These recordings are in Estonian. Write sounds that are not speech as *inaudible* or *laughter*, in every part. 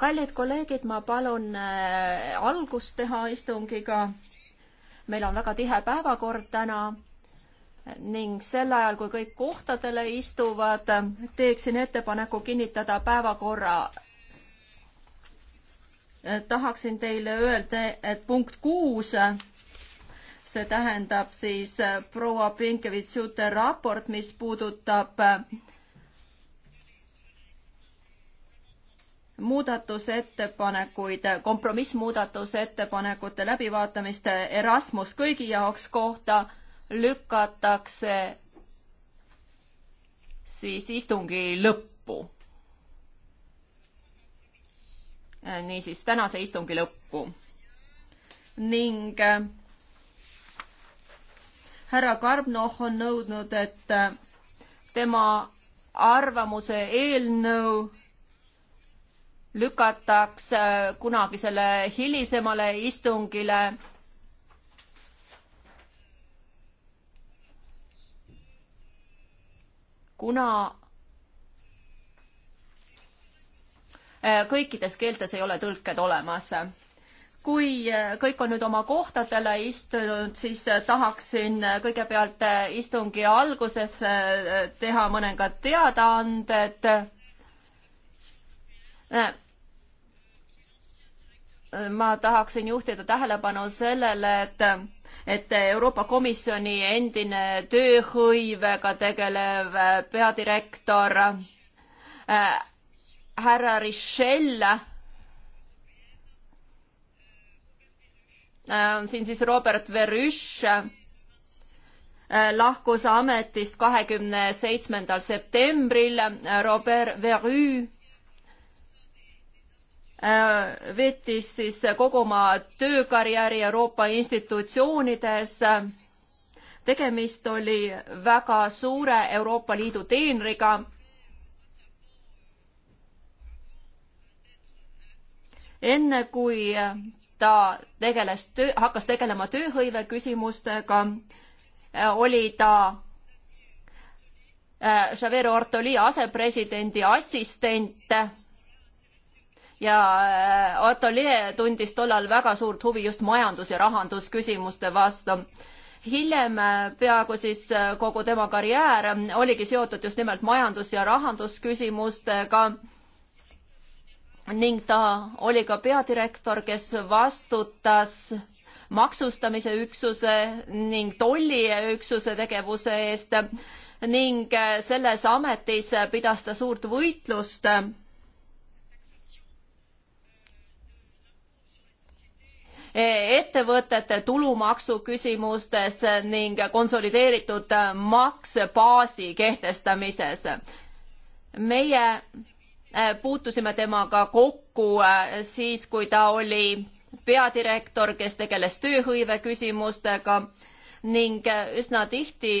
kallid kolleegid, ma palun äh, algust teha istungiga. meil on väga tihe päevakord täna ning sel ajal, kui kõik kohtadele istuvad, teeksin ettepaneku kinnitada päevakorra. Äh, tahaksin teile öelda, et punkt kuus see tähendab siis äh, proua Pinkevitš-Jute raport, mis puudutab muudatusettepanekuid, kompromissmuudatusettepanekute läbivaatamist Erasmus kõigi jaoks kohta lükatakse siis istungi lõppu. niisiis tänase istungi lõppu. ning härra Karbnov on nõudnud, et tema arvamuse eelnõu lükataks kunagisele hilisemale istungile. kuna kõikides keeltes ei ole tõlked olemas. kui kõik on nüüd oma kohtadele istunud, siis tahaksin kõigepealt istungi alguses teha mõningad teadaanded ma tahaksin juhtida tähelepanu sellele, et et Euroopa Komisjoni endine tööhõivega tegelev peadirektor äh, härra Richel äh, siin siis Robert Verüš äh, lahkus ametist kahekümne seitsmendal septembril, Robert Verüš Äh, veetis siis kogu oma töökarjääri Euroopa institutsioonides. tegemist oli väga suure Euroopa Liidu teenriga. enne kui ta tegeles, hakkas tegelema tööhõive küsimustega, äh, oli ta äh, Javero Ortoli asepresidendi assistent ja Atelier äh, tundis tollal väga suurt huvi just majandus- ja rahandusküsimuste vastu. hiljem äh, peaaegu siis äh, kogu tema karjäär oligi seotud just nimelt majandus- ja rahandusküsimustega ning ta oli ka peadirektor, kes vastutas maksustamise üksuse ning tolliüksuse tegevuse eest ning selles ametis pidas ta suurt võitlust ettevõtete tulumaksu küsimustes ning konsolideeritud maksebaasi kehtestamises. meie äh, puutusime temaga kokku äh, siis, kui ta oli peadirektor, kes tegeles tööhõive küsimustega ning äh, üsna tihti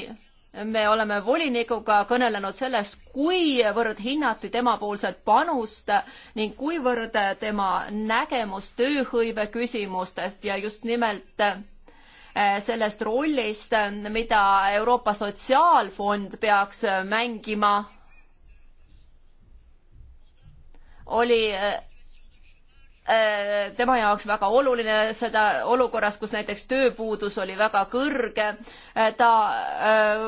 me oleme volinikuga kõnelenud sellest, kuivõrd hinnati temapoolset panust ning kuivõrd tema nägemus tööhõive küsimustest ja just nimelt eh, sellest rollist, mida Euroopa Sotsiaalfond peaks mängima, oli eh, Äh, tema jaoks väga oluline seda olukorras, kus näiteks tööpuudus oli väga kõrge. Äh, ta äh,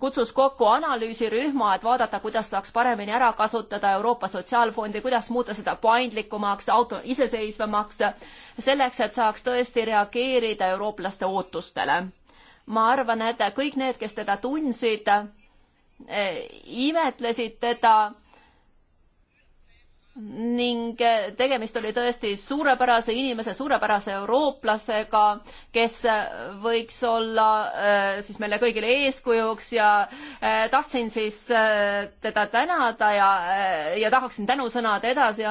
kutsus kokku analüüsirühma, et vaadata, kuidas saaks paremini ära kasutada Euroopa Sotsiaalfondi, kuidas muuta seda paindlikumaks, auto iseseisvamaks, selleks, et saaks tõesti reageerida eurooplaste ootustele. ma arvan, et kõik need, kes teda tundsid, imetlesid teda ning eh, tegemist oli tõesti suurepärase inimese, suurepärase eurooplasega, kes eh, võiks olla eh, siis meile kõigile eeskujuks ja tahtsin siis teda tänada ja, ja tahaksin tänusõnad edasi,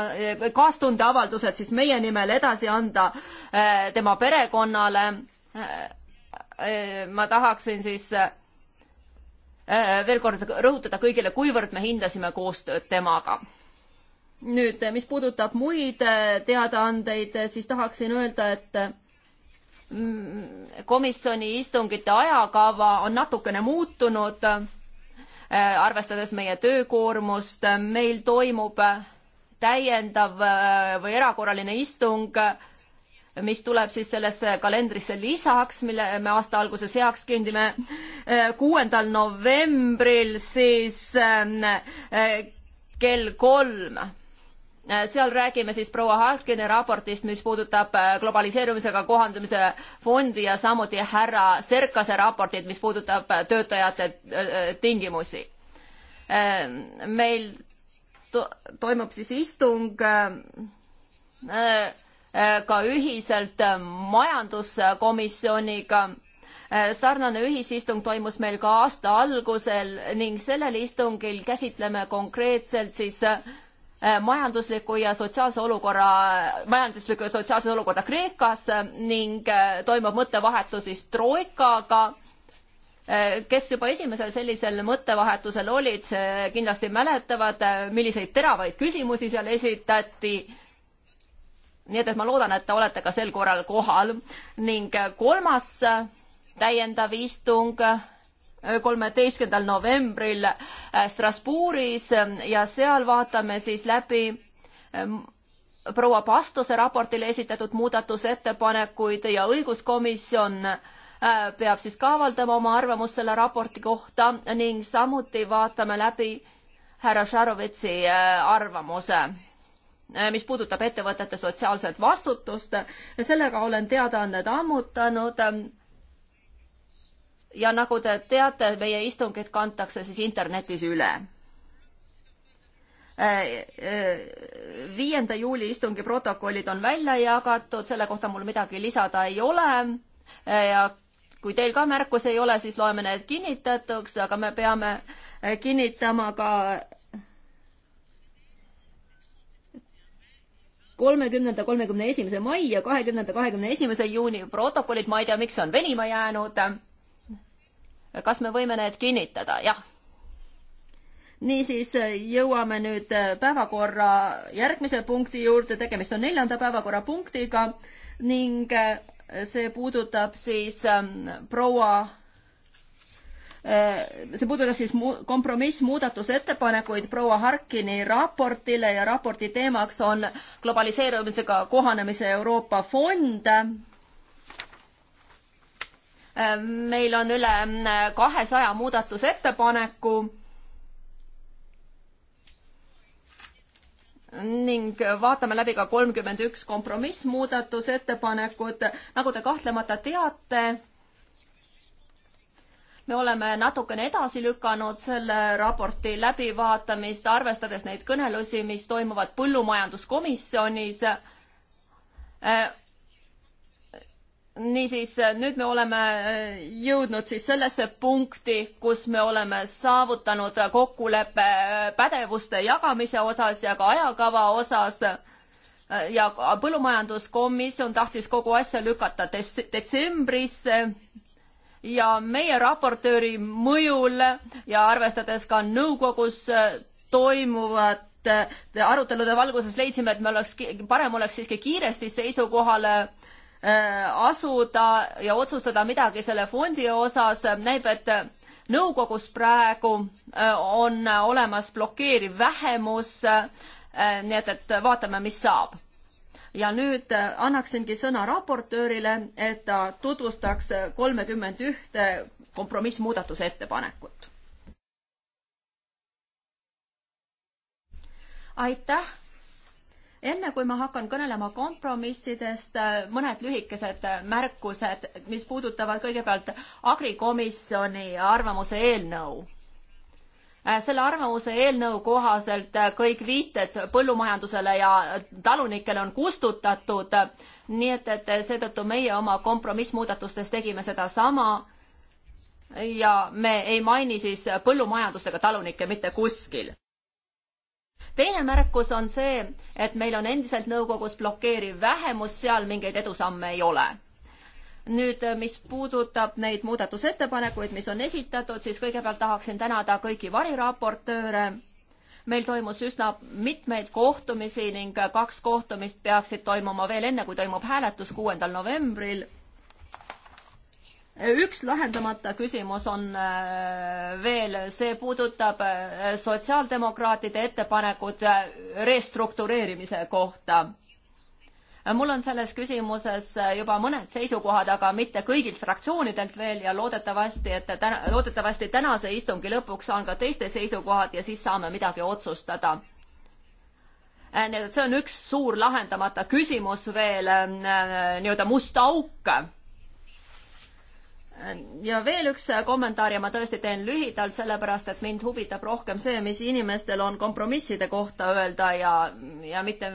kaastundeavaldused siis meie nimel edasi anda tema perekonnale. ma tahaksin siis veel kord rõhutada kõigile, kuivõrd me hindasime koostööd temaga nüüd, mis puudutab muid äh, teadaandeid, siis tahaksin öelda, et mm, komisjoni istungite ajakava on natukene muutunud, äh, arvestades meie töökoormust, meil toimub äh, täiendav või erakorraline istung, mis tuleb siis sellesse kalendrisse lisaks, mille me aasta alguses heaks kindime, kuuendal novembril siis kell kolm Äh, seal räägime siis proua Harkini raportist, mis puudutab äh, globaliseerumisega kohandumise fondi ja samuti härra Serkase raportit, mis puudutab äh, töötajate tingimusi. meil to toimub siis istung ka ühiselt majanduskomisjoniga sarnane ühisistung toimus meil ka aasta algusel ning sellel istungil käsitleme konkreetselt siis äh, Äh, majandusliku ja sotsiaalse olukorra, majanduslikku ja sotsiaalset olukorda Kreekas äh, ning äh, toimub mõttevahetus siis Troikaga, kes juba esimesel sellisel mõttevahetusel olid, kindlasti mäletavad, milliseid teravaid küsimusi seal esitati nii et, et ma loodan, et te olete ka sel korral kohal ning kolmas täiendav istung kolmeteistkümnendal novembril äh, Strasbourgis äh, ja seal vaatame siis läbi ähm, proua Pastose raportile esitatud muudatusettepanekuid ja õiguskomisjon äh, peab siis ka avaldama oma arvamust selle raporti kohta ning samuti vaatame läbi härra Šarovitsi arvamuse mis puudutab ettevõtete sotsiaalset vastutust. sellega olen teadaanded ammutanud ähm, ja nagu te teate, meie istungid kantakse siis internetis üle. Äh, äh, viienda juuli istungi protokollid on välja jagatud, selle kohta mul midagi lisada ei ole äh, ja kui teil ka märkusi ei ole, siis loeme need kinnitatuks, aga me peame kinnitama ka kolmekümnenda, kolmekümne esimese mai ja kahekümnenda, kahekümne esimese juuni protokollid, ma ei tea, miks see on venima jäänud kas me võime need kinnitada? jah. niisiis äh, jõuame nüüd äh, päevakorra järgmise punkti juurde, tegemist on neljanda päevakorrapunktiga ning äh, see puudutab siis ähm, proua see puudutab siis mu-, kompromissmuudatusettepanekuid proua Harkini raportile ja raporti teemaks on globaliseerumisega kohanemise Euroopa fond meil on üle mm, kahesaja muudatusettepaneku ning vaatame läbi ka kolmkümmend üks kompromissmuudatusettepanekut. nagu te kahtlemata teate, me oleme natukene edasi lükanud selle raporti läbivaatamist, arvestades neid kõnelusi, mis toimuvad põllumajanduskomisjonis niisiis, nüüd me oleme äh, jõudnud siis sellesse punkti, kus me oleme saavutanud kokkuleppe äh, pädevuste jagamise osas ja ka ajakava osas äh, ja põllumajanduskomisjon tahtis kogu asja lükata des-, detsembrisse ja meie raportööri mõjul ja arvestades ka nõukogus toimuvat arutelude valguses leidsime, et me oleks, parem oleks siiski kiiresti seisukohale äh, Äh, asuda ja otsustada midagi selle fondi osas, äh, näib, et äh, nõukogus praegu on olemas blokeeriv vähemus, nii et, et vaatame, mis saab ja nüüd annaksingi sõna raportöörile, et ta tutvustaks kolmekümmend ühte kompromissmuudatuse ettepanekut. aitäh enne kui ma hakkan kõnelema kompromissidest, äh, mõned lühikesed äh, märkused, mis puudutavad kõigepealt agrikomisjoni arvamuse eelnõu äh, selle arvamuse eelnõu kohaselt kõik viited põllumajandusele ja talunikele on kustutatud, nii et, et seetõttu meie oma kompromissmuudatustes tegime sedasama ja me ei maini siis põllumajandust ega talunikke mitte kuskil teine märkus on see, et meil on endiselt nõukogus blokeeriv vähemus, seal mingeid edusamme ei ole nüüd, äh, mis puudutab neid muudatusettepanekuid, mis on esitatud, siis kõigepealt tahaksin tänada kõiki variraportööre. meil toimus üsna mitmeid kohtumisi ning äh, kaks kohtumist peaksid toimuma veel enne, kui toimub hääletus kuuendal novembril üks lahendamata küsimus on äh, veel, see puudutab äh, sotsiaaldemokraatide ettepanekut äh, restruktureerimise kohta. mul on selles küsimuses juba mõned seisukohad, aga mitte kõigilt fraktsioonidelt veel ja loodetavasti, et täna, loodetavasti tänase istungi lõpuks saan ka teiste seisukohad ja siis saame midagi otsustada nii et see on üks suur lahendamata küsimus veel, nii-öelda must auk ja veel üks kommentaar ja ma tõesti teen lühidalt, sellepärast et mind huvitab rohkem see, mis inimestel on kompromisside kohta öelda ja, ja mitte,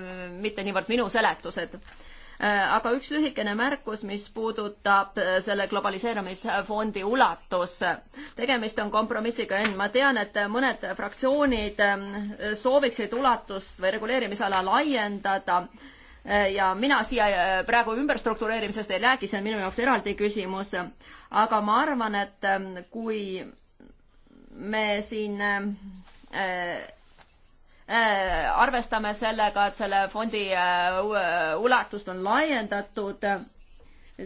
mitte niivõrd minu seletused. aga üks lühikene märkus, mis puudutab selle globaliseerumisfondi ulatus. tegemist on kompromissiga, Enn, ma tean, et mõned fraktsioonid sooviksid ulatust või reguleerimisala laiendada Äh, ja mina siia äh, praegu ümberstruktureerimisest ei räägi, see on minu jaoks eraldi küsimus, aga ma arvan, et ähm, kui me siin äh, arvestame sellega, et selle fondi ulatust on laiendatud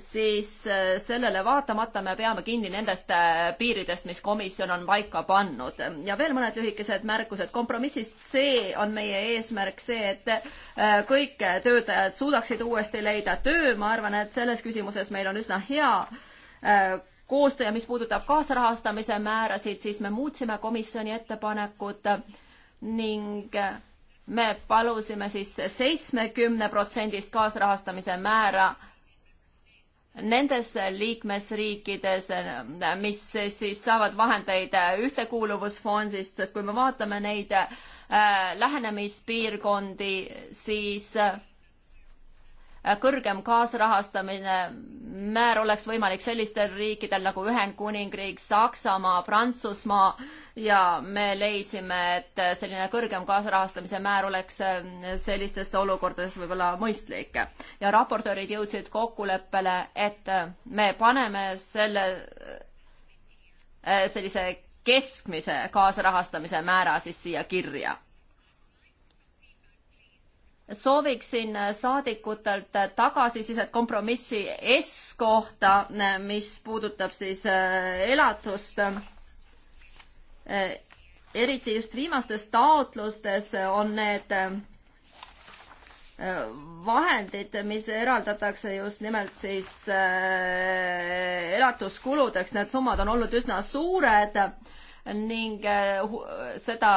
siis äh, sellele vaatamata me peame kinni nendest äh, piiridest, mis komisjon on paika pannud. ja veel mõned lühikesed märkused. kompromissist C on meie eesmärk see, et äh, kõik töötajad suudaksid uuesti leida töö. ma arvan, et selles küsimuses meil on üsna hea koostöö ja mis puudutab kaasrahastamise määrasid, siis me muutsime komisjoni ettepanekut ning me palusime siis seitsmekümne protsendist kaasrahastamise määra nendes liikmesriikides, mis siis saavad vahendeid ühtekuuluvusfondist, sest kui me vaatame neid äh, lähenemispiirkondi, siis äh, Äh, kõrgem kaasrahastamise määr oleks võimalik sellistel riikidel nagu Ühendkuningriik, Saksamaa, Prantsusmaa ja me leidsime, et selline kõrgem kaasrahastamise määr oleks äh, sellistes olukordades võib-olla mõistlik. ja raportöörid jõudsid kokkuleppele, et äh, me paneme selle sellise keskmise kaasrahastamise määra siis siia kirja sooviksin saadikutelt tagasisidet kompromissi S kohta, mis puudutab siis äh, elatust. Äh, eriti just viimastes taotlustes on need äh, vahendid, mis eraldatakse just nimelt siis elatuskuludeks, need summad on olnud üsna suured ning eh, seda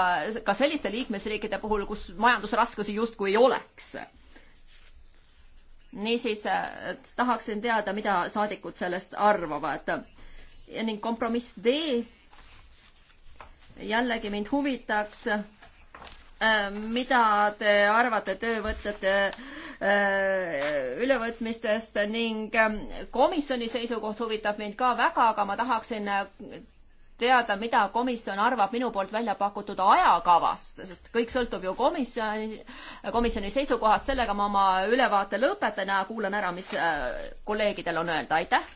ka selliste liikmesriikide puhul, kus majandusraskusi justkui ei oleks. niisiis tahaksin teada, mida saadikud sellest arvavad. ning kompromiss D jällegi mind huvitaks, eh, mida te arvate töövõtete eh, ülevõtmistest ning komisjoni seisukoht huvitab mind ka väga, aga ma tahaksin teada, mida komisjon arvab minu poolt välja pakutud ajakavast, sest kõik sõltub ju komisjoni, komisjoni seisukohast, sellega ma oma ülevaate lõpetan ja kuulan ära, mis äh, kolleegidel on öelda, aitäh.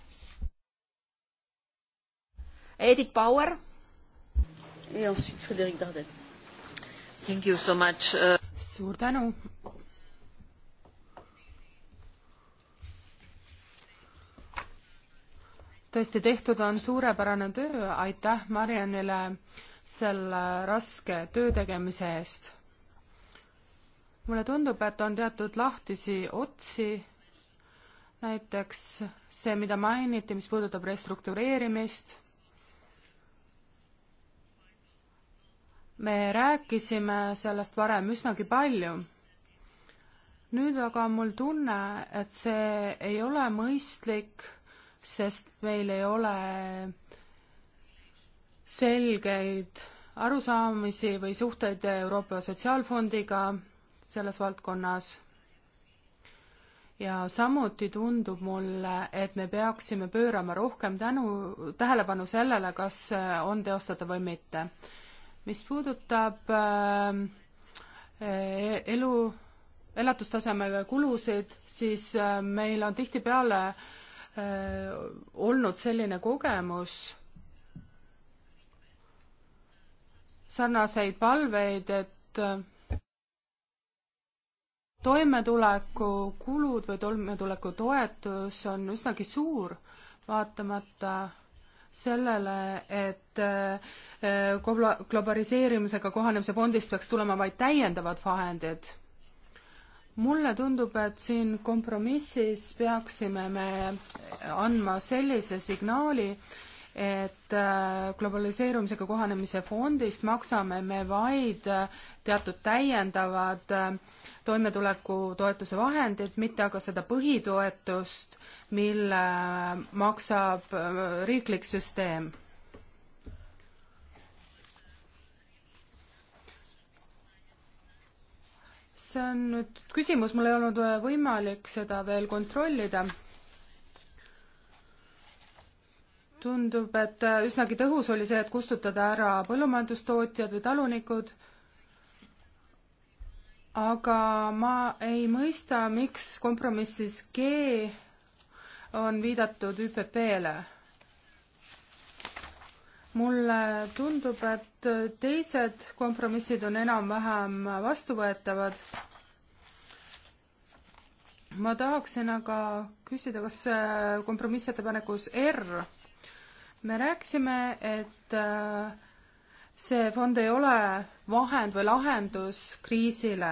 Edith Bauer. ja siis Frederik Tarden. Thank you so much uh.... suur tänu tõesti, tehtud on suurepärane töö, aitäh Marianile selle raske töö tegemise eest. mulle tundub, et on teatud lahtisi otsi, näiteks see, mida mainiti, mis puudutab restruktureerimist me rääkisime sellest varem üsnagi palju. nüüd aga on mul tunne, et see ei ole mõistlik sest meil ei ole selgeid arusaamisi või suhteid Euroopa Sotsiaalfondiga selles valdkonnas. ja samuti tundub mulle, et me peaksime pöörama rohkem tänu, tähelepanu sellele, kas on teostatav või mitte. mis puudutab äh, e, elu, elatustaseme kulusid, siis äh, meil on tihtipeale äh, Äh, olnud selline kogemus sarnaseid palveid, et äh, toimetuleku kulud või toimetuleku toetus on üsnagi suur, vaatamata sellele, et äh, globaliseerimisega kohanemise fondist peaks tulema vaid täiendavad vahendid mulle tundub, et siin kompromissis peaksime me andma sellise signaali, et äh, globaliseerumisega kohanemise fondist maksame me vaid äh, teatud täiendavad äh, toimetulekutoetuse vahendid, mitte aga seda põhitoetust, mille maksab riiklik süsteem see on nüüd küsimus, mul ei olnud äh, võimalik seda veel kontrollida. tundub, et äh, üsnagi tõhus oli see, et kustutada ära põllumajandustootjad või talunikud, aga ma ei mõista, miks kompromissis G on viidatud ÜPP-le mulle tundub, et teised kompromissid on enam-vähem vastuvõetavad. ma tahaksin aga küsida, kas kompromissettepanekus R me rääkisime, et äh, see fond ei ole vahend või lahendus kriisile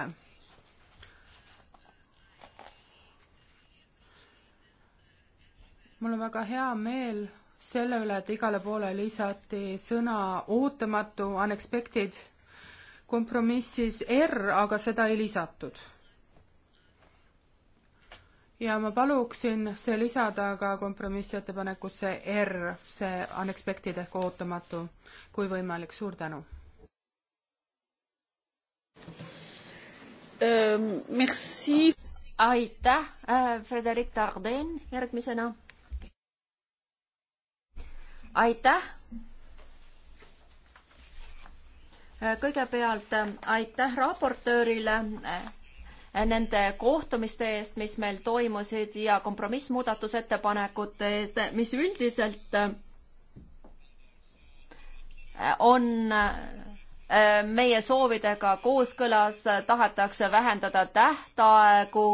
mul on väga hea meel selle üle, et igale poole lisati sõna ootamatu, unexpected, kompromissis R, aga seda ei lisatud. ja ma paluksin see lisada ka kompromissettepanekusse R, see unexpected ehk ootamatu, kui võimalik, suur tänu. Ähm, merci. aitäh, äh, Frederic Tarden järgmisena aitäh! kõigepealt äh, aitäh raportöörile äh, nende kohtumiste eest, mis meil toimusid ja kompromissmuudatusettepanekute eest, mis üldiselt äh, on meie soovidega kooskõlas, tahetakse vähendada tähtaegu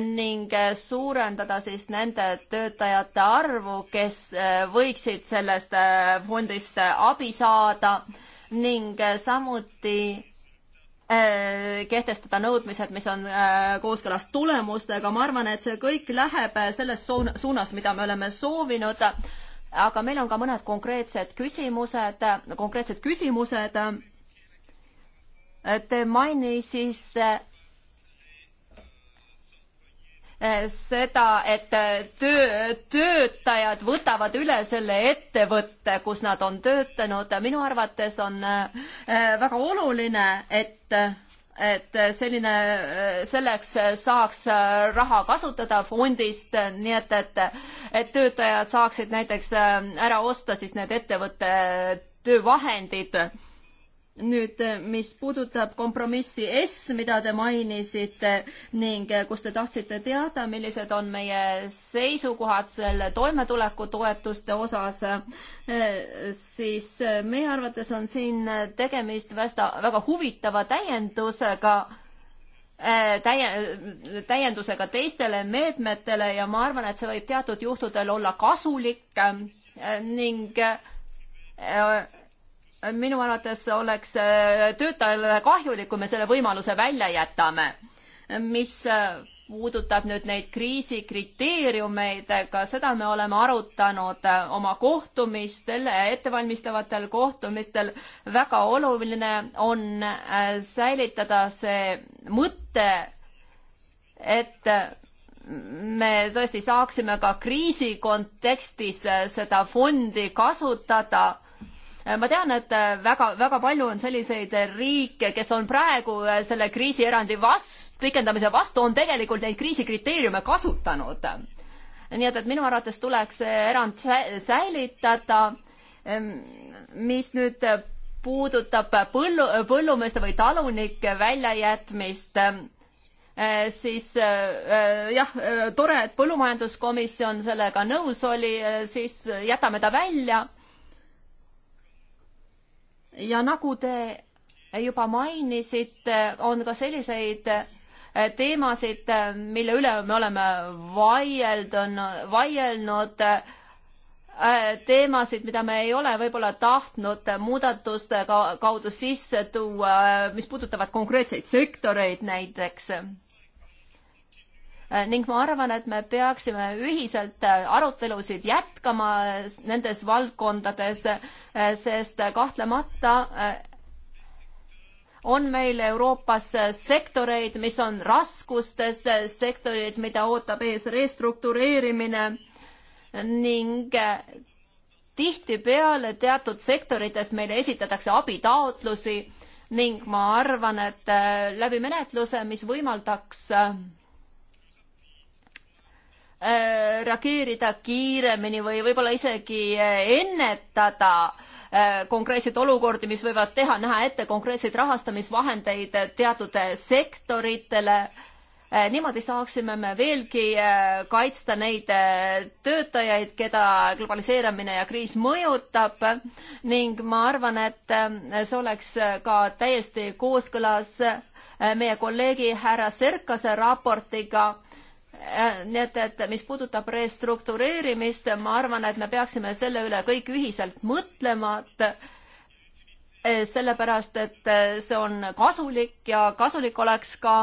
ning äh, suurendada siis nende töötajate arvu, kes äh, võiksid sellest äh, fondist abi saada ning samuti kehtestada nõudmised, mis on kooskõlas tulemustega, ma arvan, et see kõik läheb selles suunas, mida me oleme soovinud, aga meil on ka mõned konkreetsed küsimused, konkreetsed küsimused. Te mainisite Eh, seda, et eh, töö, töötajad võtavad üle selle ettevõtte, kus nad on töötanud, minu arvates on eh, väga oluline, et et selline, selleks saaks raha kasutada fondist, nii et, et, et töötajad saaksid näiteks ära osta siis need ettevõtte töövahendid nüüd, eh, mis puudutab kompromissi S, mida te mainisite ning eh, kus te tahtsite teada, millised on meie seisukohad selle toimetulekutoetuste osas, eh, siis meie arvates on siin tegemist västa, väga huvitava täiendusega, täie-, täiendusega teistele meetmetele ja ma arvan, et see võib teatud juhtudel olla kasulik ning minu arvates oleks äh, töötajale kahjulik, kui me selle võimaluse välja jätame. mis äh, puudutab nüüd neid kriisikriteeriumeid, ka seda me oleme arutanud äh, oma kohtumistel, ettevalmistavatel kohtumistel. väga oluline on säilitada see mõte, et me tõesti saaksime ka kriisi kontekstis seda fondi kasutada Äh, ma tean, et äh, väga, väga palju on selliseid riike, kes on praegu äh, selle kriisierandi vastu, pikendamise vastu, on tegelikult neid kriisikriteeriume kasutanud. nii et, et minu arvates tuleks see erand säilitada, ähm, mis nüüd puudutab põllu, põllumeeste või talunike väljajätmist, siis jah, tore, et põllumajanduskomisjon sellega nõus oli, siis jätame ta välja ja nagu te juba mainisite, on ka selliseid eh, teemasid, eh, mille üle me oleme vaieldanud, vaielnud, eh, teemasid, mida me ei ole võib-olla tahtnud muudatuste kaudu sisse tuua, mis puudutavad konkreetseid sektoreid näiteks Äh, ning ma arvan, et me peaksime ühiselt äh, arutelusid jätkama nendes valdkondades, äh, sest kahtlemata on meil Euroopas sektoreid, mis on raskustes, sektoreid, mida ootab ees restruktureerimine ning tihtipeale teatud sektorites meile esitatakse abitaotlusi ning ma arvan, et läbi menetluse, mis võimaldaks Äh, reageerida kiiremini või võib-olla isegi äh, ennetada äh, konkreetseid olukordi, mis võivad teha, näha ette konkreetseid rahastamisvahendeid teatud sektoritele. niimoodi saaksime me veelgi kaitsta neid töötajaid, keda globaliseerimine ja kriis mõjutab ning ma arvan, et see oleks ka täiesti kooskõlas meie kolleegi härra Serkase raportiga Äh, nii et, et mis puudutab restruktureerimist, ma arvan, et me peaksime selle üle kõik ühiselt mõtlema, et äh, sellepärast, et äh, see on kasulik ja kasulik oleks ka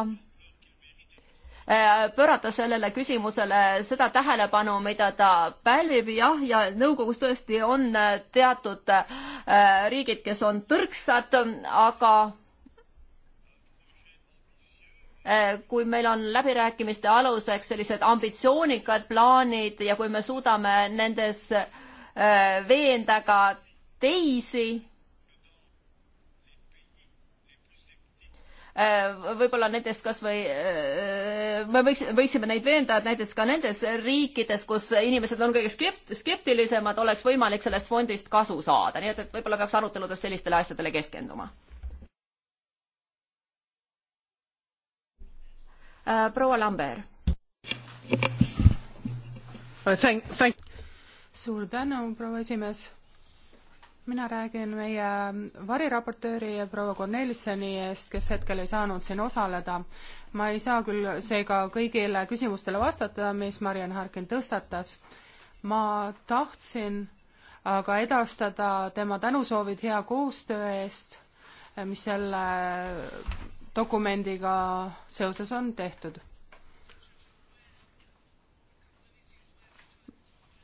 pöörata sellele küsimusele seda tähelepanu, mida ta pälvib, jah, ja nõukogus tõesti on teatud riigid, kes on tõrksad, aga Eh, kui meil on läbirääkimiste aluseks sellised ambitsioonikad plaanid ja kui me suudame nendes eh, veenda ka teisi, eh, võib-olla näiteks kas või me võiks, võiksime neid veenda, et näiteks ka nendes riikides, kus inimesed on kõige skept-, skeptilisemad, oleks võimalik sellest fondist kasu saada, nii et, et võib-olla peaks aruteludes sellistele asjadele keskenduma Äh, proua Lamber. Uh, suur tänu, proua esimees. mina räägin meie variraportööri proua Cornelissoni eest, kes hetkel ei saanud siin osaleda. ma ei saa küll seega kõigile küsimustele vastata, mis Mariann Harkin tõstatas. ma tahtsin aga edastada tema tänusoovid hea koostöö eest, mis selle dokumendiga seoses on tehtud.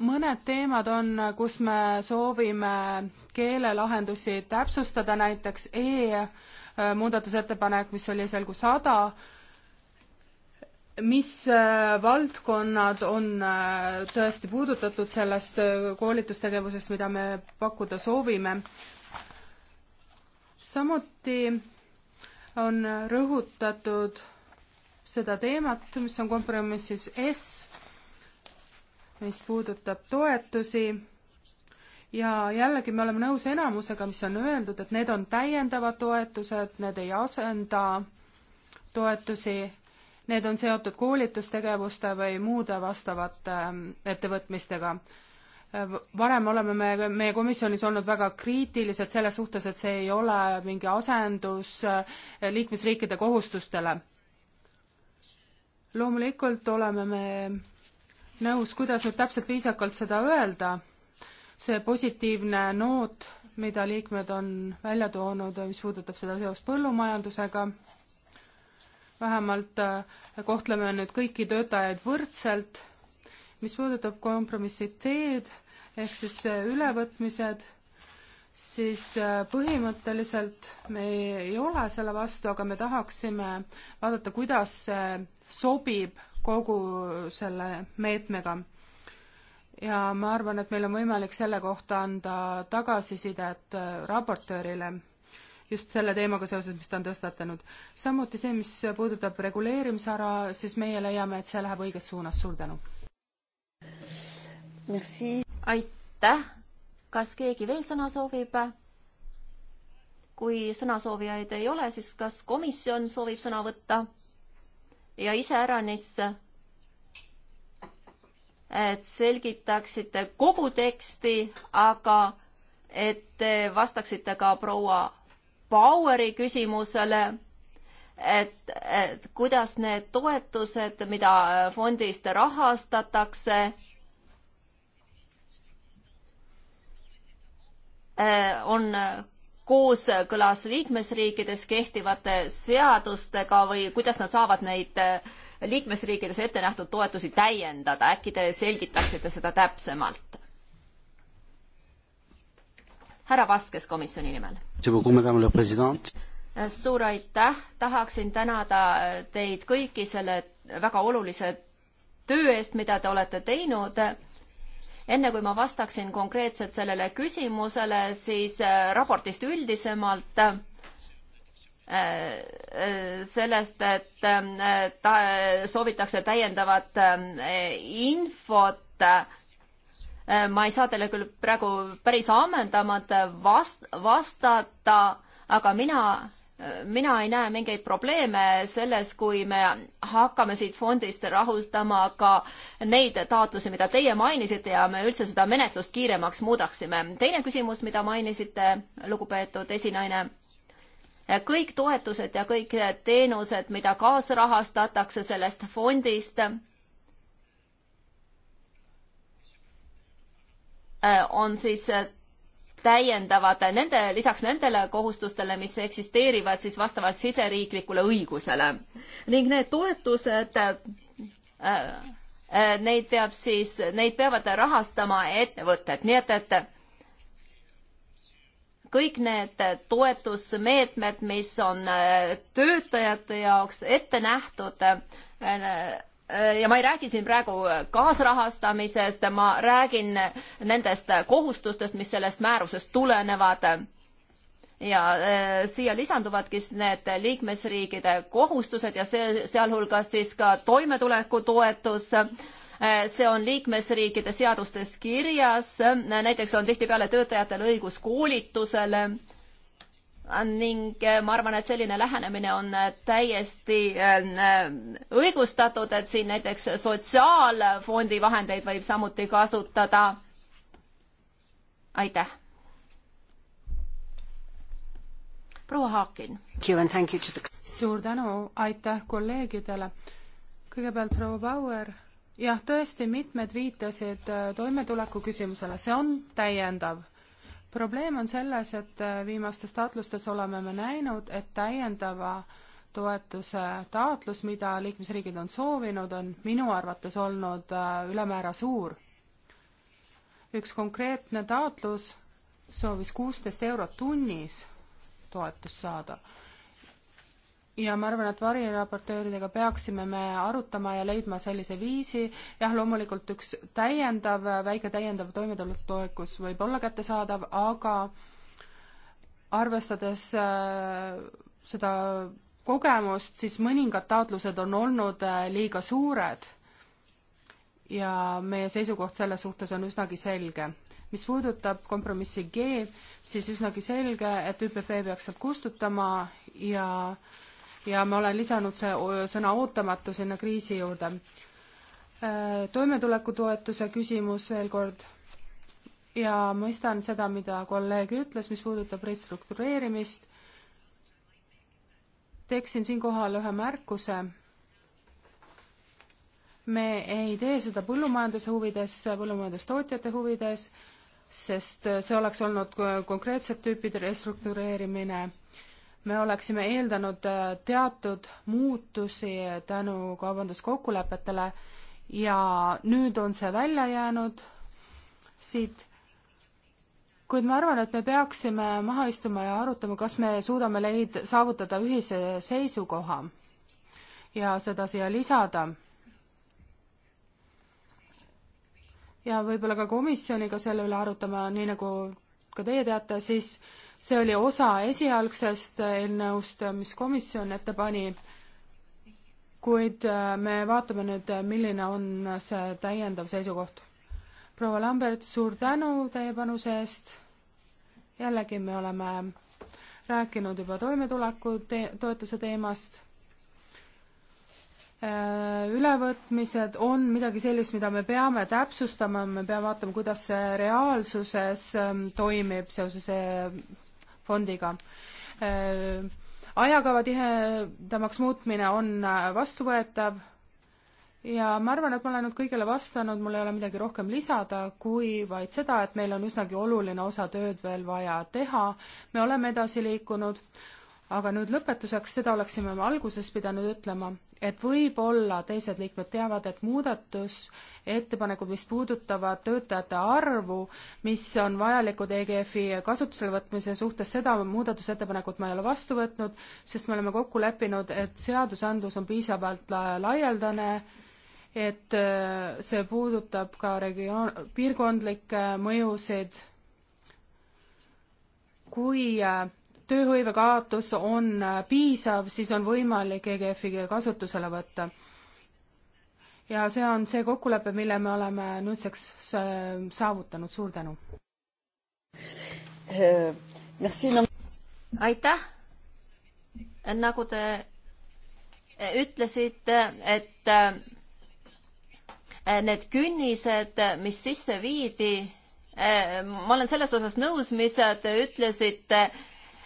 mõned teemad on, kus me soovime keelelahendusi täpsustada, näiteks E, e muudatusettepanek, mis oli esialgu sada, mis e, valdkonnad on e, tõesti puudutatud sellest koolitustegevusest, mida me pakkuda soovime. samuti on rõhutatud seda teemat, mis on kompromissis S, mis puudutab toetusi ja jällegi me oleme nõus enamusega, mis on öeldud, et need on täiendavad toetused, need ei asenda toetusi, need on seotud koolitustegevuste või muude vastavate ähm, ettevõtmistega varem oleme me, meie komisjonis olnud väga kriitilised selles suhtes, et see ei ole mingi asendus eh, liikmesriikide kohustustele. loomulikult oleme me nõus, kuidas nüüd täpselt viisakalt seda öelda, see positiivne noot, mida liikmed on välja toonud, mis puudutab seda seost põllumajandusega, vähemalt eh, kohtleme nüüd kõiki töötajaid võrdselt mis puudutab kompromissi teed, ehk siis äh, ülevõtmised, siis äh, põhimõtteliselt me ei ole selle vastu, aga me tahaksime vaadata, kuidas see sobib kogu selle meetmega. ja ma arvan, et meil on võimalik selle kohta anda tagasisidet äh, raportöörile just selle teemaga seoses, mis ta on tõstatanud. samuti see, mis puudutab reguleerimisala, siis meie leiame, et see läheb õiges suunas, suur tänu! aitäh, kas keegi veel sõna soovib? kui sõnasoovijaid ei ole, siis kas komisjon soovib sõna võtta? ja iseäranis, et selgitaksite kogu teksti, aga et te vastaksite ka proua Baueri küsimusele et, et kuidas need toetused, mida fondist rahastatakse, Äh, on äh, kooskõlas äh, liikmesriikides kehtivate seadustega või kuidas nad saavad neid liikmesriikides ette nähtud toetusi täiendada, äkki te selgitaksite seda täpsemalt? härra Vaskes komisjoni nimel. suur aitäh, tahaksin tänada teid kõiki selle väga olulise töö eest, mida te olete teinud enne kui ma vastaksin konkreetselt sellele küsimusele, siis äh, raportist üldisemalt äh, äh, sellest, et ta soovitakse täiendavat infot. ma ei saa teile küll praegu päris ammendamata vast-, vastata, aga mina mina ei näe mingeid probleeme selles, kui me hakkame siit fondist rahuldama ka neid taotlusi, mida teie mainisite ja me üldse seda menetlust kiiremaks muudaksime. teine küsimus, mida mainisite, lugupeetud esinaine kõik toetused ja kõik teenused, mida kaasrahastatakse sellest fondist, on siis täiendavad nende, lisaks nendele kohustustele, mis eksisteerivad siis vastavalt siseriiklikule õigusele. ning need toetused äh, äh,, neid peab siis, neid peavad rahastama ettevõtted, nii et, et kõik need toetusmeetmed, mis on äh, töötajate jaoks ette nähtud äh,, Äh, ja ma ei räägi siin praegu äh, kaasrahastamisest, ma räägin äh, nendest kohustustest, mis sellest määrusest tulenevad. ja siia lisanduvadki siis need liikmesriigide kohustused ja see, sealhulgas siis ka toimetulekutoetus see on liikmesriikide seadustes kirjas, näiteks on tihtipeale töötajatel õigus koolitusele ning eh, ma arvan, et selline lähenemine on eh, täiesti eh, õigustatud, et siin näiteks sotsiaalfondi vahendeid võib samuti kasutada. aitäh. proua Haakin. suur tänu, aitäh kolleegidele. kõigepealt proua Bauer jah, tõesti, mitmed viitasid toimetuleku küsimusele, see on täiendav probleem on selles, et äh, viimastes taotlustes oleme me näinud, et täiendava toetuse taotlus, mida liikmesriigid on soovinud, on minu arvates olnud äh, ülemäära suur. üks konkreetne taotlus soovis kuusteist eurot tunnis toetust saada ja ma arvan, et variraportööridega peaksime me arutama ja leidma sellise viisi, jah, loomulikult üks täiendav, väike täiendav toimetulekutoetus võib olla kättesaadav, aga arvestades äh, seda kogemust, siis mõningad taotlused on olnud äh, liiga suured ja meie seisukoht selles suhtes on üsnagi selge mis puudutab kompromissi G, siis üsnagi selge, et ÜPP peaks sealt kustutama ja äh, ja ma olen lisanud see sõna ootamatu sinna kriisi juurde. Äh, toimetulekutoetuse küsimus veel kord ja mõistan seda, mida kolleeg ütles, mis puudutab restruktureerimist. teeksin siinkohal ühe märkuse. me ei tee seda põllumajanduse huvides, põllumajandustootjate huvides, sest see oleks olnud konkreetset tüüpi restruktureerimine me oleksime eeldanud äh, teatud muutusi tänu kaubanduskokkulepetele ja nüüd on see välja jäänud siit, kuid ma arvan, et me peaksime maha istuma ja arutama, kas me suudame leid-, saavutada ühise seisukoha ja seda siia lisada. ja võib-olla ka komisjoniga selle üle arutama, nii nagu ka teie teate, siis äh, see oli osa esialgsest eelnõust, mis komisjon ette pani, kuid äh, me vaatame nüüd, äh, milline on see täiendav seisukoht. proua Lambert, suur tänu teie panuse eest, jällegi me oleme rääkinud juba toimetuleku te toetuse teemast äh, ülevõtmised on midagi sellist, mida me peame täpsustama, me peame vaatama, kuidas see reaalsuses ähm, toimib seoses fondiga ajakava tihedamaks muutmine on vastuvõetav ja ma arvan, et ma olen nüüd kõigele vastanud, mul ei ole midagi rohkem lisada, kui vaid seda, et meil on üsnagi oluline osa tööd veel vaja teha, me oleme edasi liikunud, aga nüüd lõpetuseks, seda oleksime me alguses pidanud ütlema, et võib-olla teised liikmed teavad, et muudatusettepanekud, mis puudutavad töötajate arvu, mis on vajalikud EGF-i kasutusele võtmise suhtes, seda muudatusettepanekut ma ei ole vastu võtnud, sest me oleme kokku leppinud, et seadusandlus on piisavalt laialdane, et äh, see puudutab ka regioon, piirkondlikke mõjusid, kui äh, tööhõive kaotus on äh, piisav, siis on võimalik EGF-i kasutusele võtta. ja see on see kokkulepe, mille me oleme nüüdseks äh, saavutanud, suur tänu. Äh, aitäh, nagu te ütlesite, et need künnised, mis sisse viidi, ma olen selles osas nõus, mis te ütlesite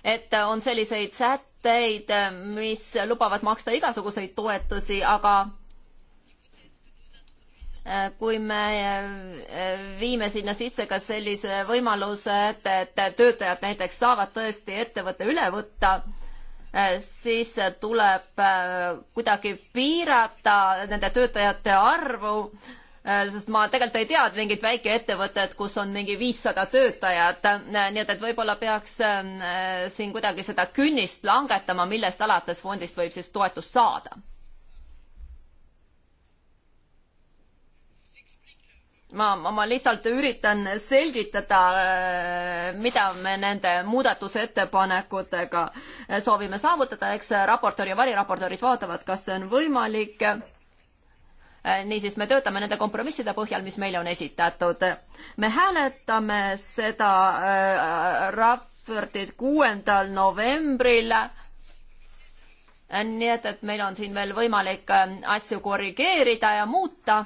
et on selliseid sätteid, mis lubavad maksta igasuguseid toetusi, aga äh, kui me äh, viime sinna sisse ka sellise võimaluse, et, et töötajad näiteks saavad tõesti ettevõtte üle võtta, äh, siis tuleb kuidagi piirata nende töötajate arvu Äh, sest ma tegelikult ei tea mingit väikeettevõtet, kus on mingi viissada töötajat, äh, nii et, et võib-olla peaks ähm, äh, siin kuidagi seda künnist langetama, millest alates fondist võib siis toetust saada. ma, ma, ma lihtsalt üritan selgitada, mida me nende muudatusettepanekutega soovime saavutada, eks raportöör ja variraportöörid vaatavad, kas see on võimalik Äh, niisiis, me töötame nende kompromisside põhjal, mis meile on esitatud. me hääletame seda äh, raportit kuuendal novembril. Äh, nii et, et meil on siin veel võimalik asju korrigeerida ja muuta.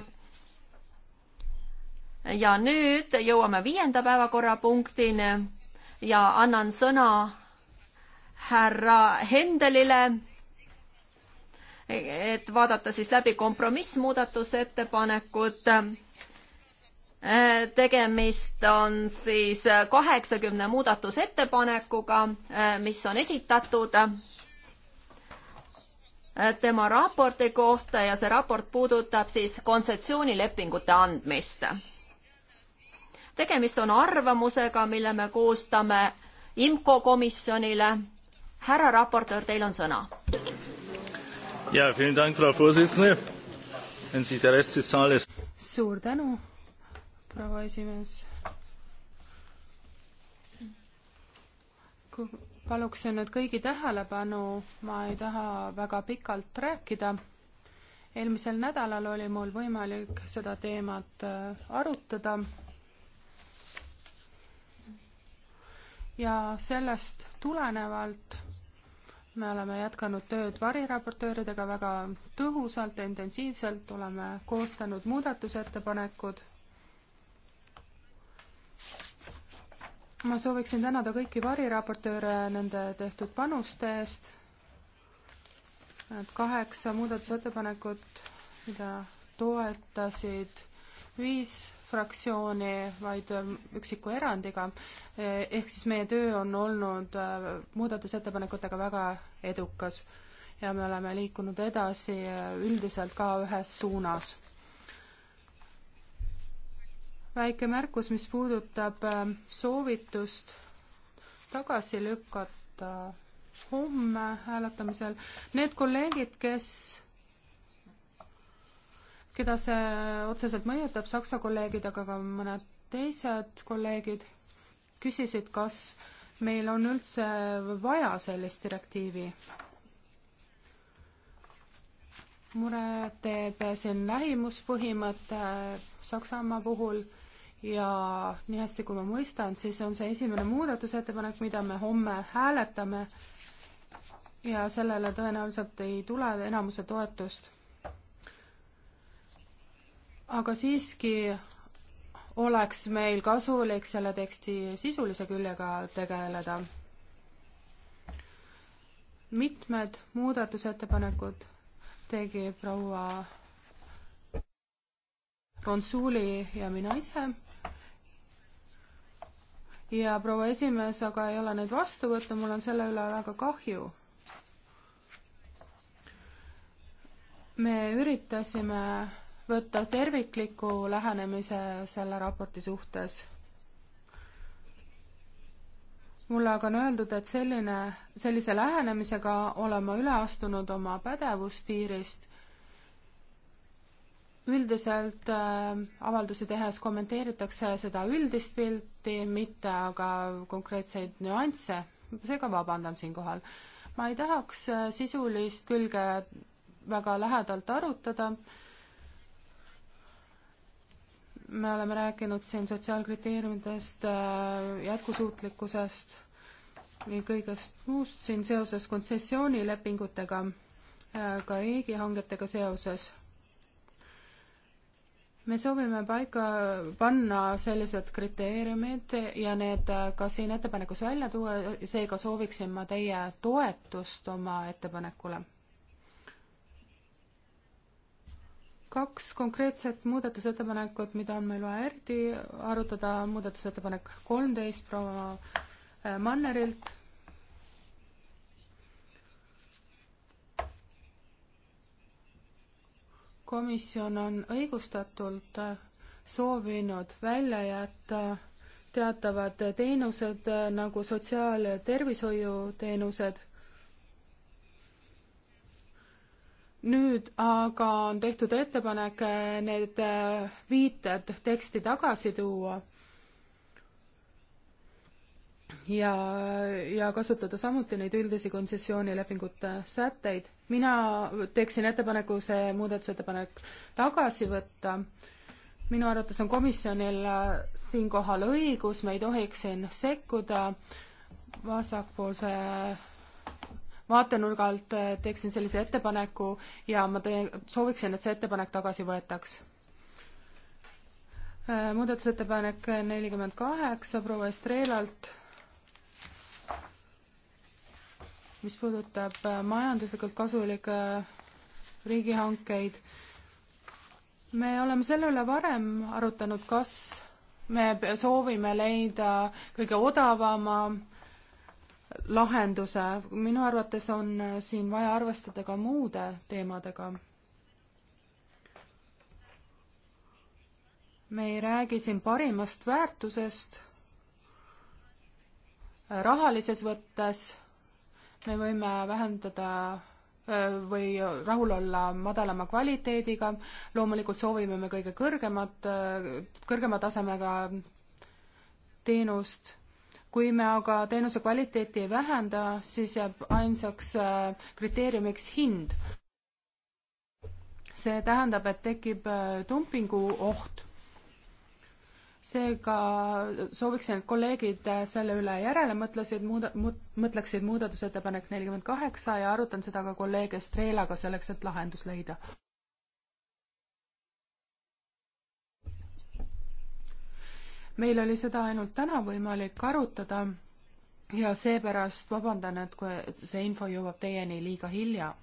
ja nüüd jõuame viienda päevakorrapunktini ja annan sõna härra Hendelile et vaadata siis läbi kompromissmuudatusettepanekud. tegemist on siis kaheksakümne muudatusettepanekuga, mis on esitatud tema raporti kohta ja see raport puudutab siis kontsessioonilepingute andmist. tegemist on arvamusega, mille me koostame IMCO komisjonile. härra raportöör, teil on sõna ja, vielen Dank, Frau Vorsitzende. Wenn Sie der Rest des Saales. Suur tänu, proua esimees. paluksin nüüd kõigi tähelepanu, ma ei taha väga pikalt rääkida. eelmisel nädalal oli mul võimalik seda teemat äh, arutada. ja sellest tulenevalt me oleme jätkanud tööd variraportööridega väga tõhusalt ja intensiivselt, oleme koostanud muudatusettepanekud. ma sooviksin tänada kõiki variraportööre nende tehtud panuste eest. Need kaheksa muudatusettepanekut, mida toetasid viis fraktsiooni, vaid ähm, üksiku erandiga, ehk siis meie töö on olnud äh, muudatusettepanekutega väga edukas ja me oleme liikunud edasi äh, üldiselt ka ühes suunas. väike märkus, mis puudutab ähm, soovitust tagasi lükata homme hääletamisel, need kolleegid, kes keda see otseselt mõjutab, Saksa kolleegid, aga ka mõned teised kolleegid küsisid, kas meil on üldse vaja sellist direktiivi. mure teeb siin lähimuspõhimõte Saksamaa puhul ja nii hästi, kui ma mõistan, siis on see esimene muudatusettepanek, mida me homme hääletame ja sellele tõenäoliselt ei tule enamuse toetust aga siiski oleks meil kasulik selle teksti sisulise küljega tegeleda. mitmed muudatusettepanekud tegi proua Ronsuli ja mina ise. ja proua esimees aga ei ole neid vastu võtnud, mul on selle üle väga kahju. me üritasime võtta tervikliku lähenemise selle raporti suhtes. mulle aga on öeldud, et selline, sellise lähenemisega olen ma üle astunud oma pädevuspiirist. üldiselt äh, avaldusi tehes kommenteeritakse seda üldist pilti, mitte aga konkreetseid nüansse, seega vabandan siinkohal. ma ei tahaks äh, sisulist külge väga lähedalt arutada me oleme rääkinud siin sotsiaalkriteeriumidest, äh, jätkusuutlikkusest ja kõigest muust siin seoses kontsessioonilepingutega, äh, ka riigihangetega seoses. me soovime paika panna sellised kriteeriumid ja need äh, ka siin ettepanekus välja tuua, seega sooviksin ma teie toetust oma ettepanekule kaks konkreetset muudatusettepanekut, mida on meil vaja eriti arutada, muudatusettepanek kolmteist proua äh, Mannerilt. komisjon on õigustatult äh, soovinud välja jätta teatavad teenused äh, nagu sotsiaal- ja tervishoiuteenused nüüd aga on tehtud ettepanek eh, need eh, viited teksti tagasi tuua ja, ja kasutada samuti neid üldisi kontsessioonilepingute sätteid. mina teeksin ettepaneku see muudatusettepanek tagasi võtta. minu arvates on komisjonil eh, siinkohal õigus, me ei tohiks siin sekkuda vasakpoolse vaatenurga alt äh, teeksin sellise ettepaneku ja ma teen, sooviksin, et see ettepanek tagasi võetaks. Äh, muudatusettepanek nelikümmend kaheksa proua Estrelalt, mis puudutab äh, majanduslikult kasulikke riigihankeid. me oleme selle üle varem arutanud, kas me soovime leida kõige odavama äh, lahenduse. minu arvates on äh, siin vaja arvestada ka muude teemadega. me ei räägi siin parimast väärtusest äh, rahalises võttes, me võime vähendada äh, või rahul olla madalama kvaliteediga, loomulikult soovime me kõige kõrgemat, kõrgema tasemega teenust kui me aga teenuse kvaliteeti ei vähenda, siis jääb ainsaks äh, kriteeriumiks hind. see tähendab, et tekib äh, dumpingu oht. seega sooviksin, et kolleegid äh, selle üle järele mõtlesid, muuda-, mõtleksid muudatusettepanek nelikümmend kaheksa ja arutan seda ka kolleeg Estrelaga selleks, et lahendus leida. meil oli seda ainult täna võimalik arutada ja seepärast vabandan, et kui see info jõuab teieni liiga hilja.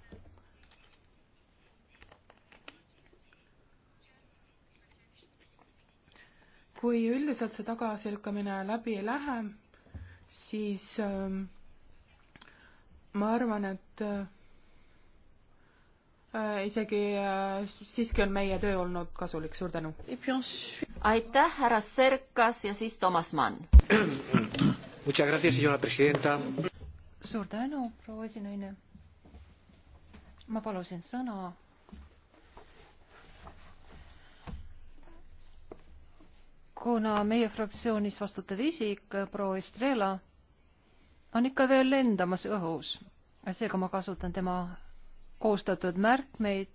kui üldiselt see tagasilükkamine läbi ei lähe, siis äh, ma arvan, et äh, Äh, isegi äh, siiski on meie töö olnud kasulik, suur tänu. aitäh, härra Serkas ja siis Toomas Mann. *clears throat* suur tänu, proua esinaine. ma palusin sõna. kuna meie fraktsioonis vastutav isik, proua Estrela, on ikka veel lendamas õhus, seega ma kasutan tema koostatud märkmeid,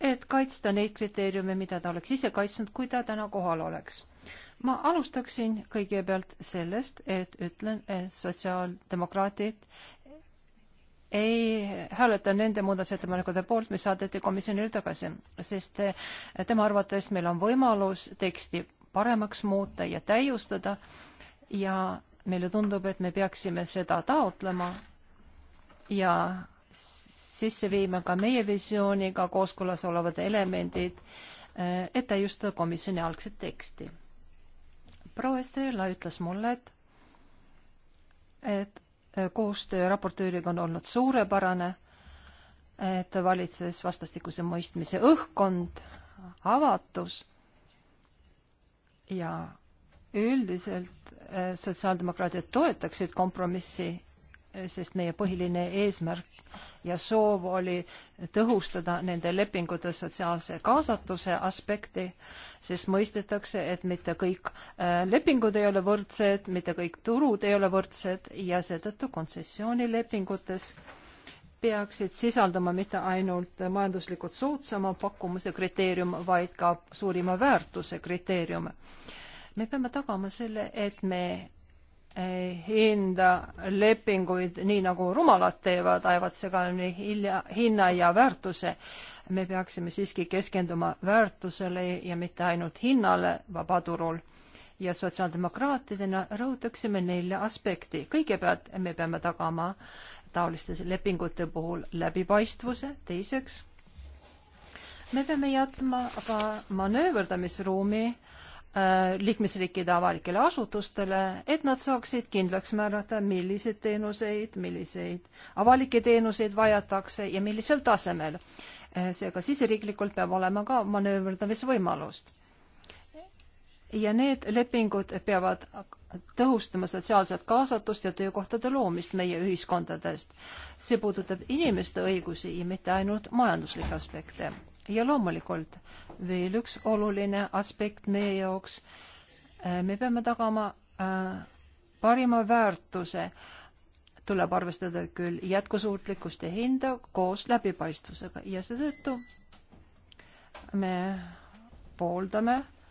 et kaitsta neid kriteeriume, mida ta oleks ise kaitsnud, kui ta täna kohal oleks. ma alustaksin kõigepealt sellest, et ütlen, et sotsiaaldemokraadid ei hääleta nende muudatusettepanekute poolt, mis saadeti komisjonile tagasi, sest tema arvates meil on võimalus teksti paremaks muuta ja täiustada ja meile tundub, et me peaksime seda taotlema ja sisse viima ka meie visiooniga kooskõlas olevad elemendid, eh, et täiustada komisjoni algset teksti. proua Estrela ütles mulle, et, et eh, koostöö raportööriga on olnud suurepärane, et valitses vastastikuse mõistmise õhkkond, avatus ja üldiselt eh, sotsiaaldemokraadid toetaksid kompromissi sest meie põhiline eesmärk ja soov oli tõhustada nende lepingute sotsiaalse kaasatuse aspekti, sest mõistetakse, et mitte kõik äh, lepingud ei ole võrdsed, mitte kõik turud ei ole võrdsed ja seetõttu kontsessioonilepingutes peaksid sisaldama mitte ainult majanduslikult soodsama pakkumise kriteerium, vaid ka suurima väärtuse kriteerium. me peame tagama selle, et me hinda lepinguid nii nagu rumalad teevad, ajavad segamini hilja, hinna ja väärtuse. me peaksime siiski keskenduma väärtusele ja mitte ainult hinnale vabaturul ja sotsiaaldemokraatidena rõhutaksime nelja aspekti. kõigepealt me peame tagama taoliste lepingute puhul läbipaistvuse, teiseks me peame jätma ka manööverdamisruumi äh, Äh, liikmesriikide avalikele asutustele, et nad saaksid kindlaks määrata, milliseid teenuseid, milliseid avalikke teenuseid vajatakse ja millisel tasemel. Äh, seega siseriiklikult peab olema ka manööverdamisvõimalust. ja need lepingud peavad tõhustama sotsiaalset kaasatust ja töökohtade loomist meie ühiskondadest. see puudutab inimeste õigusi ja mitte ainult majanduslikke aspekte ja loomulikult veel üks oluline aspekt meie jaoks, äh, me peame tagama äh, parima väärtuse, tuleb arvestada küll jätkusuutlikkust ja hinda koos läbipaistvusega ja seetõttu me pooldame äh,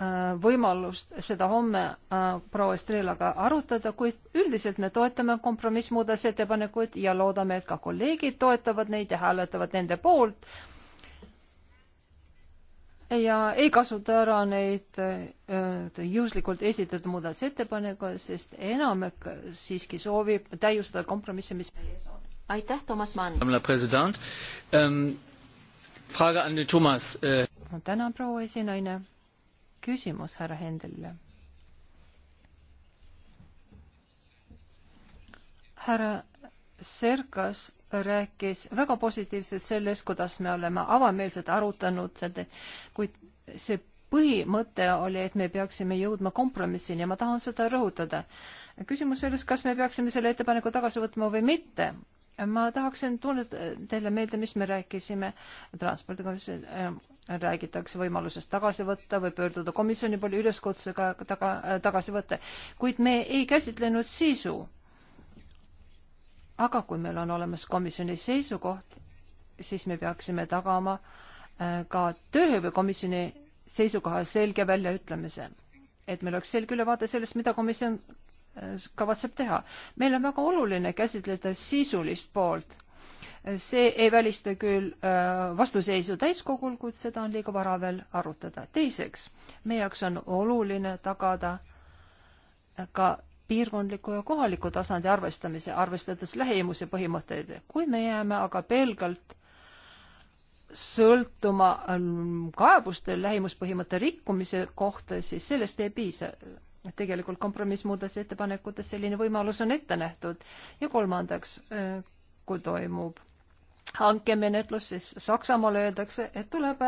Äh, võimalust seda homme äh, proua Estrelaga arutada, kuid üldiselt me toetame kompromissmuudatusettepanekuid ja loodame, et ka kolleegid toetavad neid ja hääletavad nende poolt. ja ei kasuta ära neid äh, juhuslikult esitatud muudatusettepanekuid, sest enamik siiski soovib täiustada kompromisse, mis meie ees on. aitäh, Toomas Mann. Ähm, tänan, proua esinaine küsimus härra Hendelile. härra Serkas rääkis väga positiivselt sellest, kuidas me oleme avameelselt arutanud, kuid see põhimõte oli, et me peaksime jõudma kompromissini ja ma tahan seda rõhutada. küsimus selles, kas me peaksime selle ettepaneku tagasi võtma või mitte. ma tahaksin tunnetada teile meelde, mis me rääkisime transpordikomisjoni räägitakse võimalusest tagasi võtta või pöörduda komisjoni poole üleskutsega taga, tagasi võtta, kuid me ei käsitlenud sisu. aga kui meil on olemas komisjoni seisukoht, siis me peaksime tagama äh, ka tööhõivekomisjoni seisukoha selge väljaütlemise, et meil oleks selge ülevaade sellest, mida komisjon äh, kavatseb teha. meil on väga oluline käsitleda sisulist poolt see ei välista küll äh, vastuseisu täiskogul, kuid seda on liiga vara veel arutada. teiseks, meie jaoks on oluline tagada ka piirkondliku ja kohaliku tasandi arvestamise, arvestades lähiimuse põhimõtteid. kui me jääme aga pelgalt sõltuma äh, kaebustel lähimuspõhimõtte rikkumise kohta, siis sellest ei piisa. tegelikult kompromiss muudes ettepanekutes selline võimalus on ette nähtud ja kolmandaks, äh, kui toimub hankemenetlus, siis Saksamaal öeldakse, et tuleb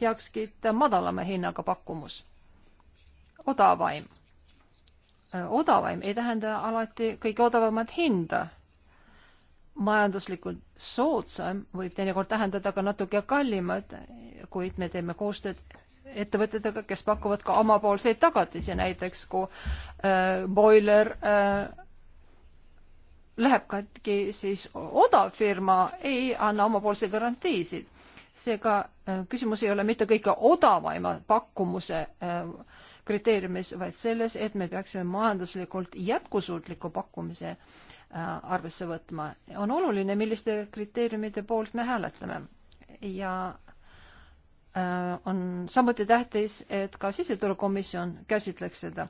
heaks kiita madalama hinnaga pakkumus. odavaim. odavaim ei tähenda alati kõige odavamat hinda. majanduslikult soodsam võib teinekord tähendada ka natuke kallimad, kuid me teeme koostööd ettevõtetega, kes pakuvad ka omapoolseid tagatisi, näiteks kui äh, boiler äh, läheb katki, siis odav firma ei anna omapoolseid garantiisid. seega äh, küsimus ei ole mitte kõige odavaima pakkumuse äh, kriteeriumis, vaid selles, et me peaksime majanduslikult jätkusuutliku pakkumise äh, arvesse võtma. on oluline, milliste kriteeriumide poolt me hääletame ja on samuti tähtis, et ka siseturukomisjon käsitleks seda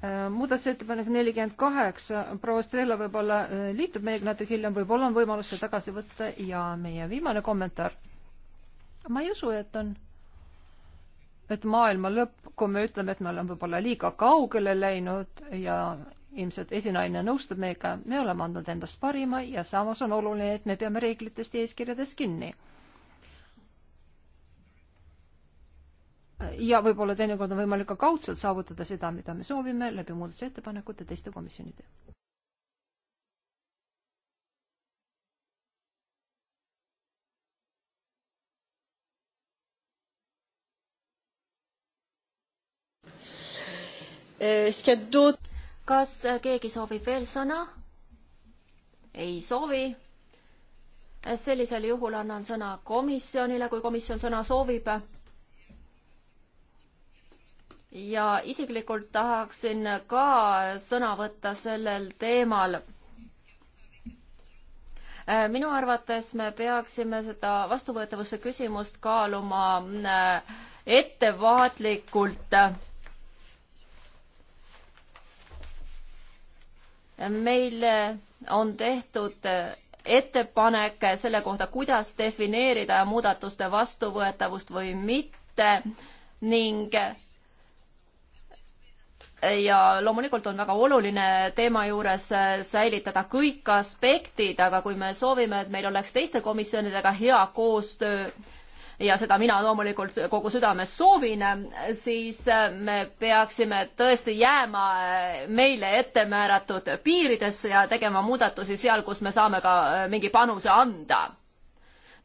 Äh, muudatusettepanek nelikümmend kaheksa, proua Strela võib-olla äh, liitub meiega natuke hiljem, võib-olla on võimalus see tagasi võtta ja meie viimane kommentaar. ma ei usu, et on, et maailma lõpp, kui me ütleme, et me oleme võib-olla liiga kaugele läinud ja ilmselt esinaine nõustub meiega, me oleme andnud endast parima ja samas on oluline, et me peame reeglitest ja eeskirjadest kinni ja võib-olla teinekord on võimalik ka kaudselt saavutada seda, mida me soovime läbi muudatusettepanekute teiste komisjonide. Äh, kas keegi soovib veel sõna? ei soovi. sellisel juhul annan sõna komisjonile, kui komisjon sõna soovib ja isiklikult tahaksin ka sõna võtta sellel teemal äh, minu arvates me peaksime seda vastuvõetavuse küsimust kaaluma äh, ettevaatlikult. meil on tehtud ettepanek selle kohta, kuidas defineerida muudatuste vastuvõetavust või mitte ning ja loomulikult on väga oluline teema juures äh, säilitada kõik aspektid, aga kui me soovime, et meil oleks teiste komisjonidega hea koostöö, ja seda mina loomulikult kogu südames soovin, siis äh, me peaksime tõesti jääma äh, meile ette määratud piiridesse ja tegema muudatusi seal, kus me saame ka mingi panuse anda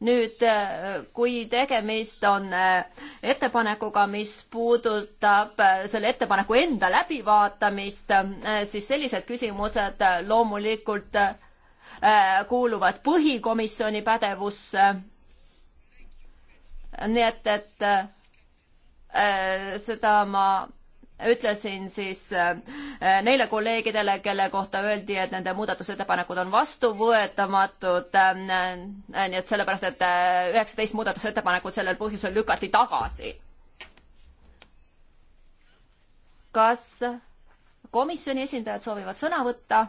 nüüd, äh, kui tegemist on äh, ettepanekuga, mis puudutab äh, selle ettepaneku enda läbivaatamist, siis sellised küsimused loomulikult kuuluvad põhikomisjoni pädevusse. nii et, et seda ma ütlesin siis äh, neile kolleegidele, kelle kohta öeldi, et nende muudatusettepanekud on vastuvõetamatud, äh, nii et sellepärast, et äh, üheksateist muudatusettepanekut sellel põhjusel lükati tagasi. kas komisjoni esindajad soovivad sõna võtta?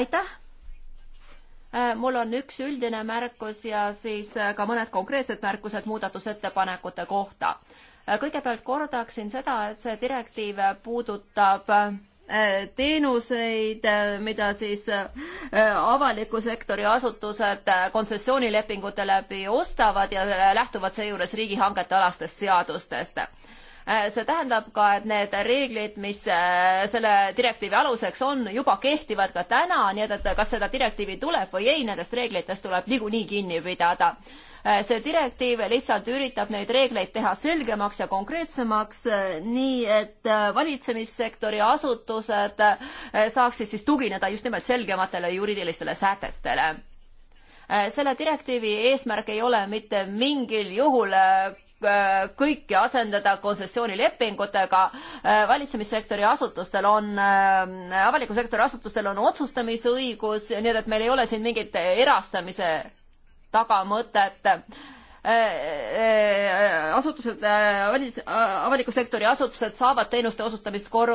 aitäh! mul on üks üldine märkus ja siis ka mõned konkreetsed märkused muudatusettepanekute kohta kõigepealt kordaksin seda, et see direktiiv puudutab äh, teenuseid, äh, mida siis äh, avaliku sektori asutused kontsessioonilepingute läbi ostavad ja lähtuvad seejuures riigihangete alastest seadustest Äh, see tähendab ka, et need reeglid, mis äh, selle direktiivi aluseks on, juba kehtivad ka täna, nii et, et kas seda direktiivi tuleb või ei, nendest reeglitest tuleb niikuinii kinni pidada. Äh, see direktiiv lihtsalt üritab neid reegleid teha selgemaks ja konkreetsemaks, nii et valitsemissektori asutused saaksid siis tugineda just nimelt selgematele juriidilistele sätetele selle direktiivi eesmärk ei ole mitte mingil juhul Äh, kõiki asendada kontsessioonilepingutega. Äh, valitsemissektori asutustel on, äh, avaliku sektori asutustel on otsustamisõigus, nii et meil ei ole siin mingit erastamise tagamõtet Äh, äh, asutused, äh, avaliku sektori asutused saavad teenuste osutamist kor-,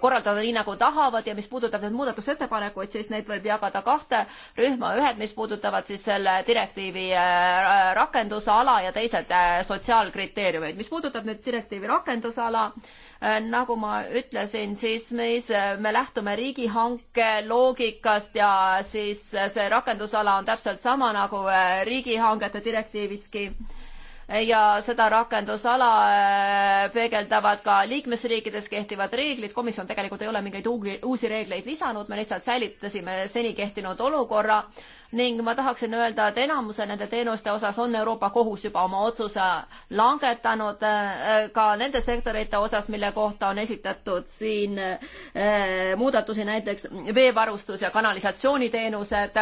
korraldada nii, nagu tahavad ja mis puudutab nüüd muudatusettepanekuid, siis neid võib jagada kahte rühma, ühed, mis puudutavad siis selle direktiivi rakendusala ja teised sotsiaalkriteeriumid. mis puudutab nüüd direktiivi rakendusala, Äh, nagu ma ütlesin, siis meis, äh, me lähtume riigihanke loogikast ja siis äh, see rakendusala on täpselt sama nagu riigihangete direktiiviski ja seda rakendusala äh, peegeldavad ka liikmesriikides kehtivad reeglid. komisjon tegelikult ei ole mingeid uusi reegleid lisanud, me lihtsalt säilitasime seni kehtinud olukorra ning ma tahaksin öelda, et enamuse nende teenuste osas on Euroopa Kohus juba oma otsuse langetanud äh, ka nende sektorite osas, mille kohta on esitatud siin äh, muudatusi, näiteks veevarustus ja kanalisatsiooniteenused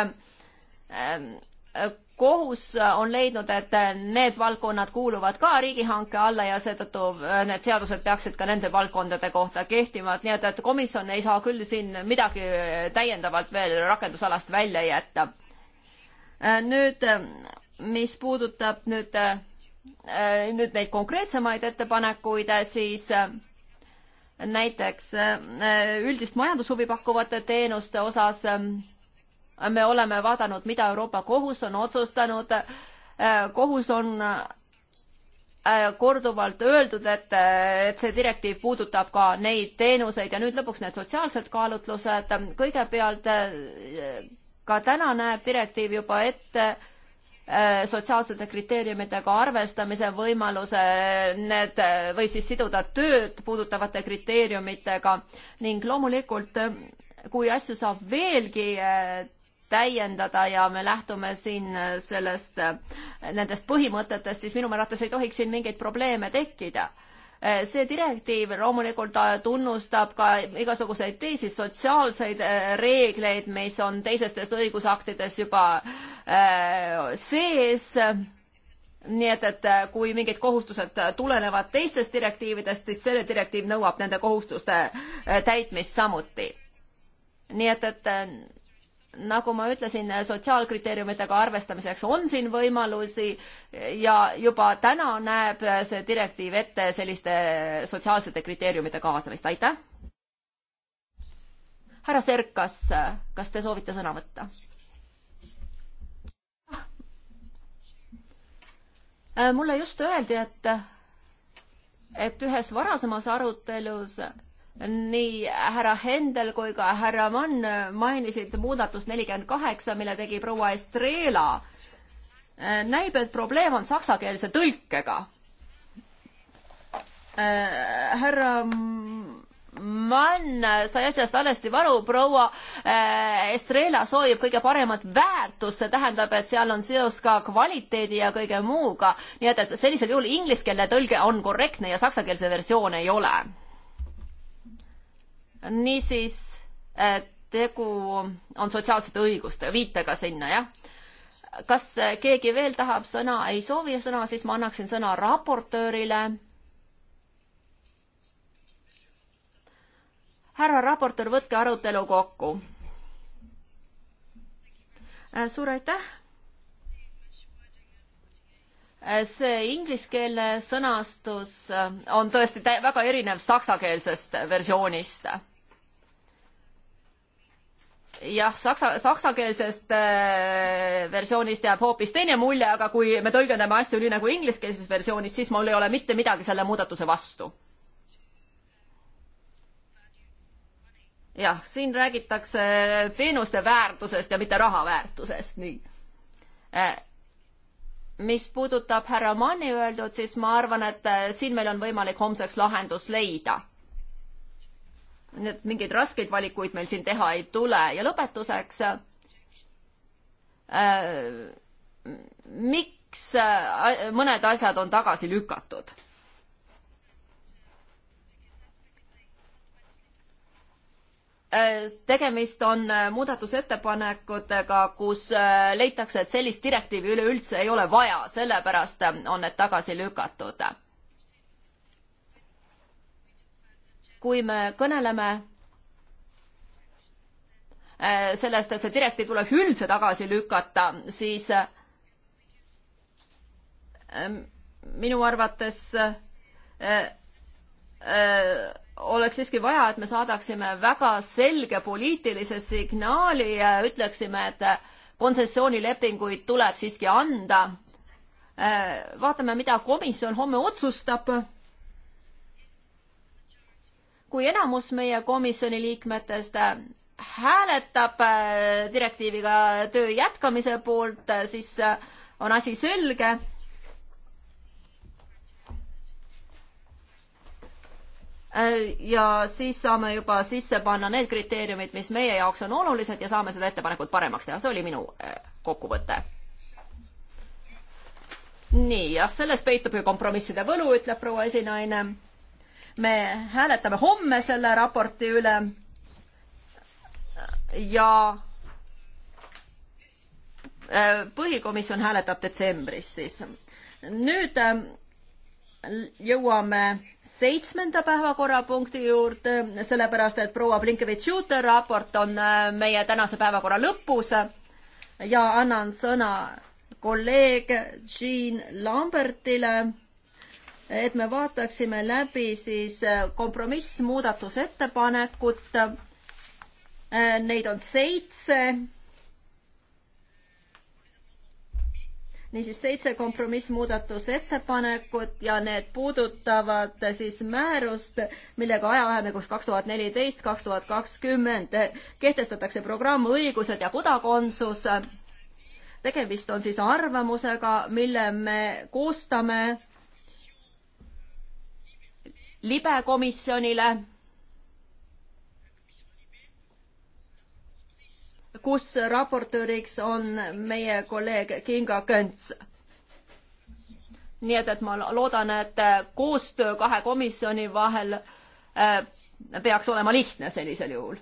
kohus äh, on leidnud, et äh, need valdkonnad kuuluvad ka riigihanke alla ja seetõttu äh, need seadused peaksid ka nende valdkondade kohta kehtima, et nii et, et komisjon ei saa küll siin midagi täiendavalt veel rakendusalast välja jätta. nüüd, mis puudutab nüüd, nüüd neid konkreetsemaid ettepanekuid, siis näiteks üldist majandushuvi pakkuvate teenuste osas ähm, me oleme vaadanud, mida Euroopa Kohus on otsustanud. Äh, kohus on äh, korduvalt öeldud, et, äh, et see direktiiv puudutab ka neid teenuseid ja nüüd lõpuks need sotsiaalsed kaalutlused. kõigepealt ka täna näeb direktiiv juba ette sotsiaalsete kriteeriumitega arvestamise võimaluse, need võib siis siduda tööd puudutavate kriteeriumitega ning loomulikult kui asju saab veelgi täiendada ja me lähtume siin sellest, nendest põhimõtetest, siis minu arvates ei tohiks siin mingeid probleeme tekkida see direktiiv loomulikult tunnustab ka igasuguseid teisi sotsiaalseid äh, reegleid, mis on teisestes õigusaktides juba äh, sees. nii et, et äh, kui mingid kohustused tulenevad teistest direktiividest, siis selle direktiiv nõuab nende kohustuste täitmist samuti. nii et, et nagu ma ütlesin, sotsiaalkriteeriumitega arvestamiseks on siin võimalusi ja juba täna näeb see direktiiv ette selliste sotsiaalsete kriteeriumite kaasamist, aitäh. härra Serkas, kas te soovite sõna võtta? mulle just öeldi, et, et ühes varasemas arutelus nii härra Hendel kui ka härra Mann mainisid muudatust nelikümmend kaheksa, mille tegi proua Estrela. Äh, näib, et probleem on saksakeelse tõlkega. Äh, härra Mann sai asjast valesti varu, proua äh, Estrela soovib kõige paremat väärtust, see tähendab, et seal on seos ka kvaliteedi ja kõige muuga. nii et, et sellisel juhul ingliskeelne tõlge on korrektne ja saksakeelse versioon ei ole niisiis äh, tegu on sotsiaalsete õiguste viitega sinna, jah kas äh, keegi veel tahab sõna, ei soovi sõna, siis ma annaksin sõna raportöörile. härra raportöör, võtke arutelu kokku. Äh, suur aitäh. see ingliskeelne sõnastus on tõesti väga erinev saksakeelsest versioonist jah, saksa, saksakeelsest äh, versioonist jääb hoopis teine mulje, aga kui me tõlgendame asju nii nagu ingliskeelses versioonis, siis mul ei ole mitte midagi selle muudatuse vastu. jah, siin räägitakse teenuste väärtusest ja mitte raha väärtusest, nii äh,. mis puudutab härra Manni öeldud, siis ma arvan, et äh, siin meil on võimalik homseks lahendus leida nii et mingeid raskeid valikuid meil siin teha ei tule ja lõpetuseks äh,. miks äh, mõned asjad on tagasi lükatud? Äh, tegemist on äh, muudatusettepanekutega, kus äh, leitakse, et sellist direktiivi üleüldse ei ole vaja, sellepärast on need tagasi lükatud kui me kõneleme äh, sellest, et see direktiiv tuleks üldse tagasi lükata, siis äh, minu arvates äh, oleks siiski vaja, et me saadaksime väga selge poliitilise signaali ja ütleksime, et kontsessioonilepinguid tuleb siiski anda. vaatame, mida komisjon homme otsustab kui enamus meie komisjoni liikmetest äh, hääletab äh, direktiiviga töö jätkamise poolt, äh, siis on asi selge. ja siis saame juba sisse panna need kriteeriumid, mis meie jaoks on olulised ja saame seda ettepanekut paremaks teha, see oli minu kokkuvõte. nii, jah, selles peitub ju kompromisside võlu, ütleb proua esinaine me hääletame homme selle raporti üle ja äh, põhikomisjon hääletab detsembris siis. nüüd äh, jõuame seitsmenda päevakorrapunkti juurde, sellepärast et proua Blinkevitš-Juuter raport on äh, meie tänase päevakorra lõpus ja annan sõna kolleeg Jean Lambertile et me vaataksime läbi siis äh, kompromissmuudatusettepanekut. Äh, neid on seitse. niisiis seitse kompromissmuudatusettepanekut ja need puudutavad äh, siis määrust, millega ajavahemikus kaks tuhat neliteist, kaks tuhat kakskümmend kehtestatakse programm Õigused ja kodakondsus. tegemist on siis arvamusega, mille me koostame libekomisjonile, kus raportööriks on meie kolleeg Kinga Könts. nii et, et ma loodan, et koostöö kahe komisjoni vahel äh, peaks olema lihtne sellisel juhul.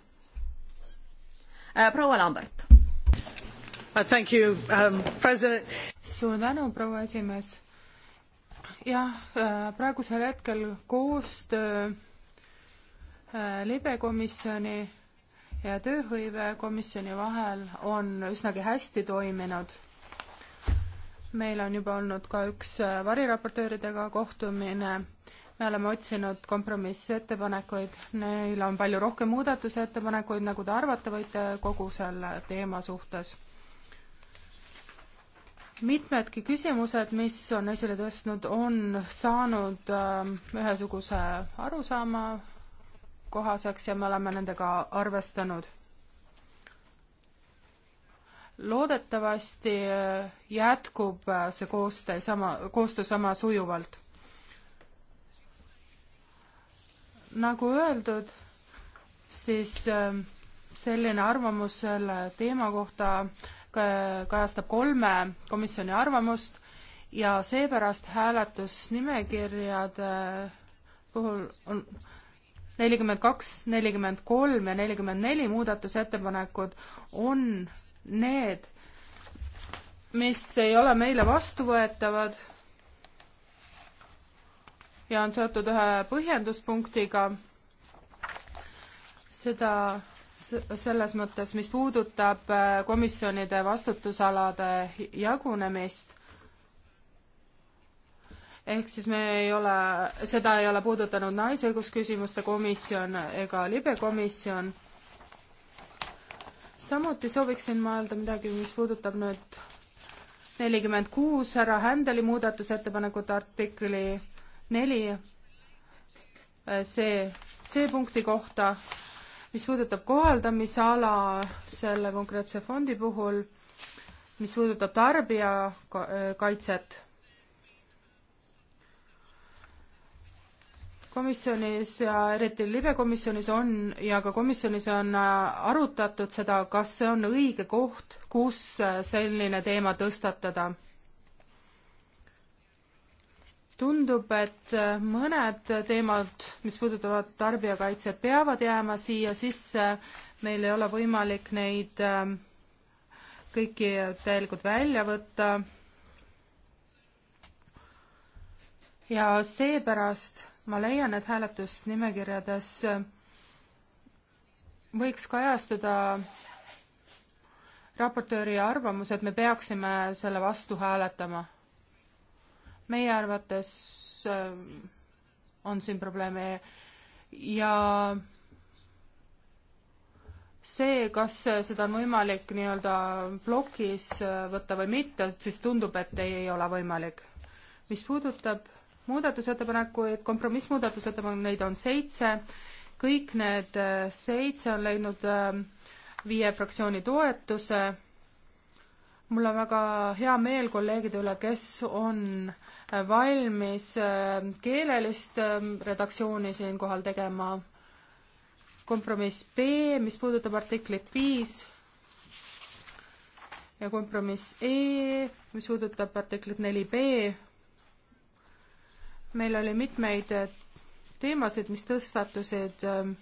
Äh, proua Lambert. Uh, um, suur tänu, proua esimees jah, äh, praegusel hetkel koostöö äh, libekomisjoni ja tööhõivekomisjoni vahel on üsnagi hästi toiminud. meil on juba olnud ka üks äh, variraportööridega kohtumine, me oleme otsinud kompromissettepanekuid, neil on palju rohkem muudatusettepanekuid, nagu te arvata võite, kogu selle teema suhtes mitmedki küsimused, mis on esile tõstnud, on saanud ähm, ühesuguse arusaama kohaseks ja me oleme nendega arvestanud. loodetavasti äh, jätkub äh, see koostöö sama, koostöö sama sujuvalt. nagu öeldud, siis ähm, selline arvamus selle teema kohta äh, kajastab kolme komisjoni arvamust ja seepärast hääletusnimekirjade äh, puhul on nelikümmend kaks, nelikümmend kolm ja nelikümmend neli muudatusettepanekud on need, mis ei ole meile vastuvõetavad ja on seotud ühe põhjenduspunktiga, seda selles mõttes, mis puudutab äh, komisjonide vastutusalade jagunemist, ehk siis me ei ole, seda ei ole puudutanud Naisõigusküsimuste komisjon ega libekomisjon. samuti sooviksin ma öelda midagi, mis puudutab nüüd nelikümmend kuus härra Händeli muudatusettepanekut artikli neli äh, see C punkti kohta mis puudutab kohaldamisala selle konkreetse fondi puhul, mis puudutab tarbijakaitset, äh, komisjonis ja eriti libekomisjonis on ja ka komisjonis on äh, arutatud seda, kas see on õige koht, kus äh, selline teema tõstatada tundub, et mõned teemad, mis puudutavad tarbijakaitset, peavad jääma siia sisse, meil ei ole võimalik neid ähm, kõiki täielikult välja võtta. ja seepärast ma leian, et hääletusnimekirjades võiks kajastuda raportööri arvamus, et me peaksime selle vastu hääletama meie arvates äh, on siin probleeme ja see, kas seda on võimalik nii-öelda plokis äh, võtta või mitte, siis tundub, et ei, ei ole võimalik. mis puudutab muudatusettepanekuid, kompromissmuudatusettepanekuid, neid on seitse, kõik need äh, seitse on leidnud viie fraktsiooni toetuse, mul on väga hea meel kolleegide üle, kes on äh, valmis äh, keelelist ähm, redaktsiooni siinkohal tegema. kompromiss B, mis puudutab artiklit viis ja kompromiss E, mis puudutab artiklit neli B. meil oli mitmeid äh, teemasid, mis tõstatusid ähm,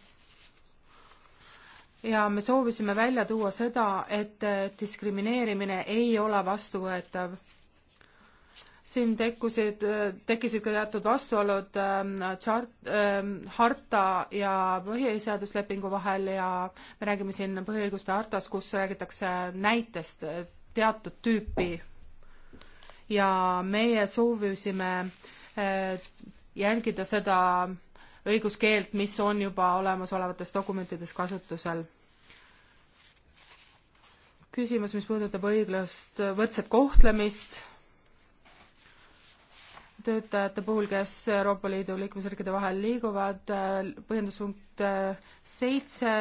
ja me soovisime välja tuua seda, et äh, diskrimineerimine ei ole vastuvõetav siin tekkusid, tekkisid ka teatud vastuolud ähm, tšart- äh,, harta ja põhiseaduslepingu vahel ja me räägime siin põhiõiguste hartas, kus räägitakse näitest äh, teatud tüüpi ja meie soovisime äh, jälgida seda õiguskeelt, mis on juba olemasolevates dokumentides kasutusel küsimus, mis puudutab õiglast, võrdset kohtlemist töötajate puhul, kes Euroopa Liidu liikmesriikide vahel liiguvad, äh, põhjenduspunkt äh, seitse,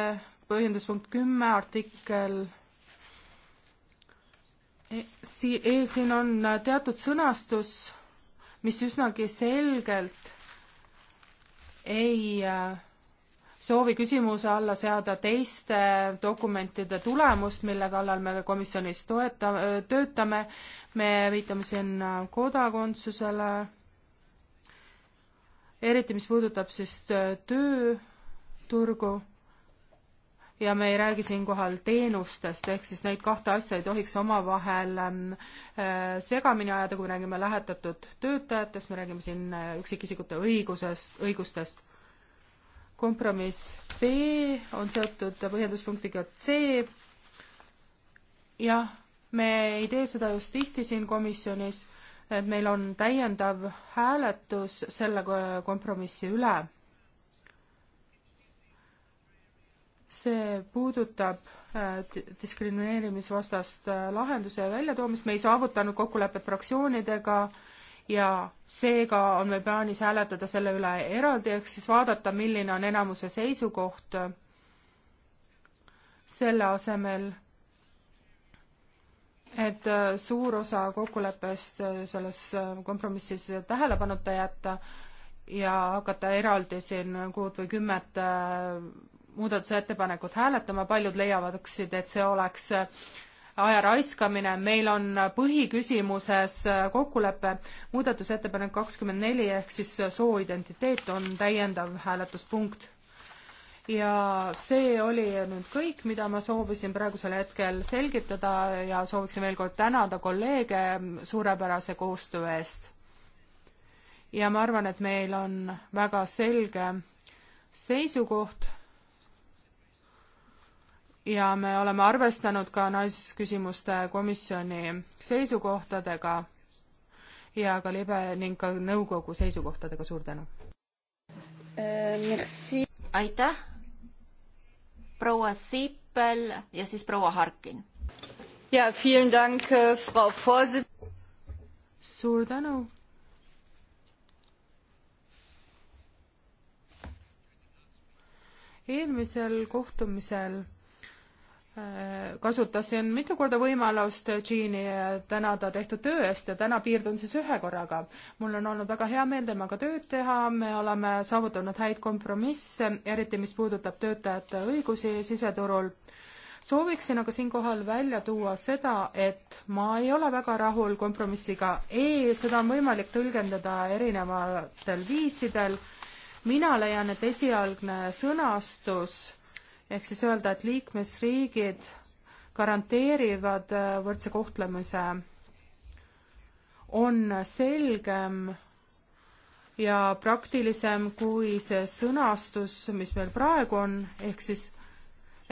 põhjenduspunkt kümme, artikkel e, si-, e, siin on äh, teatud sõnastus, mis üsnagi selgelt ei äh, soovi küsimuse alla seada teiste dokumentide tulemust, mille kallal me komisjonis toeta-, töötame. me viitame siin kodakondsusele, eriti mis puudutab siis äh, tööturgu ja me ei räägi siinkohal teenustest, ehk siis neid kahte asja ei tohiks omavahel ähm, äh, segamini ajada, kui räägime lähetatud töötajatest, me räägime siin äh, üksikisikute õigusest, õigustest kompromiss B on seotud põhjenduspunktiga C. jah, me ei tee seda just tihti siin komisjonis, et meil on täiendav hääletus selle kompromissi üle. see puudutab äh, diskrimineerimisvastast äh, lahenduse väljatoomist, me ei saavutanud kokkulepet fraktsioonidega äh, ja seega on meil plaanis hääletada selle üle eraldi, ehk siis vaadata, milline on enamuse seisukoht selle asemel, et äh, suur osa kokkuleppest äh, selles äh, kompromissis tähelepanuta jätta ja hakata eraldi siin kuut või kümmet muudatusettepanekut hääletama, paljud leiavaksid, et see oleks aja raiskamine, meil on põhiküsimuses kokkulepe, muudatusettepanek kakskümmend neli ehk siis sooidentiteet on täiendav hääletuspunkt. ja see oli nüüd kõik, mida ma soovisin praegusel hetkel selgitada ja sooviksin veel kord tänada kolleege suurepärase koostöö eest. ja ma arvan, et meil on väga selge seisukoht ja me oleme arvestanud ka naisküsimuste komisjoni seisukohtadega ja ka libe ning ka nõukogu seisukohtadega, suur tänu! aitäh, proua Siipel ja siis proua Harkin. Äh, suur tänu! eelmisel kohtumisel kasutasin mitu korda võimalust Jean'i tänada tehtud töö eest ja täna piirdun siis ühe korraga. mul on olnud väga hea meel temaga tööd teha, me oleme saavutanud häid kompromisse, eriti mis puudutab töötajate õigusi siseturul. sooviksin aga siinkohal välja tuua seda, et ma ei ole väga rahul kompromissiga E, seda on võimalik tõlgendada erinevatel viisidel. mina leian, et esialgne sõnastus ehk siis öelda, et liikmesriigid garanteerivad äh, võrdse kohtlemise, on selgem ja praktilisem kui see sõnastus, mis meil praegu on, ehk siis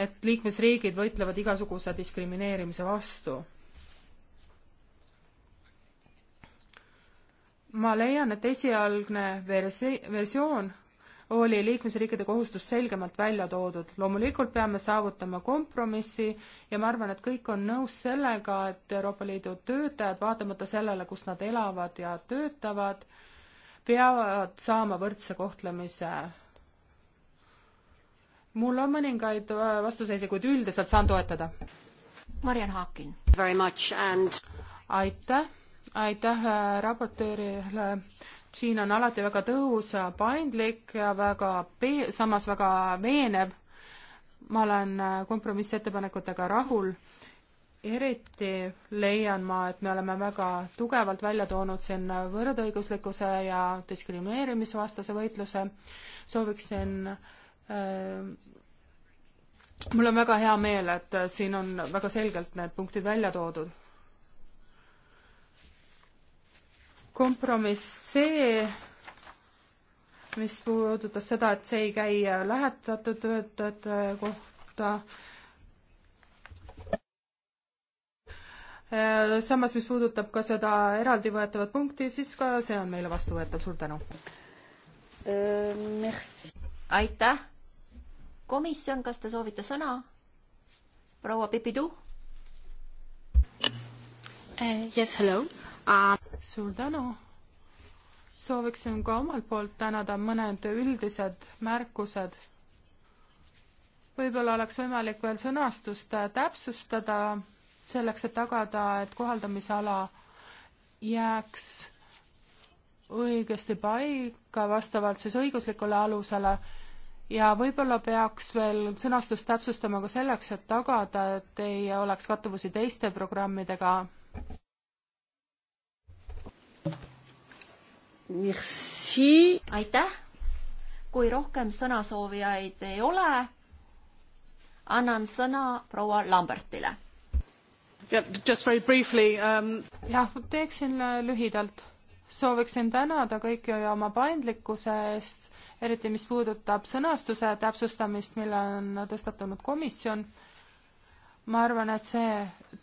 et liikmesriigid võitlevad igasuguse diskrimineerimise vastu. ma leian, et esialgne versi-, versioon oli liikmesriikide kohustus selgemalt välja toodud. loomulikult peame saavutama kompromissi ja ma arvan, et kõik on nõus sellega, et Euroopa Liidu töötajad, vaatamata sellele, kus nad elavad ja töötavad, peavad saama võrdse kohtlemise. mul on mõningaid äh, vastuseise, kuid üldiselt saan toetada. Mariann Haakin. aitäh, aitäh äh, raportöörile siin on alati väga tõhus, paindlik ja väga pee-, samas väga veenev. ma olen äh, kompromissettepanekutega rahul. eriti leian ma, et me oleme väga tugevalt välja toonud siin võrdõiguslikkuse ja diskrimineerimisvastase võitluse. sooviksin äh, mul on väga hea meel, et äh, siin on väga selgelt need punktid välja toodud kompromiss C, mis puudutas seda, et see ei käi lähetatud töötajate kohta. Äh, samas, mis puudutab ka seda eraldivõetavat punkti, siis ka see on meile vastuvõetav, suur tänu. Äh, aitäh. komisjon, kas te soovite sõna? proua Pipidu uh,? Äh, yes, hello uh suur tänu. sooviksin ka omalt poolt tänada mõned üldised märkused. võib-olla oleks võimalik veel sõnastust täpsustada selleks, et tagada, et kohaldamisala jääks õigesti paika vastavalt siis õiguslikule alusele ja võib-olla peaks veel sõnastust täpsustama ka selleks, et tagada, et ei oleks kattuvusi teiste programmidega. aitäh! kui rohkem sõnasoovijaid ei ole, annan sõna proua Lambertile. Um, jah, teeksin lühidalt. sooviksin tänada kõiki oma paindlikkuse eest, eriti mis puudutab sõnastuse täpsustamist, mille on tõstatanud komisjon ma arvan, et see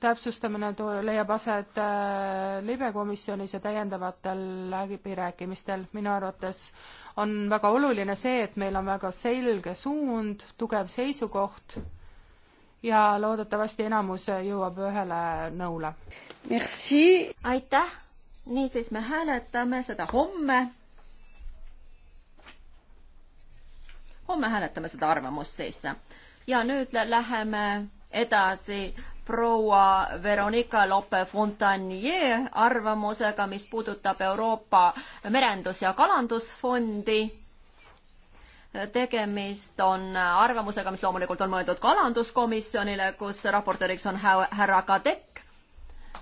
täpsustamine too-, leiab aset äh, libekomisjonis ja täiendavatel läbirääkimistel. minu arvates on väga oluline see, et meil on väga selge suund, tugev seisukoht ja loodetavasti enamus jõuab ühele nõule. aitäh, niisiis me hääletame seda homme. homme hääletame seda arvamust siis ja nüüd läheme edasi proua Veronika Lope-Fontanier arvamusega, mis puudutab Euroopa Merendus- ja Kalandusfondi. tegemist on arvamusega, mis loomulikult on mõeldud kalanduskomisjonile, kus raportööriks on härra Kadek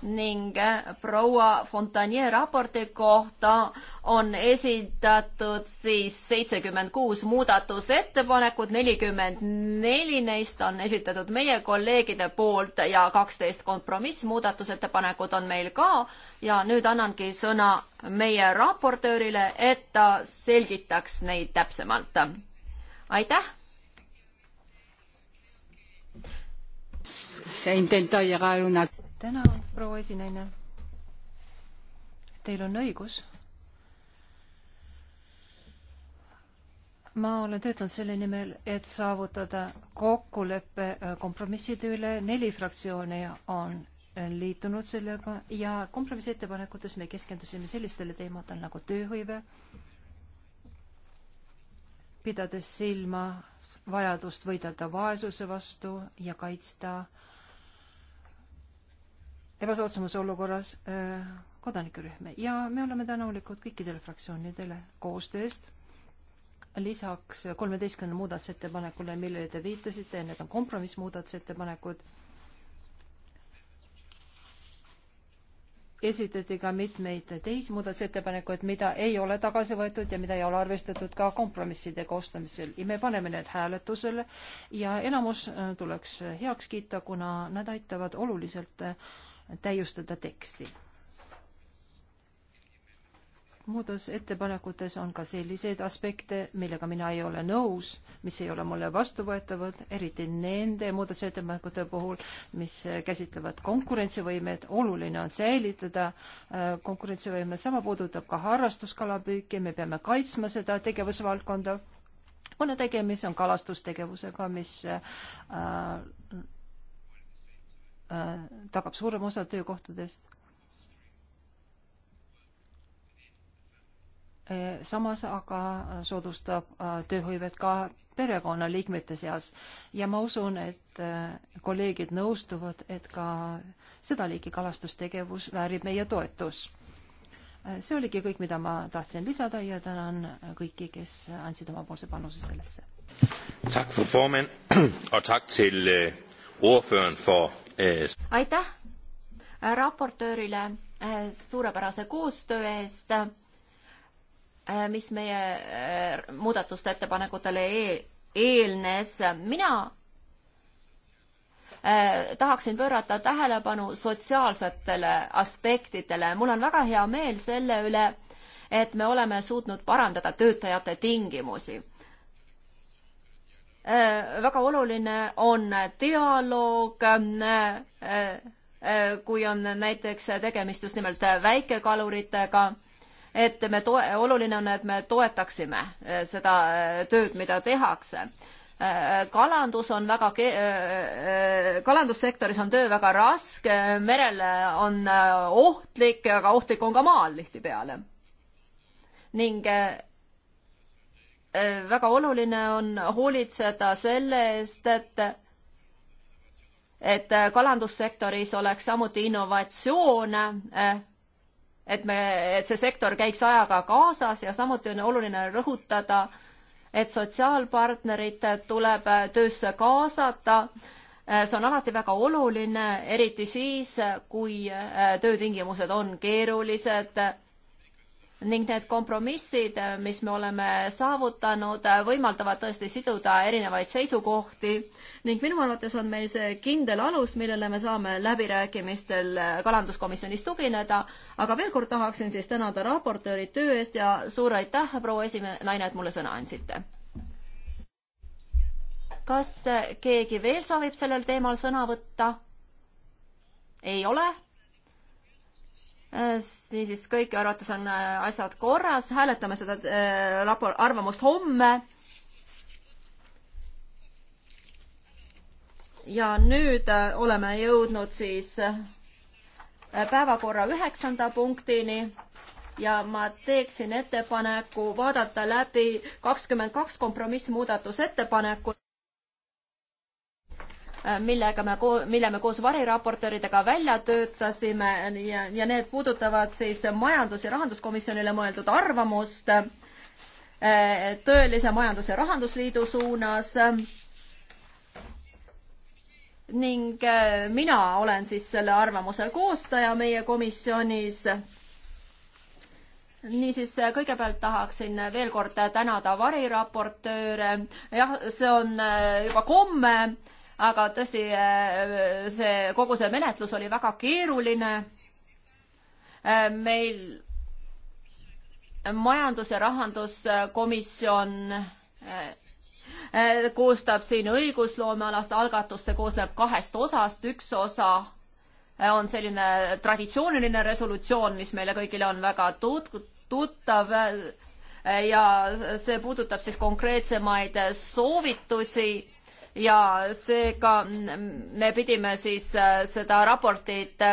ning äh, proua Fontanier raporti kohta on esitatud siis seitsekümmend kuus muudatusettepanekut, nelikümmend neli neist on esitatud meie kolleegide poolt ja kaksteist kompromissmuudatusettepanekut on meil ka ja nüüd annangi sõna meie raportöörile, et ta selgitaks neid täpsemalt. aitäh! Se intentó llegar una tänan, proua esinaine. Teil on õigus. ma olen töötanud selle nimel, et saavutada kokkulepe äh, kompromisside üle, neli fraktsiooni on liitunud sellega ja kompromissettepanekutes me keskendusime sellistele teemadele nagu tööhõive, pidades silma vajadust võidelda vaesuse vastu ja kaitsta äh, ebasoodsamas olukorras äh, kodanikurühme ja me oleme tänulikud kõikidele fraktsioonidele koostööst lisaks kolmeteistkümnele muudatusettepanekule, millele te viitasite, need on kompromissmuudatusettepanekud, esitati ka mitmeid teisi muudatusettepanekuid, mida ei ole tagasi võetud ja mida ei ole arvestatud ka kompromisside koostamisel ja me paneme need hääletusele ja enamus äh, tuleks heaks kiita, kuna nad aitavad oluliselt äh, täiustada teksti. muudatusettepanekutes on ka selliseid aspekte, millega mina ei ole nõus, mis ei ole mulle vastuvõetavad, eriti nende muudatusettepanekute puhul, mis käsitlevad konkurentsivõimet. oluline on säilitada äh, konkurentsivõime, sama puudutab ka harrastuskalapüüki, me peame kaitsma seda tegevusvaldkonda kuna tegemist on kalastustegevusega, mis äh, Äh, tagab suurema osa töökohtadest. Äh, samas aga soodustab äh, tööhõivet ka perekonnaliikmete seas ja ma usun, et kolleegid nõustuvad, et ka seda liiki kalastustegevus väärib meie toetus. see oligi kõik, mida ma tahtsin lisada ja tänan kõiki, kes andsid omapoolse panuse sellesse. tak for formen og tak til øh, ordføreren for eest. aitäh raportöörile eh, suurepärase koostöö eest, eh, mis meie eh, muudatuste ettepanekutele e-, eelnes. mina tahaksin pöörata tähelepanu sotsiaalsetele aspektidele. mul on väga hea meel selle üle, et me oleme suutnud parandada töötajate tingimusi Äh, väga oluline on dialoog, äh, äh, kui on näiteks tegemist just nimelt väikekaluritega, et me toe-, oluline on, et me toetaksime seda tööd, mida tehakse. kalandus on väga ke-, kalandussektoris on töö väga raske, merel on ohtlik, aga ohtlik on ka maal tihtipeale. ning väga oluline on hoolitseda selle eest, et et kalandussektoris oleks samuti innovatsioon, et me, et see sektor käiks ajaga kaasas ja samuti on oluline rõhutada, et sotsiaalpartnerid tuleb töösse kaasata. see on alati väga oluline, eriti siis, kui töötingimused on keerulised ning need kompromissid, mis me oleme saavutanud, võimaldavad tõesti siduda erinevaid seisukohti ning minu arvates on meil see kindel alus, millele me saame läbirääkimistel kalanduskomisjonis tugineda, aga veel kord tahaksin siis tänada raportööri töö eest ja suur aitäh, proua esimehe naine, et mulle sõna andsite. kas keegi veel soovib sellel teemal sõna võtta? ei ole niisiis kõigi arvates on äh, asjad korras, hääletame seda äh, rapor-, arvamust homme. ja nüüd äh, oleme jõudnud siis päevakorra üheksanda punktini ja ma teeksin ettepaneku vaadata läbi kakskümmend kaks kompromissmuudatusettepanekut millega me, mille me koos variraportööridega välja töötasime ja, ja need puudutavad siis majandus- ja rahanduskomisjonile mõeldud arvamust eh, tõelise majandus- ja rahandusliidu suunas. ning eh, mina olen siis selle arvamuse koostaja meie komisjonis niisiis, eh, kõigepealt tahaksin veel kord tänada variraportööre, jah, see on juba komme aga tõesti, äh, see, kogu see menetlus oli väga keeruline. Äh, meil majandus- ja rahanduskomisjon äh, koostab siin õigusloomealast algatust, see koosneb kahest osast, üks osa on selline traditsiooniline resolutsioon, mis meile kõigile on väga tut-, tuttav ja see puudutab siis konkreetsemaid soovitusi ja seega me pidime siis äh, seda raportit äh,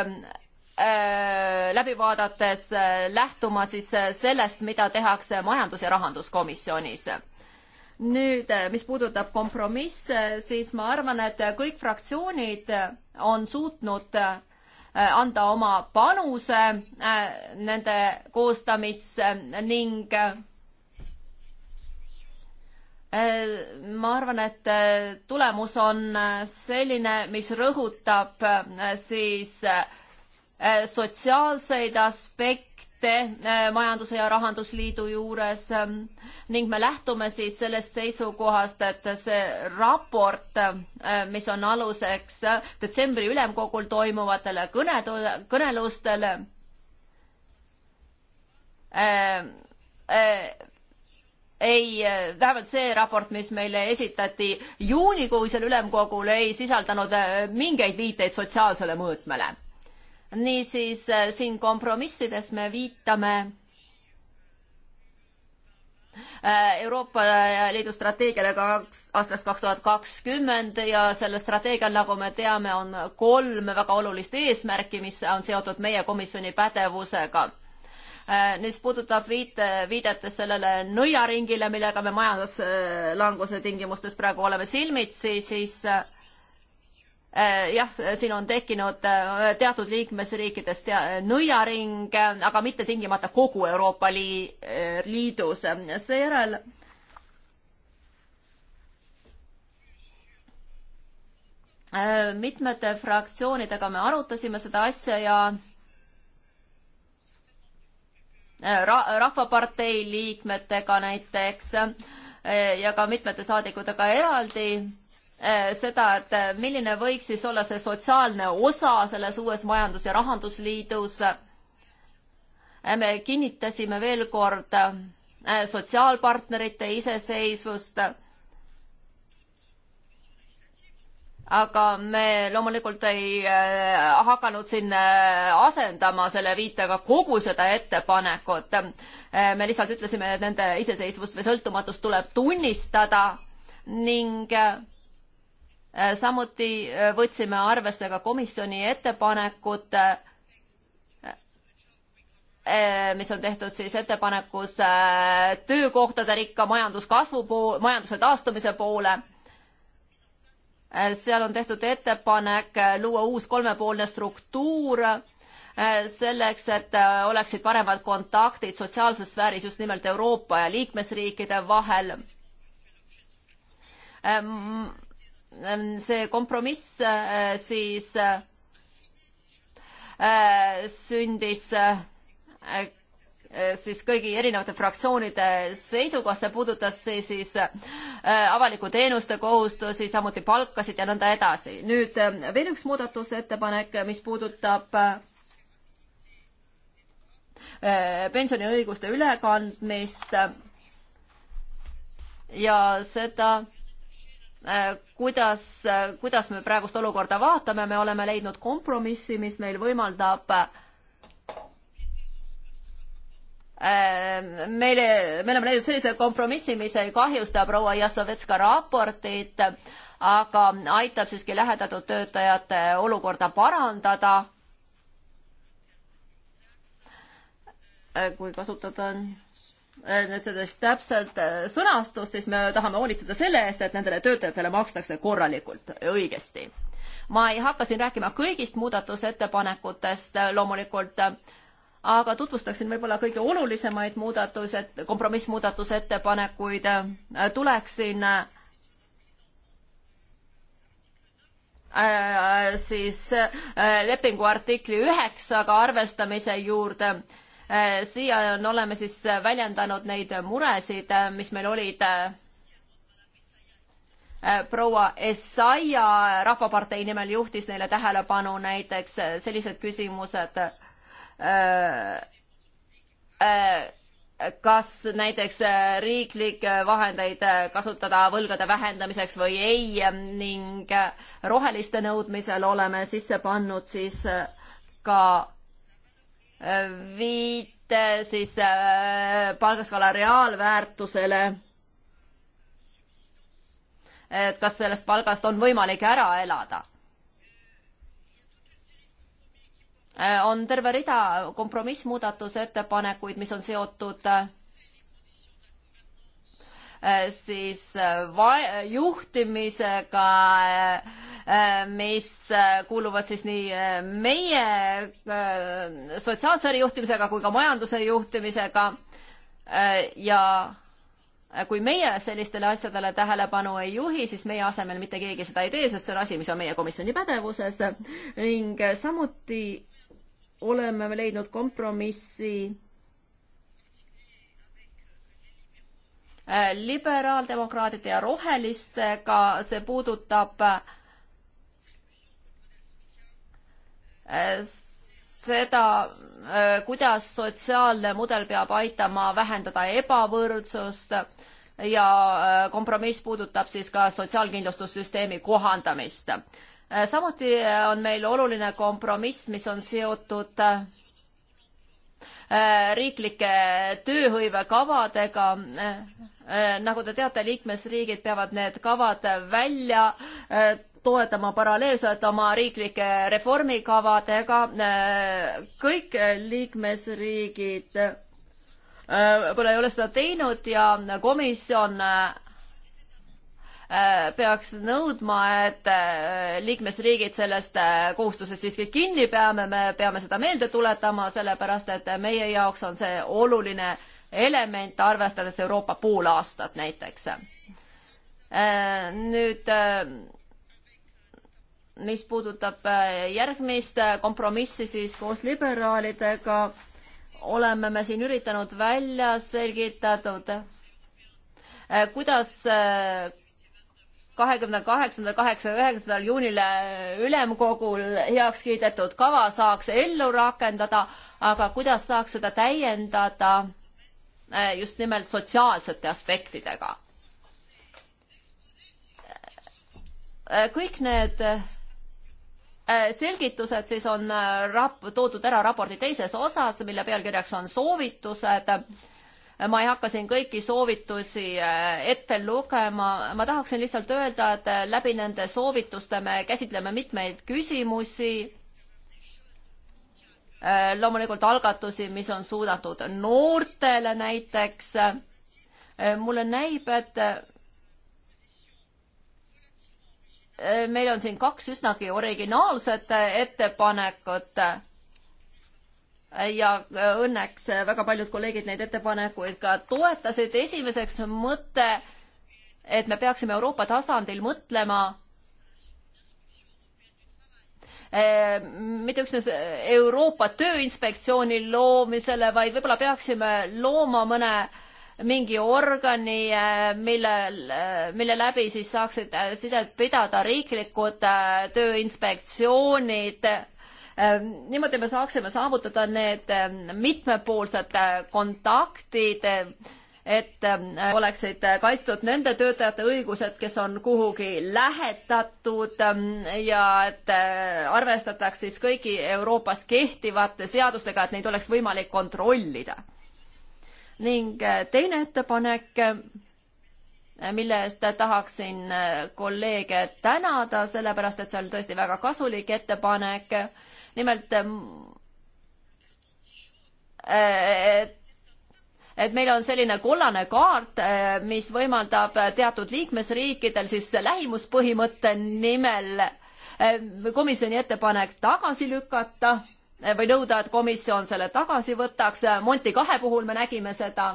äh, läbi vaadates lähtuma siis sellest, mida tehakse majandus- ja rahanduskomisjonis. nüüd, mis puudutab kompromisse, siis ma arvan, et kõik fraktsioonid on suutnud anda oma panuse nende koostamisse ning Äh, ma arvan, et äh, tulemus on äh, selline, mis rõhutab siis sotsiaalseid aspekte majanduse ja rahandusliidu juures ähm, ning me lähtume siis sellest seisukohast, et see raport, mis on aluseks detsembri ülemkogul toimuvatele kõne, kõnelustele äh,, äh, ei, äh, vähemalt see raport, mis meile esitati juunikuisel ülemkogul, ei sisaldanud äh, mingeid viiteid sotsiaalsele mõõtmele. niisiis äh, siin kompromissides me viitame Euroopa Liidu strateegiale kaks, aastast kaks tuhat kakskümmend ja sellel strateegial, nagu me teame, on kolm väga olulist eesmärki, mis on seotud meie komisjoni pädevusega Äh, mis puudutab viite, viidetes sellele nõiaringile, millega me majanduslanguse tingimustes praegu oleme silmitsi, siis äh, jah, siin on tekkinud äh, teatud liikmesriikides te nõiaring, aga mitte tingimata kogu Euroopa lii, Liidus. seejärel mitmete fraktsioonidega me arutasime seda asja ja ra-, Rahvapartei liikmetega näiteks eh, ja ka mitmete saadikutega eraldi eh, seda, et milline võiks siis olla see sotsiaalne osa selles uues majandus- ja rahandusliidus. Eh, me kinnitasime veel kord sotsiaalpartnerite iseseisvust aga me loomulikult ei äh, hakanud siin äh, asendama selle viitega kogu seda ettepanekut. Äh, me lihtsalt ütlesime, et nende iseseisvust või sõltumatust tuleb tunnistada ning samuti võtsime arvesse ka komisjoni ettepanekut, mis on tehtud siis ettepanekus töökohtade rikka majanduskasvu, majanduse taastumise poole seal on tehtud ettepanek luua uus kolmepoolne struktuur eh, selleks, et eh, oleksid paremad kontaktid sotsiaalses sfääris just nimelt Euroopa ja liikmesriikide vahel. Ehm, ehm, see kompromiss eh, siis sündis Äh, siis kõigi erinevate fraktsioonide seisukoht, see puudutas siis, siis äh, avaliku teenuste kohustusi, samuti palkasid ja nõnda edasi. nüüd äh, veel üks muudatusettepanek, mis puudutab pensioniõiguste ülekandmist ja seda, kuidas, kuidas me praegust olukorda vaatame, me oleme leidnud kompromissi, mis meil võimaldab äh, Äh, meile, me oleme leidnud sellise kompromissi, mis ei kahjusta proua Jassovetska raportit, aga aitab siiski lähedatud töötajate olukorda parandada. Äh, kui kasutada äh, sellest täpselt sõnastust, siis me tahame hoolitseda selle eest, et nendele töötajatele makstakse korralikult, õigesti. ma ei hakka siin rääkima kõigist muudatusettepanekutest, loomulikult äh, aga tutvustaksin võib-olla kõige olulisemaid muudatused, kompromissmuudatusettepanekuid, äh, tuleksin äh, äh, siis äh, lepingu artikli üheksaga arvestamise juurde äh,. siia on, oleme siis väljendanud neid muresid, äh, mis meil olid proua Essaia Rahvapartei nimel juhtis neile tähelepanu näiteks sellised küsimused Äh, äh, kas näiteks äh, riiklikke vahendeid kasutada võlgade vähendamiseks või ei ähm, ning roheliste nõudmisel oleme sisse pannud siis ka viite siis palgaskaala reaalväärtusele et kas sellest palgast on võimalik ära elada. Äh, on terve rida kompromissmuudatusettepanekuid, mis on seotud äh, siis äh, va-, juhtimisega, mis kuuluvad siis nii meie sotsiaalse juhtimisega kui ka majanduse juhtimisega ja kui meie sellistele asjadele tähelepanu ei juhi, siis meie asemel mitte keegi seda ei tee, sest see on asi, mis on meie komisjoni pädevuses ning samuti oleme me leidnud kompromissi äh, liberaaldemokraatide ja rohelistega, see puudutab äh, seda, äh, kuidas sotsiaalne mudel peab aitama vähendada ebavõrdsust ja kompromiss puudutab siis ka sotsiaalkindlustussüsteemi kohandamist Äh, samuti äh, on meil oluline kompromiss, mis on seotud äh, riiklike tööhõivekavadega. nagu te teate, liikmesriigid peavad need kavad välja toetama paralleelselt oma riiklike reformikavadega. kõik liikmesriigid võib-olla ei ole seda teinud ja komisjon Äh, peaks nõudma, et äh, liikmesriigid sellest äh, kohustusest siiski kinni peame, me peame seda meelde tuletama, sellepärast et meie jaoks on see oluline element, arvestades Euroopa poolaastat näiteks. nüüd mis puudutab järgmist kompromissi, siis koos liberaalidega oleme me siin üritanud välja selgitatud, kuidas kahekümne kaheksandal, kaheksa, üheksandal juunil ülemkogul heaks kiidetud kava saaks ellu rakendada, aga kuidas saaks seda täiendada eh, just nimelt sotsiaalsete aspektidega? Eh, kõik need eh, selgitused siis on rap-, toodud ära raporti teises osas, mille pealkirjaks on soovitused äh, ma ei hakka siin kõiki soovitusi äh, ette lugema, ma tahaksin lihtsalt öelda, et äh, läbi nende soovituste me käsitleme mitmeid küsimusi, äh, loomulikult algatusi, mis on suunatud noortele näiteks, mulle näib, et meil on siin kaks üsnagi originaalset ettepanekut ja äh, õnneks äh, väga paljud kolleegid neid ettepanekuid ka toetasid. esimeseks mõte, et me peaksime Euroopa tasandil mõtlema äh, mitte üksnes Euroopa Tööinspektsiooni loomisele, vaid võib-olla peaksime looma mõne mingi organi, millel, mille läbi siis saaksid sidet pidada riiklikud tööinspektsioonid Ehm, niimoodi me saaksime saavutada need ehm, mitmepoolsed äh, kontaktid, ehm, et oleksid kaitstud nende töötajate õigused, kes on kuhugi lähetatud ja et äh, arvestataks siis kõigi Euroopas kehtivate seadustega, et neid oleks võimalik kontrollida. ning äh, teine ettepanek mille eest tahaksin äh, kolleege tänada, sellepärast et see oli tõesti väga kasulik ettepanek. nimelt, äh, äh, et et meil on selline kollane kaart, mis võimaldab teatud liikmesriikidel siis lähimuspõhimõtte nimel komisjoni ettepanek tagasi lükata või nõuda, et komisjon selle tagasi võtaks. Monti kahe puhul me nägime seda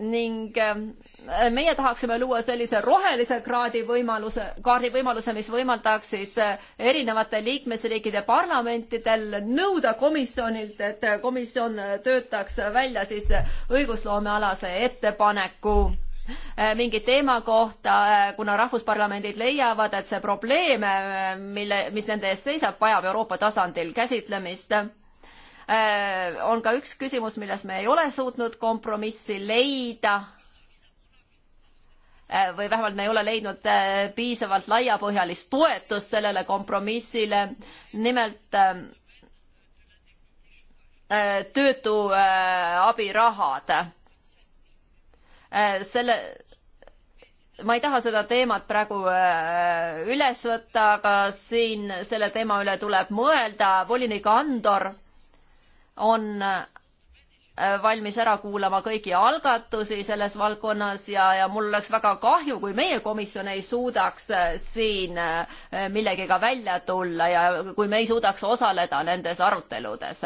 ning äh, meie tahaksime luua sellise rohelise kraadi võimaluse, kaardi võimaluse, mis võimaldaks siis äh, erinevate liikmesriikide parlamentidel nõuda komisjonilt, et äh, komisjon töötaks välja siis õigusloomealase ettepaneku mingi teema kohta, kuna rahvusparlamendid leiavad, et see probleem, mille, mis nende ees seisab, vajab Euroopa tasandil käsitlemist Äh, on ka üks küsimus, milles me ei ole suutnud kompromissi leida äh, või vähemalt me ei ole leidnud äh, piisavalt laiapõhjalist toetust sellele kompromissile. nimelt töötu abirahad. selle, ma ei taha seda teemat praegu üles võtta, aga siin selle teema üle tuleb mõelda, volinik Andor on äh, valmis ära kuulama kõiki algatusi selles valdkonnas ja, ja mul oleks väga kahju, kui meie komisjon ei suudaks äh, siin äh, millegagi välja tulla ja kui me ei suudaks osaleda nendes aruteludes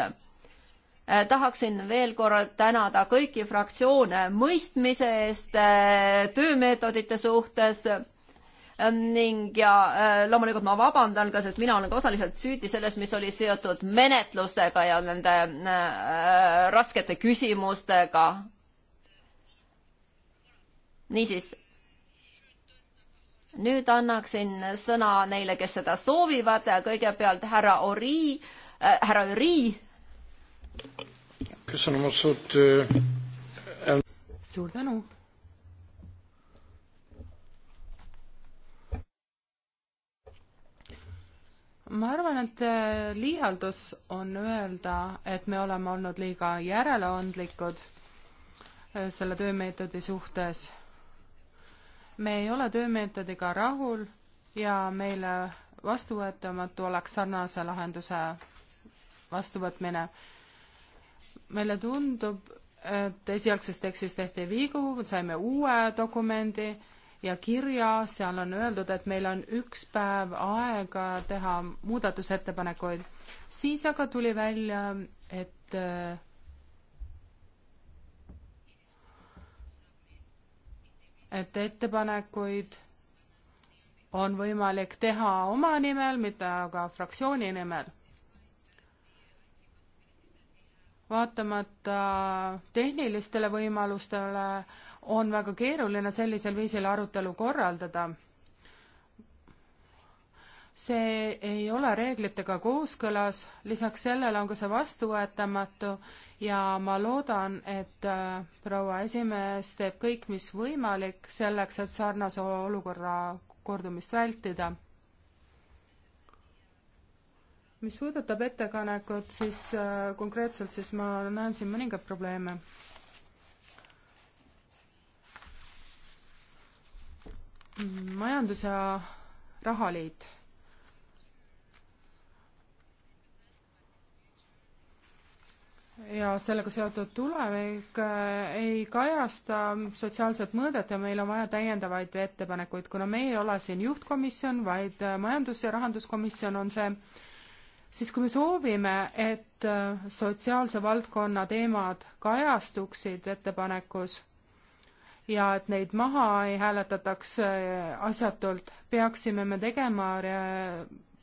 tahaksin veel kord tänada kõiki fraktsioone mõistmise eest töömeetodite suhtes Ähm, ning ja äh, loomulikult ma vabandan ka, sest mina olen ka osaliselt süüdi selles, mis oli seotud menetlustega ja nende äh, äh raskete küsimustega. niisiis, nüüd annaksin sõna neile, kes seda soovivad, kõigepealt härra Ori äh,, härra Jüri. Äh, suur tänu ma arvan, et äh, liialdus on öelda, et me oleme olnud liiga järeleandlikud äh, selle töömeetodi suhtes. me ei ole töömeetodiga rahul ja meile vastuvõetamatu oleks sarnase lahenduse vastuvõtmine. meile tundub, et esialgsest tekstist tehti vigu, saime uue dokumendi ja kirja, seal on öeldud, et meil on üks päev aega teha muudatusettepanekuid. siis aga tuli välja, et et ettepanekuid on võimalik teha oma nimel, mitte aga fraktsiooni nimel. vaatamata tehnilistele võimalustele on väga keeruline sellisel viisil arutelu korraldada. see ei ole reeglitega kooskõlas, lisaks sellele on ka see vastuvõetamatu ja ma loodan, et äh, proua esimees teeb kõik, mis võimalik selleks, et sarnase olukorra kordumist vältida. mis puudutab ettekanekut, siis äh, konkreetselt siis ma näen siin mõningaid probleeme majandus- ja rahaliit. ja sellega seotud tulevik äh, ei kajasta sotsiaalset mõõdet ja meil on vaja täiendavaid ettepanekuid, kuna me ei ole siin juhtkomisjon, vaid äh, majandus- ja rahanduskomisjon on see, siis kui me soovime, et äh, sotsiaalse valdkonna teemad kajastuksid ettepanekus ja et neid maha ei hääletataks äh, asjatult, peaksime me tegema re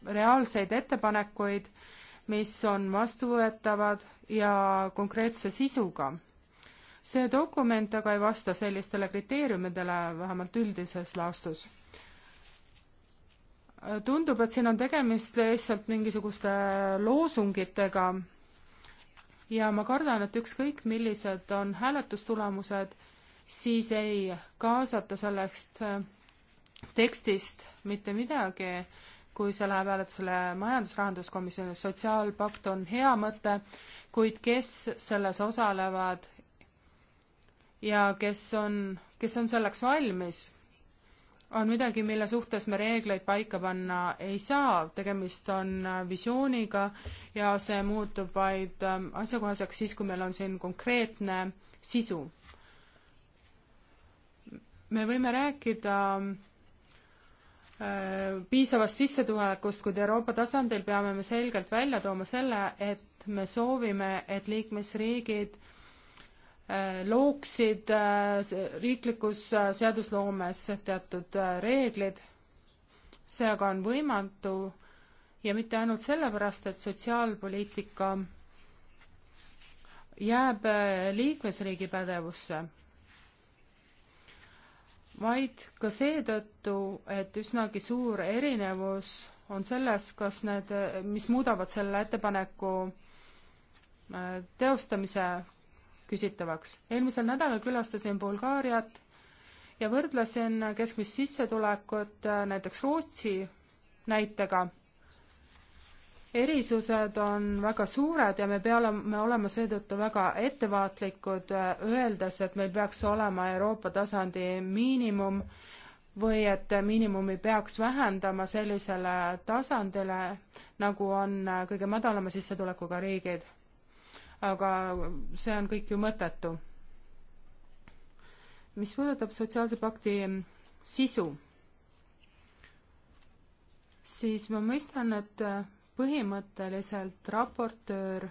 reaalseid ettepanekuid, mis on vastuvõetavad ja konkreetse sisuga. see dokument aga ei vasta sellistele kriteeriumidele, vähemalt üldises laastus. tundub, et siin on tegemist lihtsalt mingisuguste loosungitega ja ma kardan, et ükskõik, millised on hääletustulemused, siis ei kaasata sellest äh, tekstist mitte midagi, kui see läheb hääletusele majandus-rahanduskomisjonis, sotsiaalpakt on hea mõte, kuid kes selles osalevad ja kes on, kes on selleks valmis, on midagi, mille suhtes me reegleid paika panna ei saa, tegemist on äh, visiooniga ja see muutub vaid ähm, asjakohaseks siis, kui meil on siin konkreetne sisu me võime rääkida äh, piisavast sissetulekust, kuid Euroopa tasandil peame me selgelt välja tooma selle, et me soovime, et liikmesriigid äh, looksid äh, riiklikus seadusloomes teatud reeglid. see aga on võimatu ja mitte ainult sellepärast, et sotsiaalpoliitika jääb liikmesriigi pädevusse vaid ka seetõttu, et üsnagi suur erinevus on selles, kas need, mis muudavad selle ettepaneku äh, teostamise küsitavaks. eelmisel nädalal külastasin Bulgaariat ja võrdlesin keskmist sissetulekut äh, näiteks Rootsi näitega erisused on väga suured ja me peame olema seetõttu väga ettevaatlikud, öeldes, et meil peaks olema Euroopa tasandi miinimum või et miinimumi peaks vähendama sellisele tasandile, nagu on kõige madalama sissetulekuga riigid. aga see on kõik ju mõttetu. mis puudutab sotsiaalse pakti sisu, siis ma mõistan, et põhimõtteliselt raportöör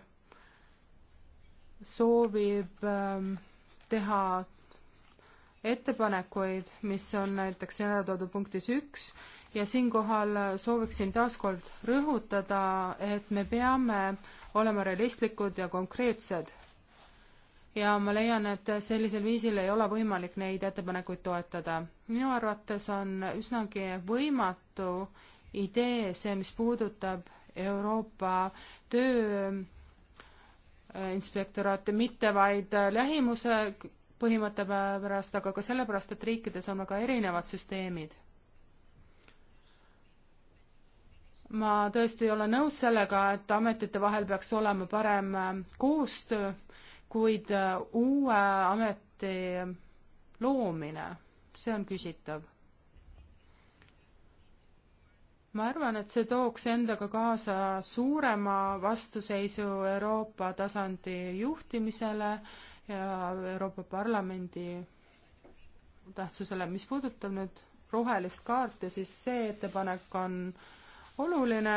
soovib ähm, teha ettepanekuid, mis on näiteks ära toodud punktis üks ja siinkohal sooviksin taaskord rõhutada, et me peame olema realistlikud ja konkreetsed. ja ma leian, et sellisel viisil ei ole võimalik neid ettepanekuid toetada. minu arvates on üsnagi võimatu idee see, mis puudutab Euroopa Tööinspektoraati mitte vaid lähimuse põhimõtte pärast, aga ka sellepärast, et riikides on väga erinevad süsteemid. ma tõesti ei ole nõus sellega, et ametite vahel peaks olema parem koostöö, kuid uue ameti loomine, see on küsitav ma arvan, et see tooks endaga kaasa suurema vastuseisu Euroopa tasandi juhtimisele ja Euroopa Parlamendi tähtsusele. mis puudutab nüüd rohelist kaarti, siis see ettepanek on oluline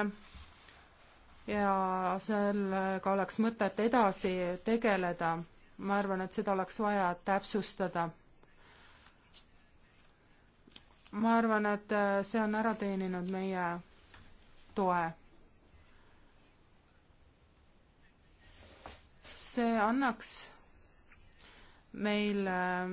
ja sellega oleks mõtet edasi tegeleda. ma arvan, et seda oleks vaja täpsustada ma arvan, et äh, see on ära teeninud meie toe. see annaks meil äh,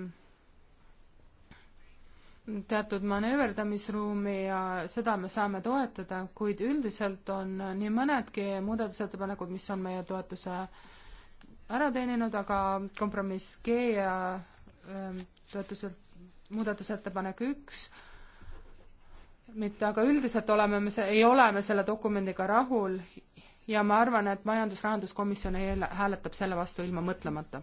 teatud manööverdamisruumi ja seda me saame toetada, kuid üldiselt on äh, nii mõnedki muudatusettepanekud, mis on meie toetuse ära teeninud, aga kompromiss G ja ähm, toetuselt muudatusettepanek üks mitte, aga üldiselt oleme me see, ei ole me selle dokumendiga rahul ja ma arvan, et majandus-rahanduskomisjon ei hääletab selle vastu ilma mõtlemata.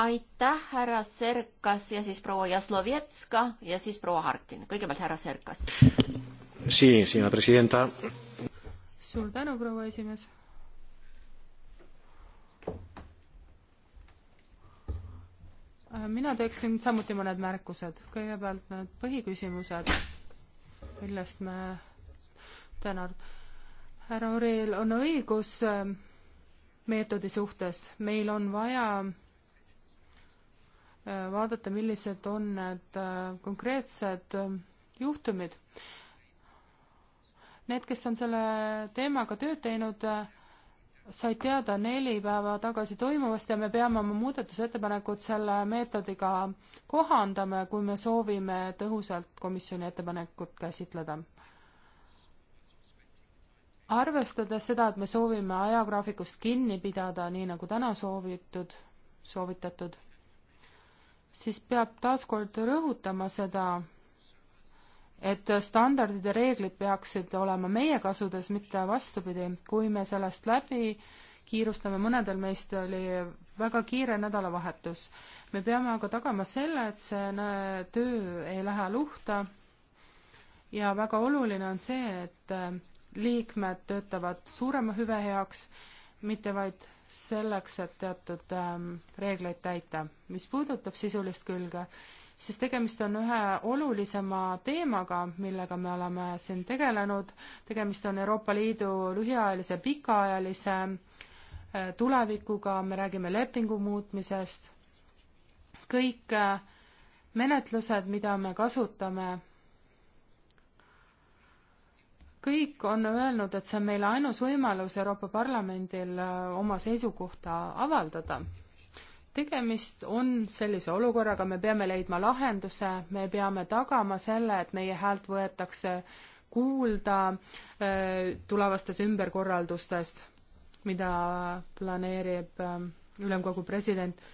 aitäh, härra Serkas ja siis proua Jaslovetska ja siis proua Harkin. kõigepealt härra Serkas. suur tänu, proua esimees Äh, mina teeksin samuti mõned märkused. kõigepealt need põhiküsimused, millest me tänan. härra Oril on õigus äh, meetodi suhtes, meil on vaja äh, vaadata, millised on need konkreetsed juhtumid. Need, kes on selle teemaga tööd teinud, said teada neli päeva tagasi toimuvast ja me peame oma muudatusettepanekud selle meetodiga kohandama, kui me soovime tõhusalt komisjoni ettepanekut käsitleda. arvestades seda, et me soovime ajagraafikust kinni pidada, nii nagu täna soovitud, soovitatud, siis peab taaskord rõhutama seda, et standardid ja reeglid peaksid olema meie kasudes, mitte vastupidi, kui me sellest läbi kiirustame, mõnedel meist oli väga kiire nädalavahetus. me peame aga tagama selle, et see töö ei lähe luhta ja väga oluline on see, et äh, liikmed töötavad suurema hüve heaks, mitte vaid selleks, et teatud ähm, reegleid täita. mis puudutab sisulist külge, siis tegemist on ühe olulisema teemaga, millega me oleme siin tegelenud, tegemist on Euroopa Liidu lühiajalise, pikaajalise äh, tulevikuga, me räägime lepingu muutmisest, kõik äh, menetlused, mida me kasutame, kõik on öelnud, et see on meile ainus võimalus Euroopa Parlamendil äh, oma seisukohta avaldada tegemist on sellise olukorraga, me peame leidma lahenduse, me peame tagama selle, et meie häält võetakse kuulda äh, tulevastes ümberkorraldustest, mida planeerib äh, ülemkogu president.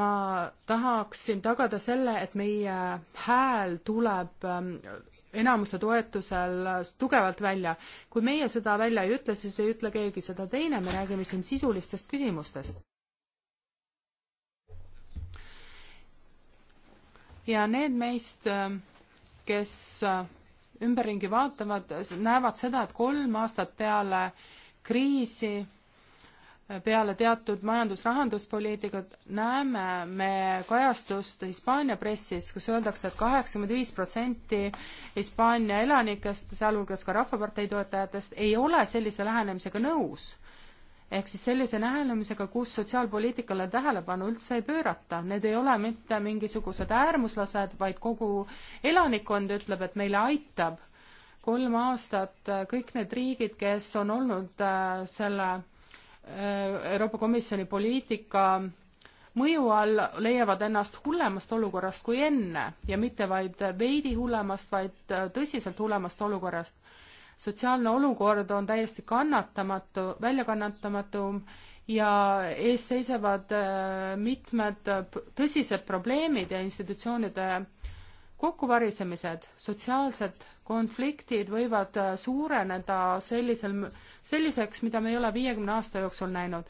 ma tahaksin tagada selle, et meie hääl tuleb äh, enamuse toetusel tugevalt välja. kui meie seda välja ei ütle, siis ei ütle keegi seda teine, me räägime siin sisulistest küsimustest ja need meist, ähm, kes äh, ümberringi vaatavad, näevad seda, et kolm aastat peale kriisi, äh, peale teatud majandus-rahanduspoliitikat näeme me kajastust Hispaania pressis, kus öeldakse et, et kaheksakümmend viis protsenti Hispaania elanikest, sealhulgas ka Rahvapartei toetajatest, ei ole sellise lähenemisega nõus ehk siis sellise lähenemisega, kus sotsiaalpoliitikale tähelepanu üldse ei pöörata, need ei ole mitte mingisugused äärmuslased, vaid kogu elanikkond ütleb, et meile aitab. kolm aastat äh, kõik need riigid, kes on olnud äh, selle äh, Euroopa Komisjoni poliitika mõju all, leiavad ennast hullemast olukorrast kui enne ja mitte vaid veidi hullemast, vaid tõsiselt hullemast olukorrast sotsiaalne olukord on täiesti kannatamatu, väljakannatamatum ja ees seisavad äh, mitmed äh, tõsised probleemid ja institutsioonide kokkuvarisemised, sotsiaalsed konfliktid võivad äh, suureneda sellisel, selliseks, mida me ei ole viiekümne aasta jooksul näinud.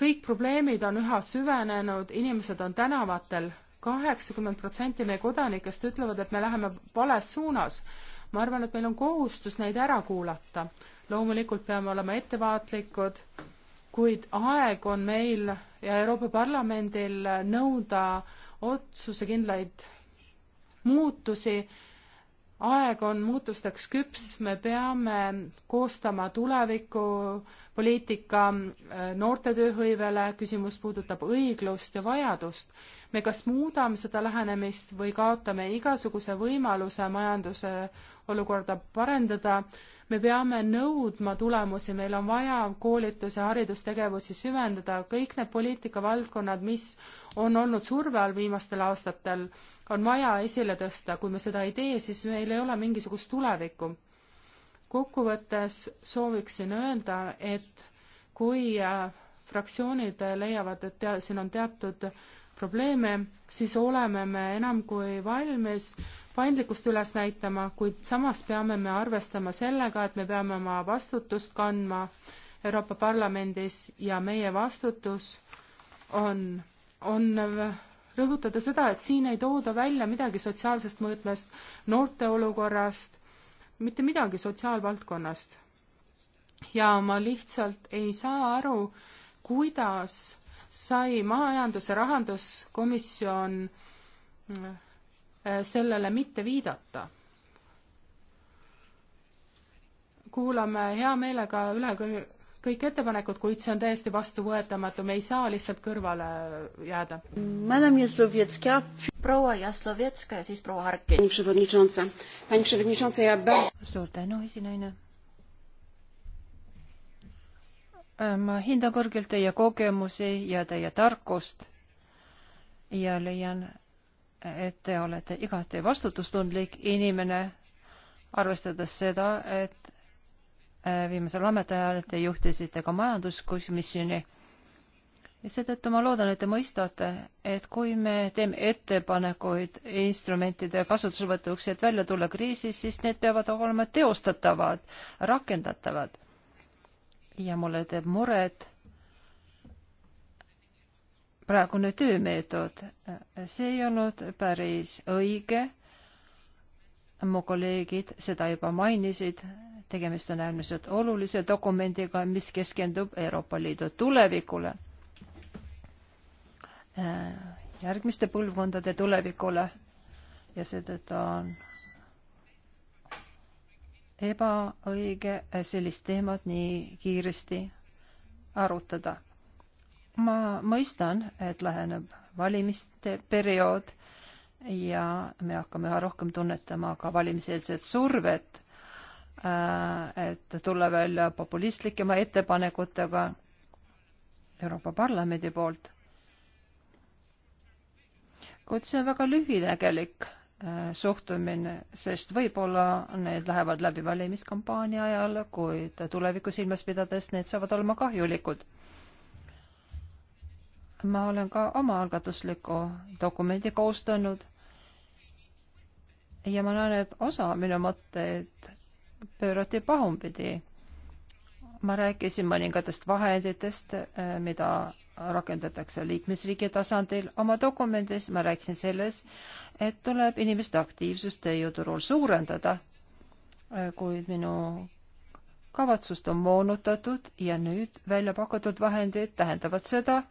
kõik probleemid on üha süvenenud, inimesed on tänavatel kaheksakümmend protsenti meie kodanikest ütlevad, et me läheme vales suunas. ma arvan, et meil on kohustus neid ära kuulata. loomulikult peame olema ettevaatlikud, kuid aeg on meil ja Euroopa Parlamendil nõuda otsusekindlaid muutusi, aeg on muutusteks küps, me peame koostama tuleviku äh, poliitika äh, noorte tööhõivele, küsimus puudutab õiglust ja vajadust. me kas muudame seda lähenemist või kaotame igasuguse võimaluse majanduse olukorda parendada, me peame nõudma tulemusi, meil on vaja koolitus- ja haridustegevusi süvendada, kõik need poliitikavaldkonnad, mis on olnud surve all viimastel aastatel, on vaja esile tõsta, kui me seda ei tee, siis meil ei ole mingisugust tulevikku kokkuvõttes sooviksin öelda, et kui äh, fraktsioonid leiavad, et tea, siin on teatud probleeme, siis oleme me enam kui valmis paindlikkust üles näitama, kuid samas peame me arvestama sellega, et me peame oma vastutust kandma Euroopa Parlamendis ja meie vastutus on, on rõhutada seda, et siin ei tooda välja midagi sotsiaalsest mõõtmest, noorte olukorrast mitte midagi sotsiaalvaldkonnast. ja ma lihtsalt ei saa aru, kuidas sai Majandus- ja Rahanduskomisjon äh, sellele mitte viidata. kuulame hea meelega üle kõik ettepanekud, kuid see on täiesti vastuvõetamatu, me ei saa lihtsalt kõrvale jääda proua Jaslovetska ja siis proua Harki. suur tänu, esinaine. Äh, ma hindan kõrgelt teie kogemusi ja teie tarkust ja leian, et te olete igati vastutustundlik inimene, arvestades seda, et äh, viimasel ametiajal te juhtisite ka majanduskomisjoni ja seetõttu ma loodan, et te mõistate, et kui me teeme ettepanekuid instrumentide kasutuselevõtuks, et välja tulla kriisist, siis need peavad olema teostatavad, rakendatavad. ja mulle teeb muret praegune töömeetod, see ei olnud päris õige. mu kolleegid seda juba mainisid, tegemist on äärmiselt olulise dokumendiga, mis keskendub Euroopa Liidu tulevikule Äh, järgmiste põlvkondade tulevikule ja seetõttu on ebaõige äh, sellist teemat nii kiiresti arutada. ma mõistan, et läheneb valimiste periood ja me hakkame üha rohkem tunnetama ka valimiseelset survet, äh, et tulla välja populistlikema ettepanekutega Euroopa Parlamendi poolt kuid see on väga lühinägelik äh, suhtumine, sest võib-olla need lähevad läbi valimiskampaania ajal, kuid tulevikku silmas pidades need saavad olema kahjulikud. ma olen ka omaalgatusliku dokumendi koostanud ja ma näen, et osa minu mõtteid pöörati pahupidi. ma rääkisin mõningatest vahenditest, äh, mida rakendatakse liikmesriigi tasandil. oma dokumendis ma rääkisin sellest, et tuleb inimeste aktiivsust tööjõuturul suurendada, äh, kuid minu kavatsust on moonutatud ja nüüd välja pakutud vahendid tähendavad seda,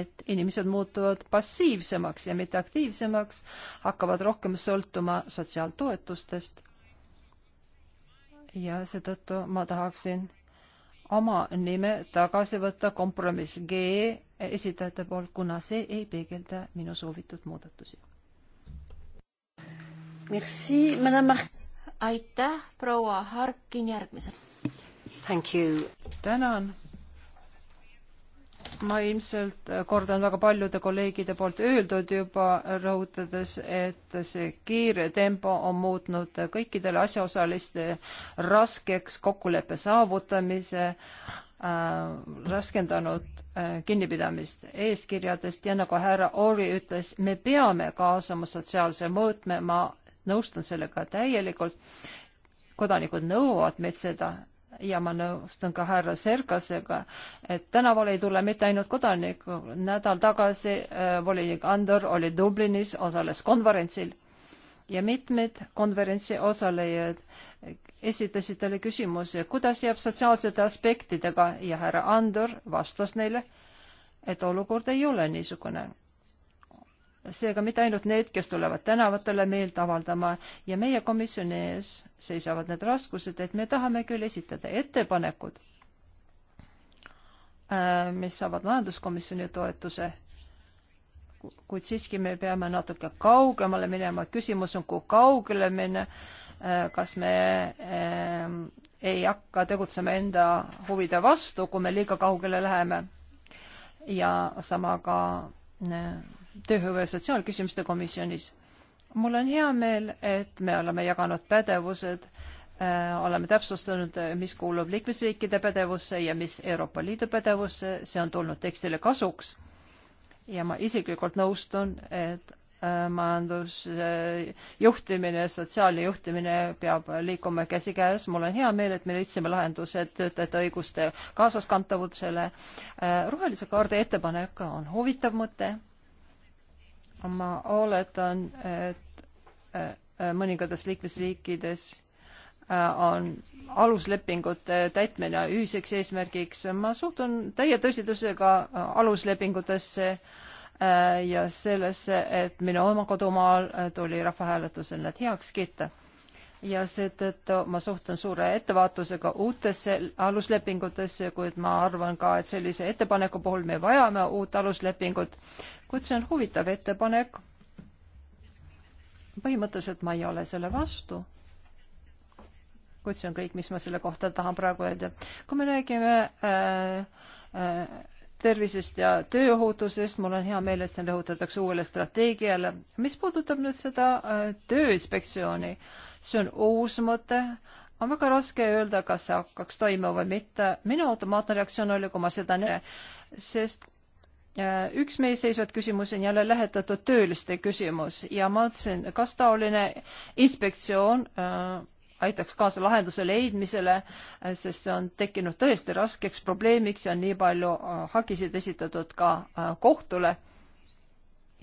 et inimesed muutuvad passiivsemaks ja mitte aktiivsemaks, hakkavad rohkem sõltuma sotsiaaltoetustest. ja seetõttu ma tahaksin oma nime tagasi võtta kompromiss G esitajate poolt, kuna see ei peegelda minu soovitud muudatusi. Merci, madame Mark-. aitäh, proua Harkin, järgmisel. Thank you. tänan ma ilmselt kordan väga paljude kolleegide poolt öeldud juba, rõhutades, et see kiire tempo on muutnud kõikidele asjaosaliste raskeks kokkuleppe saavutamise äh,, raskendanud äh, kinnipidamist eeskirjadest ja nagu härra Ori ütles, me peame kaasama sotsiaalse mõõtme, ma nõustun sellega täielikult, kodanikud nõuavad meilt seda ja ma nõustun ka härra Serkasega, et tänaval ei tule mitte ainult kodanikud. nädal tagasi äh, volinik Andor oli Dublinis, osales konverentsil ja mitmed konverentsi osalejad esitasid talle küsimuse, kuidas jääb sotsiaalsete aspektidega ja härra Andor vastas neile, et olukord ei ole niisugune seega mitte ainult need, kes tulevad tänavatele meelt avaldama ja meie komisjoni ees seisavad need raskused, et me tahame küll esitada ettepanekud, äh, mis saavad majanduskomisjoni toetuse, kuid siiski me peame natuke kaugemale minema, küsimus on, kui kaugele minna, äh, kas me ähm, ei hakka tegutsema enda huvide vastu, kui me liiga kaugele läheme. ja sama ka äh, tööhõive sotsiaalküsimuste komisjonis. mul on hea meel, et me oleme jaganud pädevused äh,, oleme täpsustanud, mis kuulub liikmesriikide pädevusse ja mis Euroopa Liidu pädevusse, see on tulnud tekstile kasuks. ja ma isiklikult nõustun, et äh, majandusjuhtimine äh,, sotsiaalne juhtimine peab liikuma käsikäes. mul on hea meel, et me leidsime lahendused töötajate õiguste kaasaskantavusele. Äh, rohelise kaardi ettepanek on huvitav mõte ma oletan, et äh, äh, mõningates liikmesriikides äh, on aluslepingute täitmine ühiseks eesmärgiks. ma suhtun täie tõsidusega aluslepingutesse ja sellesse, et minu oma kodumaal tuli rahvahääletusel need heaks kiita ja seetõttu ma suhtun suure ettevaatusega uutesse aluslepingutesse, kuid ma arvan ka, et sellise ettepaneku puhul me vajame uut aluslepingut, kuid see on huvitav ettepanek. põhimõtteliselt ma ei ole selle vastu. kuid see on kõik, mis ma selle kohta tahan praegu öelda. kui me räägime äh, äh, tervisest ja tööohutusest, mul on hea meel, et see rõhutatakse uuele strateegiale. mis puudutab nüüd seda äh, tööinspektsiooni, see on uus mõte on väga raske öelda, kas see hakkaks toimuma või mitte. minu automaatne reaktsioon oli, kui ma seda näen, sest Äh, üks meie seisvat küsimus on jälle lähetatud tööliste küsimus ja ma mõtlesin, kas taoline inspektsioon äh, aitaks kaasa lahenduse leidmisele, äh, sest see on tekkinud tõesti raskeks probleemiks ja nii palju äh, hagisid esitatud ka kohtule.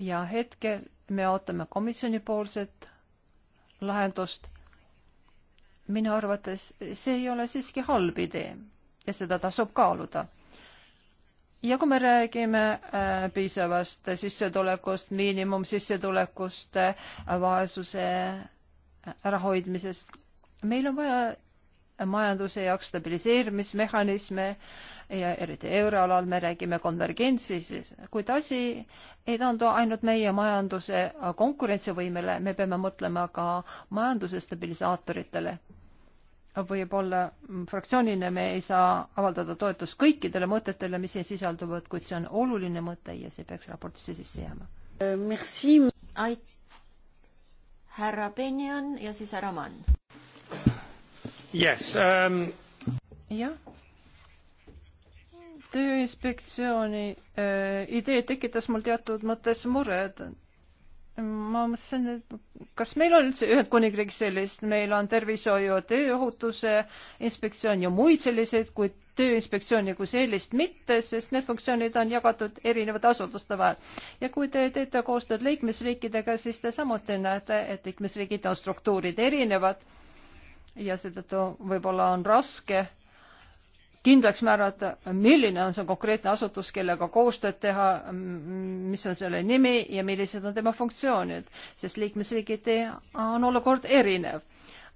ja hetkel me ootame komisjonipoolset lahendust. minu arvates see ei ole siiski halb idee ja seda tasub kaaluda ja kui me räägime äh, piisavast sissetulekust, miinimumsissetulekust äh,, vaesuse äh, ärahoidmisest, meil on vaja majanduse jaoks stabiliseerimismehhanisme ja eriti euroalal me räägime konvergentsis, kuid asi ei taandu ainult meie majanduse konkurentsivõimele, me peame mõtlema ka majanduse stabilisaatoritele võib-olla fraktsioonina me ei saa avaldada toetust kõikidele mõtetele, mis siin sisalduvad, kuid see on oluline mõte ja see peaks raportisse sisse jääma. Merci. aitäh, härra Benjon ja siis härra Mann. Yes um.... jah. tööinspektsiooni äh, idee tekitas mul teatud mõttes mured ma mõtlesin, et kas meil on üldse Ühendkuningriigis sellist, meil on tervishoiu ja tööohutuse inspektsioon ja muid selliseid, kuid tööinspektsiooni kui sellist mitte, sest need funktsioonid on jagatud erinevate asutuste vahel. ja kui te teete koostööd liikmesriikidega, siis te samuti näete, et liikmesriigid on struktuurid erinevad ja seetõttu võib-olla on raske kindlaks määrata, milline on see konkreetne asutus, kellega koostööd teha, mis on selle nimi ja millised on tema funktsioonid, sest liikmesriigiti on olukord erinev.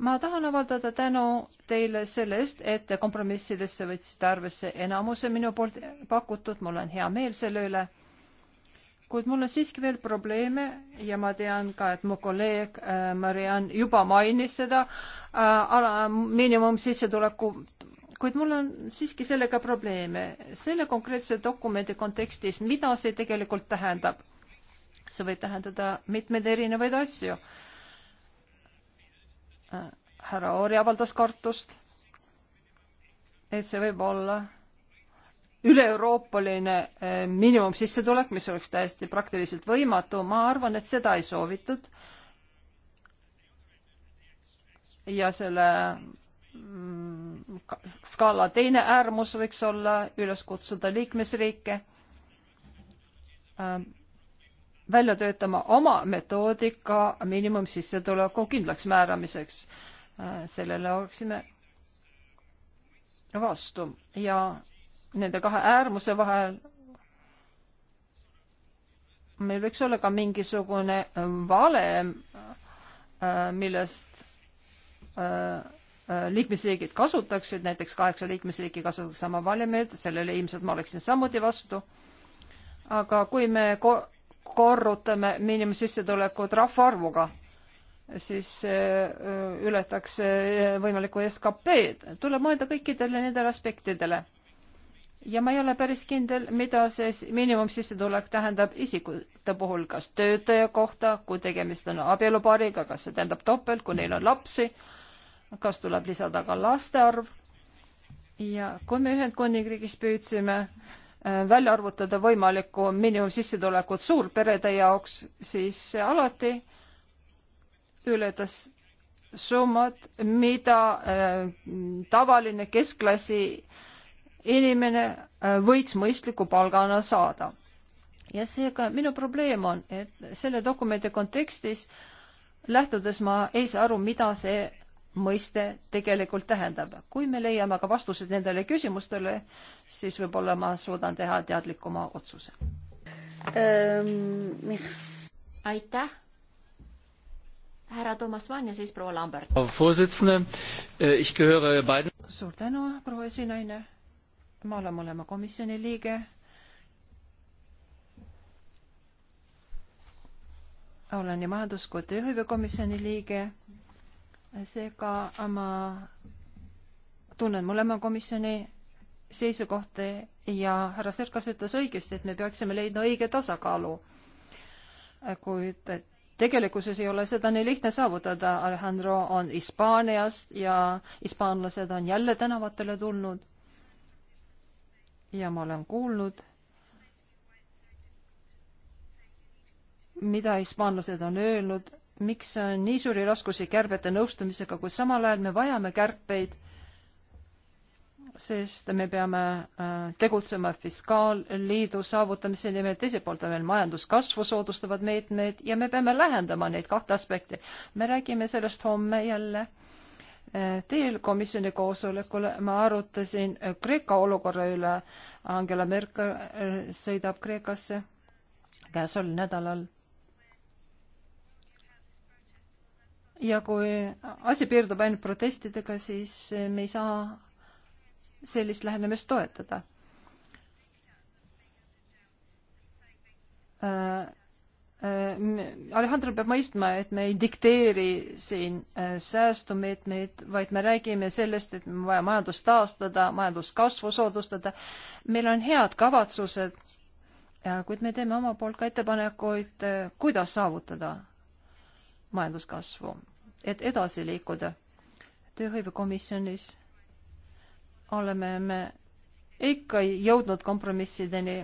ma tahan avaldada tänu teile selle eest, et te kompromissidesse võtsite arvesse enamuse minu poolt pakutud, mul on hea meel selle üle kuid mul on siiski veel probleeme ja ma tean ka, et mu kolleeg äh, Mariann juba mainis seda äh, ala, miinimumsissetuleku kuid mul on siiski sellega probleeme. selle konkreetse dokumendi kontekstis, mida see tegelikult tähendab? see võib tähendada mitmeid erinevaid asju. härra Oori avaldas kartust, et see võib olla üle-euroopaline eh, miinimumsissetulek, mis oleks täiesti praktiliselt võimatu, ma arvan, et seda ei soovitud. ja selle Mm, skaala teine äärmus võiks olla üles kutsuda liikmesriike ähm, välja töötama oma metoodika miinimumsissetuleku kindlaks määramiseks. Äh, sellele oleksime vastu ja nende kahe äärmuse vahel meil võiks olla ka mingisugune valem, äh, millest äh, Äh, liikmesriigid kasutaksid, näiteks kaheksa liikmesriiki kasutaks sama valimit, sellele ilmselt ma oleksin samuti vastu. aga kui me ko-, korrutame miinimumsissetulekut rahvaarvuga, siis äh, äh, ületaks võimalikku SKP-d. tuleb mõelda kõikidele nendele aspektidele. ja ma ei ole päris kindel, mida see miinimumsissetulek tähendab isikute puhul, kas töötaja kohta, kui tegemist on abielupaariga, kas see tähendab topelt, kui neil on lapsi kas tuleb lisada ka laste arv. ja kui me Ühendkuningriigis püüdsime äh, välja arvutada võimalikku miinimumsissetulekut suurperede jaoks, siis alati ületas summad, mida äh, tavaline keskklassi inimene äh, võiks mõistliku palgana saada. ja seega minu probleem on, et selle dokumendi kontekstis lähtudes ma ei saa aru, mida see mõiste tegelikult tähendab. kui me leiame aga vastused nendele küsimustele, siis võib-olla ma suudan teha teadlikuma otsuse ähm,. aitäh. härra Toomas Mann ja siis proua Lambert. Äh, suur tänu, proua esinaine. ma olen mõlema komisjoni liige. olen nii majandus- kui tööhõivekomisjoni liige seega ma tunnen mõlema komisjoni seisukohti ja härra Serkas ütles õigesti, et me peaksime leidma õige tasakaalu. kuid tegelikkuses ei ole seda nii lihtne saavutada, Alejandro on Hispaaniast ja hispaanlased on jälle tänavatele tulnud. ja ma olen kuulnud, mida hispaanlased on öelnud miks on nii suuri raskusi kärbete nõustamisega, kui samal ajal me vajame kärpeid, sest me peame äh, tegutsema fiskaalliidu saavutamise nimel, teiselt poolt on meil majanduskasvu soodustavad meetmed ja me peame lähendama neid kahte aspekti. me räägime sellest homme jälle. Äh, Teil komisjoni koosolekul ma arutasin Kreeka olukorra üle. Angela Merkel äh, sõidab Kreekasse käesoleval nädalal ja kui asi piirdub ainult protestidega, siis me ei saa sellist lähenemist toetada. Äh, äh, Alejandro peab mõistma, et me ei dikteeri siin äh, säästumeetmeid, vaid me räägime sellest, et on vaja majandust taastada, majanduskasvu soodustada. meil on head kavatsused, kuid me teeme oma poolt ka ettepanekuid, kuidas saavutada majanduskasvu et edasi liikuda. tööhõivekomisjonis oleme me ikka jõudnud kompromissideni.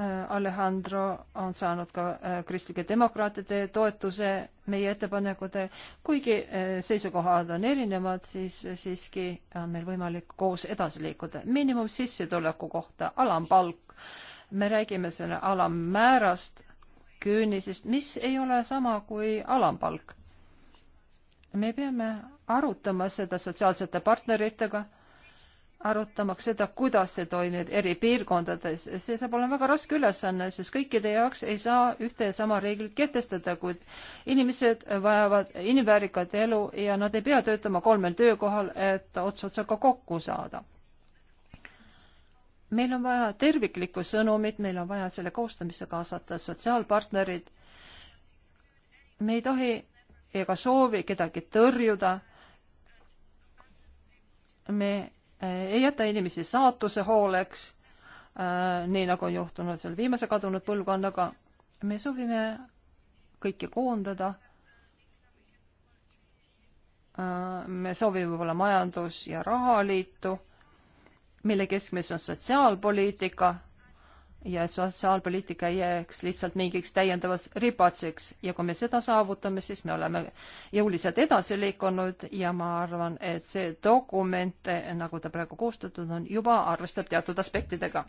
Äh, Alejandro on saanud ka äh, kristlike demokraatide toetuse meie ettepanekute, kuigi äh, seisukohad on erinevad, siis siiski on meil võimalik koos edasi liikuda. miinimumsissetuleku kohta alampalk, me räägime selle alammäärast küünisest, mis ei ole sama kui alampalk. me peame arutama seda sotsiaalsete partneritega, arutamaks seda, kuidas see toimib eri piirkondades. see saab olema väga raske ülesanne, sest kõikide jaoks ei saa ühte ja sama reeglit kehtestada, kuid inimesed vajavad inimväärikat elu ja nad ei pea töötama kolmel töökohal, et ots otsaga kokku saada meil on vaja terviklikku sõnumit, meil on vaja selle koostamisse kaasata sotsiaalpartnerid. me ei tohi ega soovi kedagi tõrjuda. me eh, ei jäta inimesi saatuse hooleks äh,, nii nagu on juhtunud seal viimase kadunud põlvkonnaga. me soovime kõiki koondada äh,. me soovime võib-olla majandus- ja rahaliitu mille keskmes on sotsiaalpoliitika ja et sotsiaalpoliitika ei jääks lihtsalt mingiks täiendavaks ribatseks ja kui me seda saavutame, siis me oleme jõuliselt edasi liikunud ja ma arvan, et see dokument, nagu ta praegu koostatud on, juba arvestab teatud aspektidega.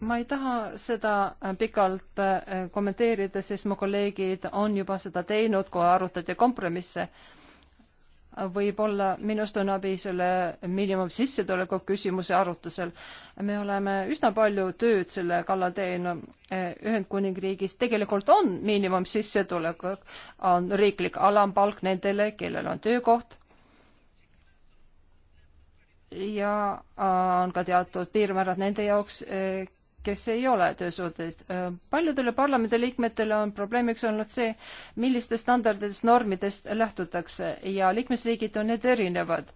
ma ei taha seda pikalt äh, kommenteerida, sest mu kolleegid on juba seda teinud, kui arutati kompromisse võib-olla minust on abi selle miinimumsissetuleku küsimuse arutusel. me oleme üsna palju tööd selle kallal teinud. Ühendkuningriigis tegelikult on miinimumsissetulek, on riiklik alampalk nendele, kellel on töökoht. ja äh, on ka teatud piirmäärad nende jaoks, kes ei ole töösuhtelised. paljudele parlamendiliikmetele on probleemiks olnud see, millistest standarditest, normidest lähtutakse ja liikmesriigid on need erinevad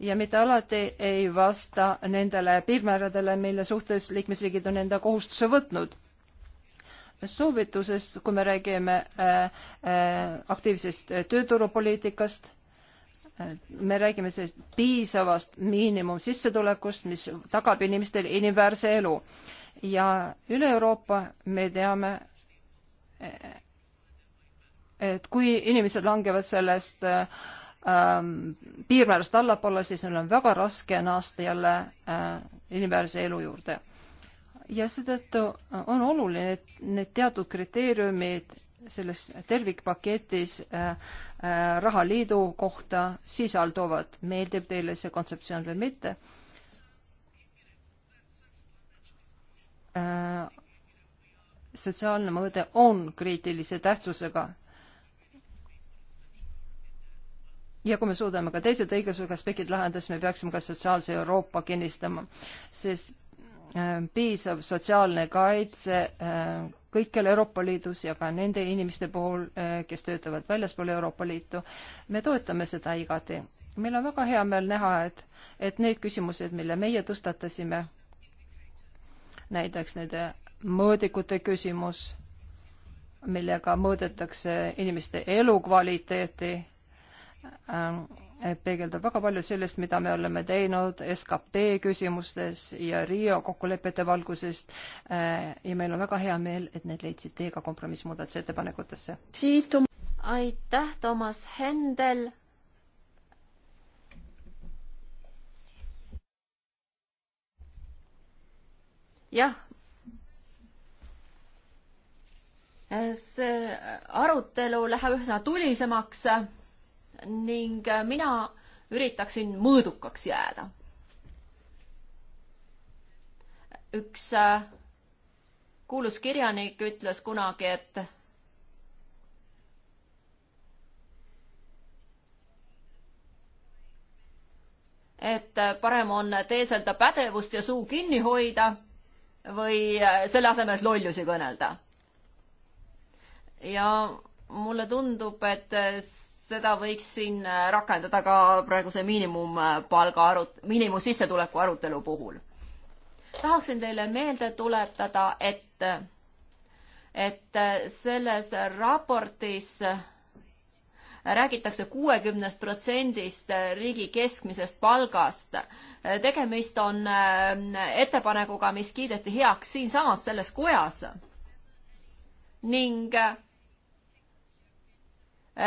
ja mitte alati ei vasta nendele piirmääradele, mille suhtes liikmesriigid on enda kohustuse võtnud. soovitusest, kui me räägime äh, äh, aktiivsest tööturupoliitikast me räägime sellest piisavast miinimumsissetulekust, mis tagab inimestele inimväärse elu ja üle Euroopa me teame, et kui inimesed langevad sellest ähm, piirmäärast allapoole, siis neil on väga raske naasta jälle äh, inimväärse elu juurde. ja seetõttu on oluline, et need teatud kriteeriumid selles tervikpaketis äh, äh, rahaliidu kohta sisalduvad, meeldib teile see kontseptsioon või mitte äh,, Äh, sotsiaalne mõõde on kriitilise tähtsusega. ja kui me suudame ka teised õiguslikud aspektid lahendada, siis me peaksime ka sotsiaalse Euroopa kinnistama, sest äh, piisav sotsiaalne kaitse äh, kõikjal Euroopa Liidus ja ka nende inimeste puhul, kes töötavad väljaspool Euroopa Liitu. me toetame seda igati. meil on väga hea meel näha, et, et need küsimused, mille meie tõstatasime, näiteks nende mõõdikute küsimus, millega mõõdetakse inimeste elukvaliteeti, ähm, peegeldab väga palju sellest, mida me oleme teinud skp küsimustes ja Riio kokkulepete valgusest äh, ja meil on väga hea meel, et need leidsid teiega kompromissmuudatusettepanekutesse. aitäh, Toomas Hendel jah, see arutelu läheb üsna tulisemaks ning mina üritaksin mõõdukaks jääda. üks äh, kuulus kirjanik ütles kunagi, et et parem on teeselda pädevust ja suu kinni hoida või äh, selle asemel, et lollusi kõnelda. ja mulle tundub, et äh, seda võiks siin äh, rakendada ka praeguse miinimumpalga arut-, miinimumsissetuleku arutelu puhul. tahaksin teile meelde tuletada, et, et selles raportis äh, räägitakse kuuekümnest protsendist riigi keskmisest palgast. tegemist on äh, ettepanekuga, mis kiideti heaks siinsamas selles kojas. ning äh,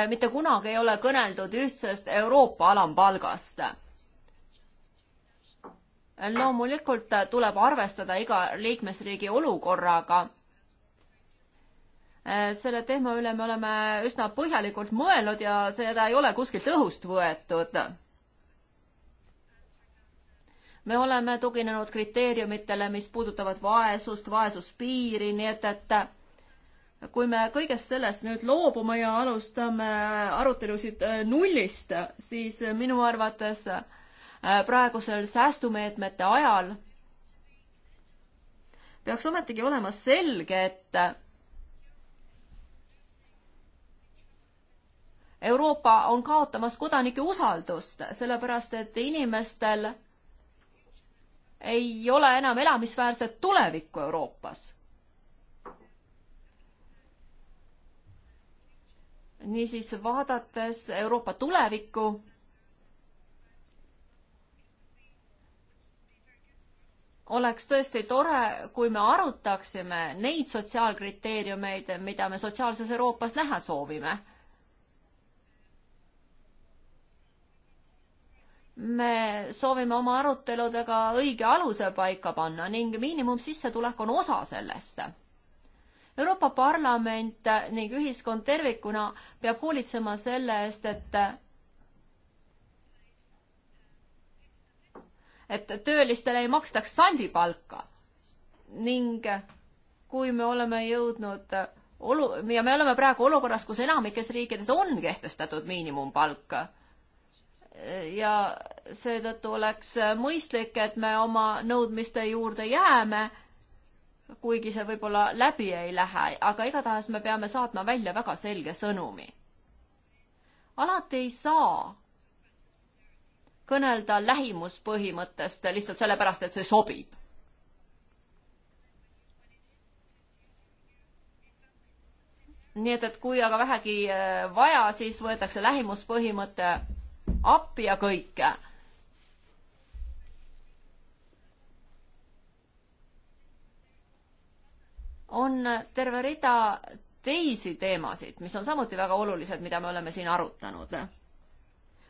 mitte kunagi ei ole kõneldud ühtsest Euroopa alampalgast loomulikult tuleb arvestada iga liikmesriigi olukorraga Äh, selle teema üle me oleme üsna põhjalikult mõelnud ja seda ei ole kuskilt õhust võetud. me oleme tuginenud kriteeriumitele, mis puudutavad vaesust, vaesuspiiri, nii et, et kui me kõigest sellest nüüd loobume ja alustame arutelusid äh, nullist, siis minu arvates äh, praegusel säästumeetmete ajal peaks ometigi olema selge, et Euroopa on kaotamas kodanike usaldust, sellepärast et inimestel ei ole enam elamisväärset tulevikku Euroopas. niisiis, vaadates Euroopa tulevikku, oleks tõesti tore, kui me arutaksime neid sotsiaalkriteeriumeid, mida me sotsiaalses Euroopas näha soovime me soovime oma aruteludega õige aluse paika panna ning miinimumsissetulek on osa sellest. Euroopa Parlament ning ühiskond tervikuna peab hoolitsema selle eest, et et töölistele ei makstaks sandipalka ning kui me oleme jõudnud olu- ja me oleme praegu olukorras, kus enamikes riikides on kehtestatud miinimumpalk ja seetõttu oleks mõistlik, et me oma nõudmiste juurde jääme, kuigi see võib-olla läbi ei lähe, aga igatahes me peame saatma välja väga selge sõnumi. alati ei saa kõnelda lähimuspõhimõttest lihtsalt sellepärast, et see sobib. nii et, et kui aga vähegi eh, vaja, siis võetakse lähimuspõhimõte appi ja kõike. on terve rida teisi teemasid, mis on samuti väga olulised, mida me oleme siin arutanud.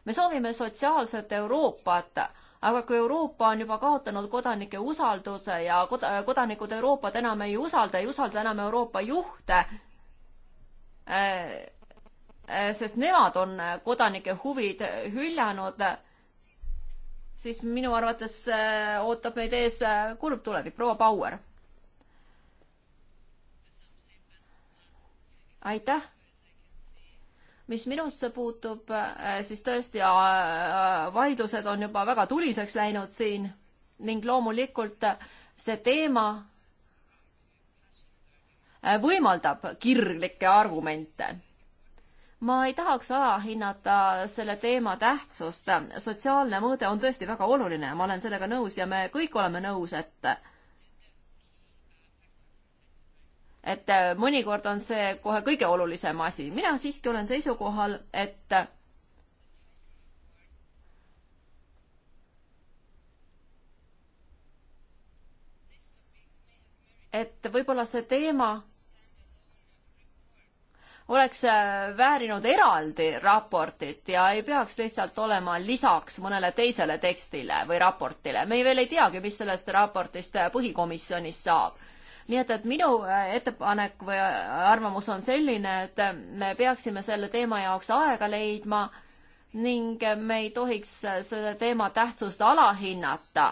me soovime sotsiaalset Euroopat aga kui Euroopa on juba kaotanud kodanike usalduse ja kod-, kodanikud Euroopat enam ei usalda, ei usalda enam Euroopa juhte, äh, Äh, sest nemad on äh, kodanike huvid äh, hüljanud, siis minu arvates ootab meid ees kurb tulevik. proua Bauer. aitäh. mis minusse puutub, siis tõesti vaidlused on juba väga tuliseks läinud siin ning loomulikult see teema võimaldab kirglikke argumente ma ei tahaks alahinnata selle teema tähtsust. sotsiaalne mõõde on tõesti väga oluline, ma olen sellega nõus ja me kõik oleme nõus, et et mõnikord on see kohe kõige olulisem asi. mina siiski olen seisukohal, et et võib-olla see teema oleks äh, väärinud eraldi raportit ja ei peaks lihtsalt olema lisaks mõnele teisele tekstile või raportile. me ei veel ei teagi, mis sellest raportist äh, põhikomisjonis saab. nii et, et minu äh, ettepanek või arvamus on selline, et me peaksime selle teema jaoks aega leidma ning me ei tohiks selle teema tähtsust alahinnata,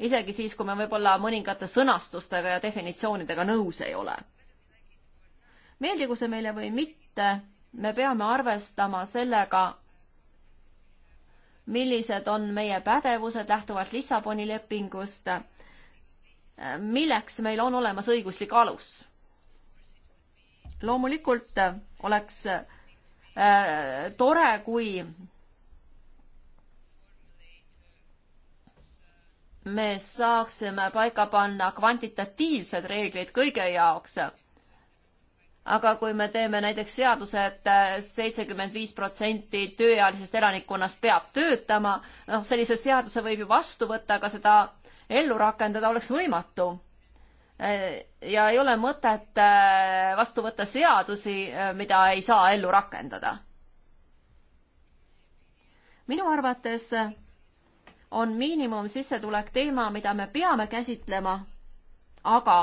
isegi siis, kui me võib-olla mõningate sõnastustega ja definitsioonidega nõus ei ole meeldigu see meile või mitte, me peame arvestama sellega, millised on meie pädevused lähtuvalt Lissaboni lepingust, milleks meil on olemas õiguslik alus. loomulikult oleks äh, tore, kui me saaksime paika panna kvantitatiivsed reeglid kõige jaoks aga kui me teeme näiteks seaduse et, et äh, seitsekümmend viis protsenti tööealisest elanikkonnast peab töötama, noh, sellise seaduse võib ju vastu võtta, aga seda ellu rakendada oleks võimatu. Äh, ja ei ole mõtet äh, vastu võtta seadusi, mida ei saa ellu rakendada. minu arvates on miinimumsissetulek teema, mida me peame käsitlema, aga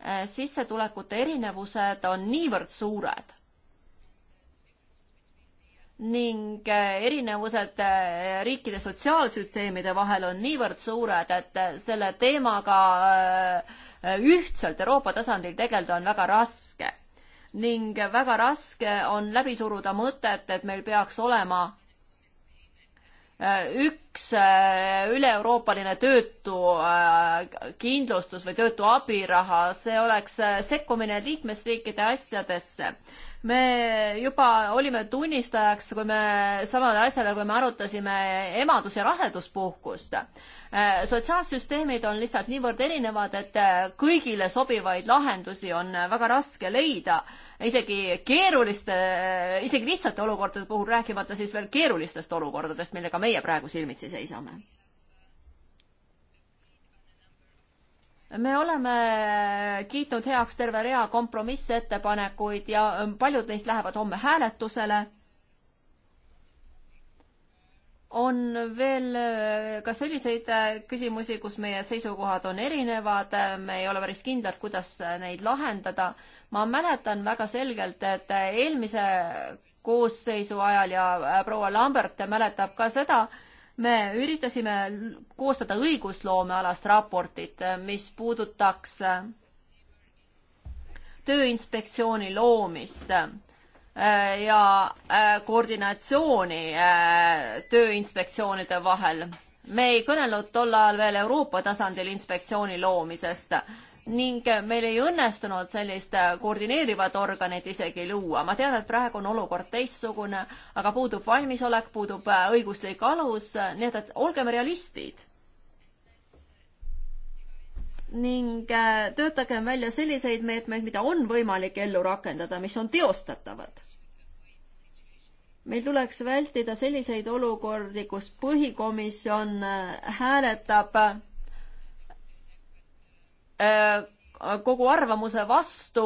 Äh, sissetulekute erinevused on niivõrd suured ning äh, erinevused äh, riikide sotsiaalsüsteemide vahel on niivõrd suured, et selle teemaga ühtselt Euroopa tasandil tegeleda on väga raske. ning väga raske on läbi suruda mõtet, et meil peaks olema Äh, üks äh, üle-euroopaline töötu äh, kindlustus või töötu abiraha, see oleks sekkumine liikmesriikide asjadesse me juba olime tunnistajaks, kui me samale asjale, kui me arutasime emadus- ja raseduspuhkust. Äh, sotsiaalsüsteemid on lihtsalt niivõrd erinevad, et äh, kõigile sobivaid lahendusi on äh, väga raske leida, isegi keeruliste, isegi lihtsate olukordade puhul, rääkimata siis veel keerulistest olukordadest, millega meie praegu silmitsi seisame me oleme kiitnud heaks terve rea kompromissettepanekuid ja ähm, paljud neist lähevad homme hääletusele. on veel äh, ka selliseid äh, küsimusi, kus meie seisukohad on erinevad, äh, me ei ole päris kindlad, kuidas neid lahendada. ma mäletan väga selgelt, et eelmise koosseisu ajal ja proua Lambert mäletab ka seda, me üritasime koostada õigusloomealast raportit, mis puudutaks tööinspektsiooni loomist äh, ja äh, koordinatsiooni äh, tööinspektsioonide vahel. me ei kõnelenud tol ajal veel Euroopa tasandil inspektsiooni loomisest ning meil ei õnnestunud sellist koordineerivat organit isegi luua. ma tean, et praegu on olukord teistsugune, aga puudub valmisolek, puudub õiguslik alus, nii et, et olgem realistid. ning äh, töötagem välja selliseid meetmeid, mida on võimalik ellu rakendada, mis on teostatavad meil tuleks vältida selliseid olukordi, kus põhikomisjon äh, hääletab äh, Äh, kogu arvamuse vastu.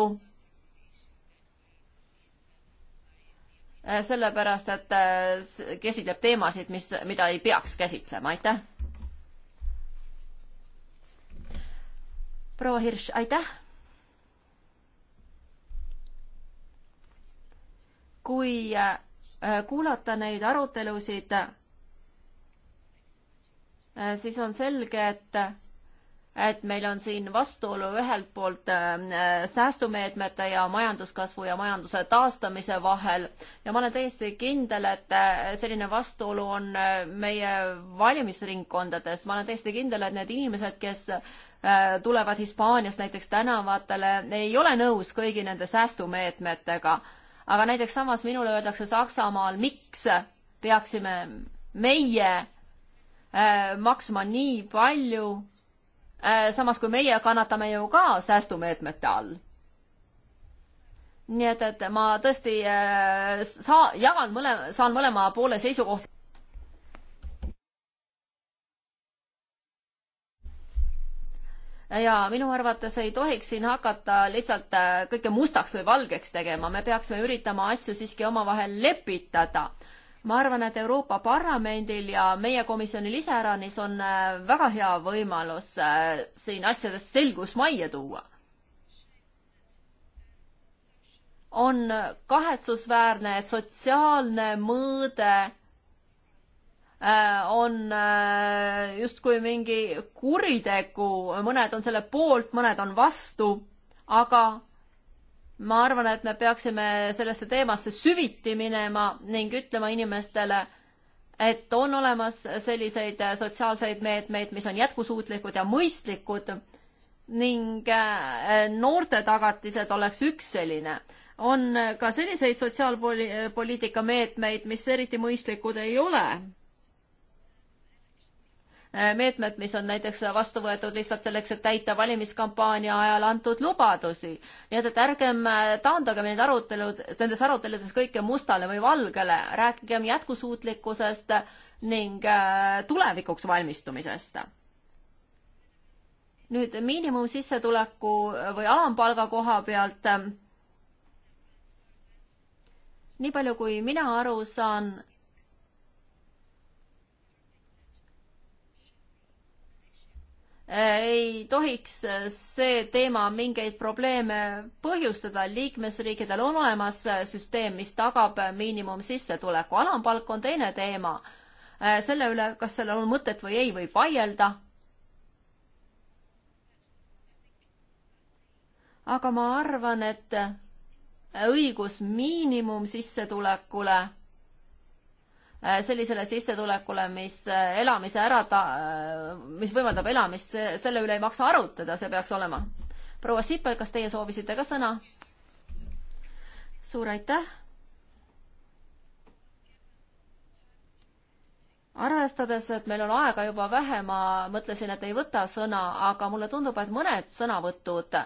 Äh, sellepärast, et äh, käsitleb teemasid, mis, mida ei peaks käsitlema, aitäh. proua Hirš, aitäh. kui kuulata neid arutelusid, siis on selge, et et meil on siin vastuolu ühelt poolt äh, säästumeetmete ja majanduskasvu ja majanduse taastamise vahel ja ma olen täiesti kindel, et äh, selline vastuolu on äh, meie valimisringkondades, ma olen täiesti kindel, et need inimesed, kes tulevad Hispaaniast näiteks tänavatele, ei ole nõus kõigi nende säästumeetmetega. aga näiteks samas minule öeldakse Saksamaal, miks peaksime meie maksma nii palju Äh, samas kui meie kannatame ju ka säästumeetmete all nii et, et ma tõesti äh, saa-, jagan mõle-, saan mõlema poole seisukohta. ja minu arvates ei tohiks siin hakata lihtsalt äh, kõike mustaks või valgeks tegema, me peaksime üritama asju siiski omavahel lepitada äh, ma arvan, et Euroopa Parlamendil ja meie komisjonil iseäranis on äh, väga hea võimalus äh, siin asjades selgus majja tuua. on kahetsusväärne, et sotsiaalne mõõde äh, on justkui mingi kuritegu, mõned on selle poolt, mõned on vastu, aga ma arvan, et me peaksime sellesse teemasse süviti minema ning ütlema inimestele, et on olemas selliseid sotsiaalseid meetmeid, mis on jätkusuutlikud ja mõistlikud ning äh, noorte tagatised oleks üks selline. on ka selliseid sotsiaalpoliitika meetmeid, mis eriti mõistlikud ei ole Äh, meetmed, mis on näiteks vastu võetud lihtsalt selleks, et täita valimiskampaania ajal antud lubadusi. nii et, et ärgem äh, taandagem neid arutelud, nendes aruteludes kõike mustale või valgele, rääkigem jätkusuutlikkusest ning äh, tulevikuks valmistumisest. nüüd miinimumsissetuleku või alampalga koha pealt nii palju, kui mina aru saan, ei tohiks äh, see teema mingeid probleeme põhjustada. liikmesriikidel on olemas äh, süsteem, mis tagab äh, miinimumsissetuleku. alampalk on teine teema. selle üle, kas sellel on mõtet või ei, võib vaielda. aga ma arvan, et õigus miinimumsissetulekule Äh, sellisele sissetulekule, mis äh, elamise ära ta-, äh, mis võimaldab elamist, selle üle ei maksa arutada, see peaks olema. proua Sipel, kas teie soovisite ka sõna? suur aitäh. arvestades, et meil on aega juba vähe, ma mõtlesin, et ei võta sõna, aga mulle tundub, et mõned sõnavõtud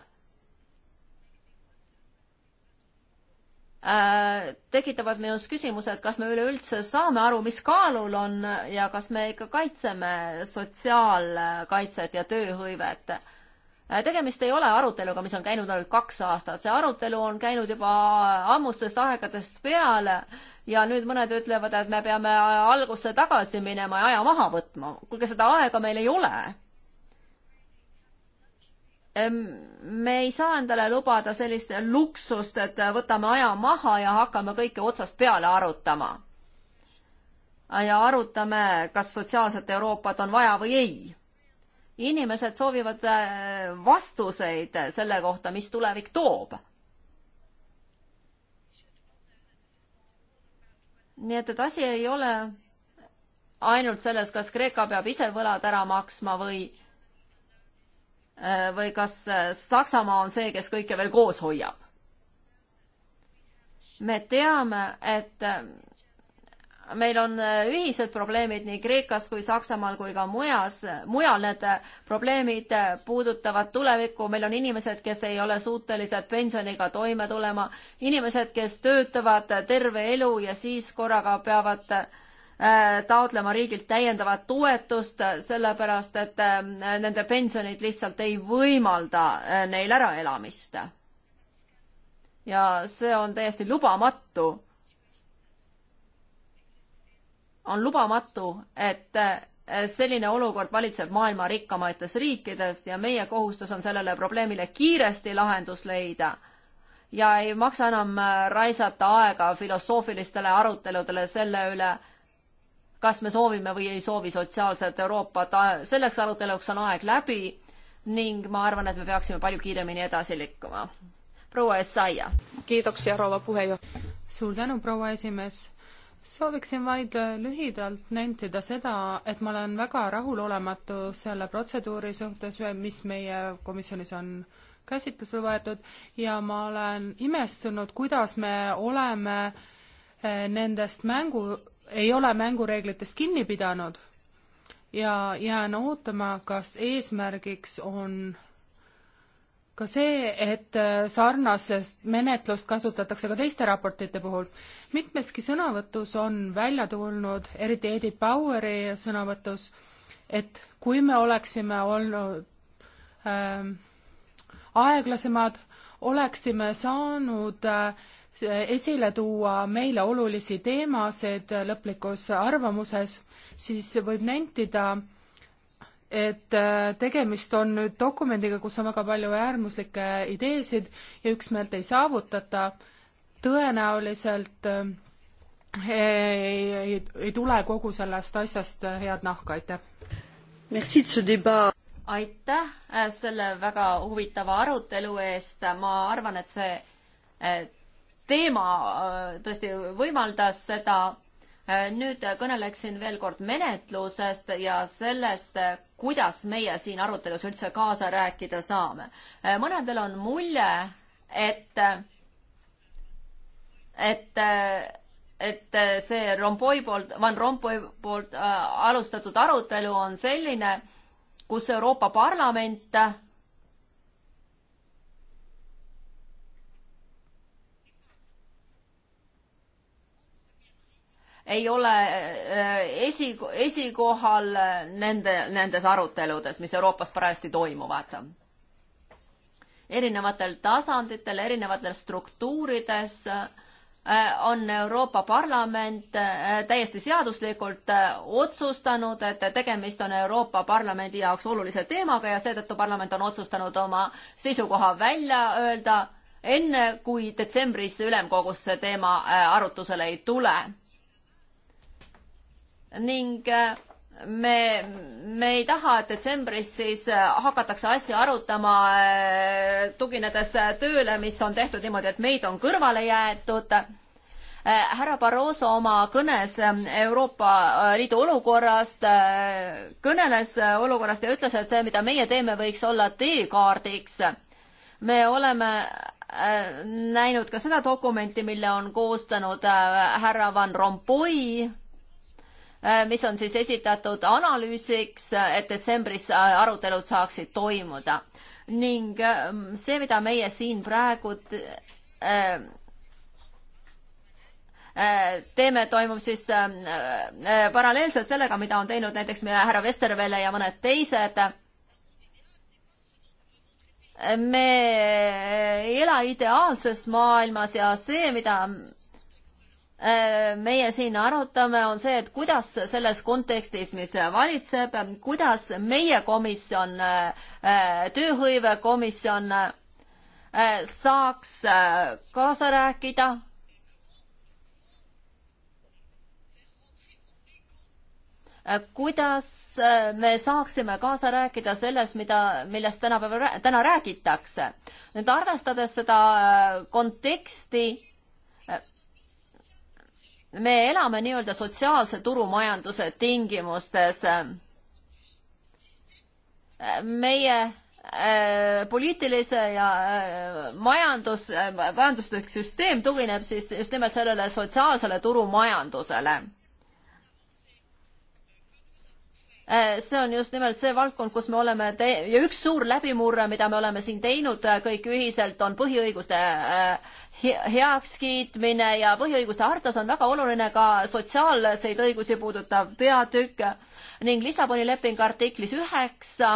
Äh, tekitavad minus küsimuse, et kas me üleüldse saame aru, mis kaalul on ja kas me ikka kaitseme sotsiaalkaitset ja tööhõivet. Äh, tegemist ei ole aruteluga, mis on käinud ainult kaks aastat, see arutelu on käinud juba ammustest aegadest peale ja nüüd mõned ütlevad, et me peame algusse tagasi minema ja aja maha võtma. kuulge, seda aega meil ei ole me ei saa endale lubada sellist luksust, et võtame aja maha ja hakkame kõike otsast peale arutama. ja arutame, kas sotsiaalset Euroopat on vaja või ei. inimesed soovivad äh, vastuseid selle kohta, mis tulevik toob. nii et, et asi ei ole ainult selles, kas Kreeka peab ise võlad ära maksma või Äh, või kas äh, Saksamaa on see, kes kõike veel koos hoiab? me teame, et äh, meil on ühised probleemid nii Kreekas kui Saksamaal kui ka mujas, mujal need probleemid puudutavad tulevikku, meil on inimesed, kes ei ole suutelised pensioniga toime tulema, inimesed, kes töötavad terve elu ja siis korraga peavad äh, Äh, taotlema riigilt täiendavat toetust, sellepärast et äh, nende pensionid lihtsalt ei võimalda äh, neil äraelamist. ja see on täiesti lubamatu. on lubamatu, et selline olukord valitseb maailma rikkamates riikides ja meie kohustus on sellele probleemile kiiresti lahendus leida ja ei maksa enam raisata aega filosoofilistele aruteludele selle üle, kas me soovime või ei soovi sotsiaalset Euroopat, selleks aruteluks on aeg läbi ning ma arvan, et me peaksime palju kiiremini edasi liikuma. proua Essaia. kiitoksia, proua puhejuhataja. suur tänu, proua esimees sooviksin vaid lühidalt nentida seda, et ma olen väga rahulolematu selle protseduuri suhtes, mis meie komisjonis on käsitlusele võetud ja ma olen imestunud, kuidas me oleme eh, nendest mängu ei ole mängureeglitest kinni pidanud ja jään ootama, kas eesmärgiks on ka see, et äh, sarnasest menetlust kasutatakse ka teiste raportite puhul. mitmeski sõnavõtus on välja tulnud, eriti Edith Baueri sõnavõtus, et kui me oleksime olnud ähm, aeglasemad, oleksime saanud äh, esile tuua meile olulisi teemasid lõplikus arvamuses, siis võib nentida, et äh, tegemist on nüüd dokumendiga, kus on väga palju äärmuslikke ideesid ja üksmeelt ei saavutata, tõenäoliselt äh, ei, ei, ei tule kogu sellest asjast head nahka, aitäh! aitäh äh, selle väga huvitava arutelu eest, ma arvan, et see et teema äh, tõesti võimaldas seda. Äh, nüüd kõneleksin veel kord menetlusest ja sellest, kuidas meie siin arutelus üldse kaasa rääkida saame. Äh, mõnedel on mulje, et, et et see Rompoi poolt, Van Rompoi poolt äh, alustatud arutelu on selline, kus Euroopa Parlament äh, ei ole äh, esi, esikohal äh, nende, nendes aruteludes, mis Euroopas parajasti toimuvad. erinevatel tasanditel, erinevatel struktuurides äh, on Euroopa Parlament täiesti seaduslikult otsustanud, et tegemist on Euroopa Parlamendi jaoks olulise teemaga ja seetõttu parlament on otsustanud oma seisukoha välja öelda, enne kui detsembris ülemkogus see teema arutusele ei tule ning äh, me, me ei taha, et detsembris siis äh, hakatakse asja arutama äh, tuginedes tööle, mis on tehtud niimoodi, et meid on kõrvale jäetud. härra Barroso oma kõnes Euroopa Liidu olukorrast kõneles olukorrast ja ütles, et see, mida meie teeme, võiks olla teekaardiks. me oleme näinud ka seda dokumenti, mille on koostanud härra Van Rompuy Äh, mis on siis esitatud analüüsiks, äh, et detsembris äh, arutelud saaksid toimuda. ning ähm, see, mida meie siin praegu ähm, teeme, toimub siis ähm, paralleelselt sellega, mida on teinud näiteks meie härra Vestervelle ja mõned teised me ei ela ideaalses maailmas ja see, mida Äh, meie siin arutame, on see, et kuidas selles kontekstis, mis valitseb, kuidas meie komisjon, äh, tööhõivekomisjon äh, saaks kaasa rääkida. kuidas me saaksime kaasa rääkida selles, mida, millest tänapäeval, täna räägitakse. nüüd arvestades seda konteksti me elame nii-öelda sotsiaalse turumajanduse tingimustes. meie äh, poliitilise ja äh, majandus, äh, majanduslik süsteem tugineb siis just nimelt sellele sotsiaalsele turumajandusele Äh, see on just nimelt see valdkond, kus me oleme te- ja üks suur läbimurre, mida me oleme siin teinud äh, kõik ühiselt, on põhiõiguste äh, heakskiitmine ja põhiõiguste hartas on väga oluline ka sotsiaalseid õigusi puudutav peatükk ning Lissaboni lepingu artiklis üheksa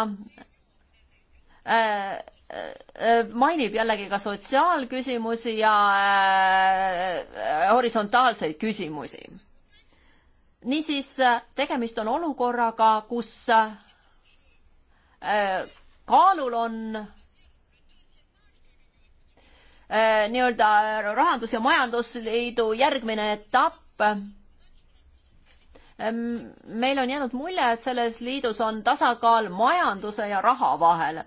mainib jällegi ka sotsiaalküsimusi ja horisontaalseid küsimusi niisiis, tegemist on olukorraga, kus äh, kaalul on äh, nii-öelda Rahandus- ja Majandusliidu järgmine etapp. Ehm, meil on jäänud mulje, et selles liidus on tasakaal majanduse ja raha vahel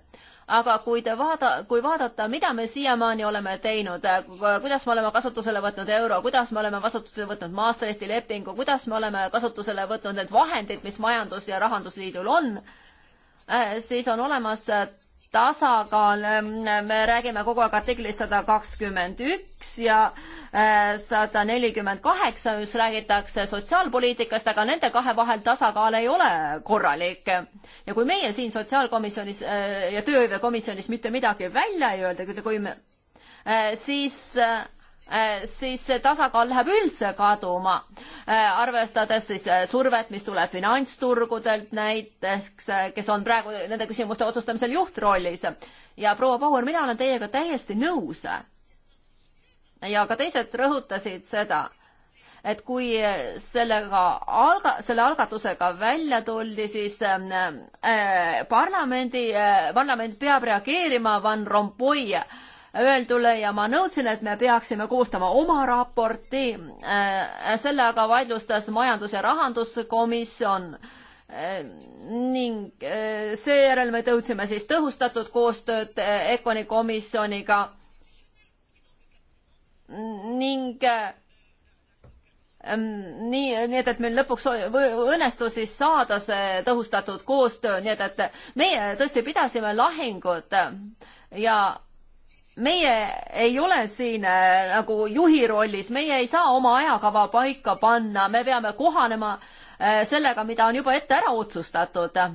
aga kui te vaada, kui vaadata, mida me siiamaani oleme teinud, äh, kuidas me oleme kasutusele võtnud euro, kuidas me oleme kasutusele võtnud Maastrichti lepingu, kuidas me oleme kasutusele võtnud need vahendid, mis Majandus- ja Rahandusliidul on, äh, siis on olemas äh, tasakaal, ähm, me räägime kogu aeg artiklist sada kakskümmend üks ja äh, sada nelikümmend kaheksa, kus räägitakse sotsiaalpoliitikast, aga nende kahe vahel tasakaal ei ole korralik. ja kui meie siin sotsiaalkomisjonis äh, ja tööhõivekomisjonis mitte midagi välja ei öelda, kui me äh, siis Äh, siis see tasakaal läheb üldse kaduma, äh, arvestades siis äh, survet, mis tuleb finantsturgudelt näiteks, kes on praegu nende küsimuste otsustamisel juhtrollis. ja proua Bauer, mina olen teiega täiesti nõus. ja ka teised rõhutasid seda, et kui sellega alga-, selle algatusega välja tuldi, siis ähm, äh, parlamendi äh,, parlament peab reageerima, Van Rompuy äh, öeldule ja ma nõudsin, et me peaksime koostama oma raporti. Äh, selle aga vaidlustas majandus- ja rahanduskomisjon äh, ning äh, seejärel me tõudsime siis tõhustatud koostööd EKONi komisjoniga ning nii, nii et, et meil lõpuks õnnestus siis saada see tõhustatud koostöö, nii et, et meie tõesti pidasime lahingut ja meie ei ole siin äh, nagu juhi rollis, meie ei saa oma ajakava paika panna, me peame kohanema äh, sellega, mida on juba ette ära otsustatud. Äh,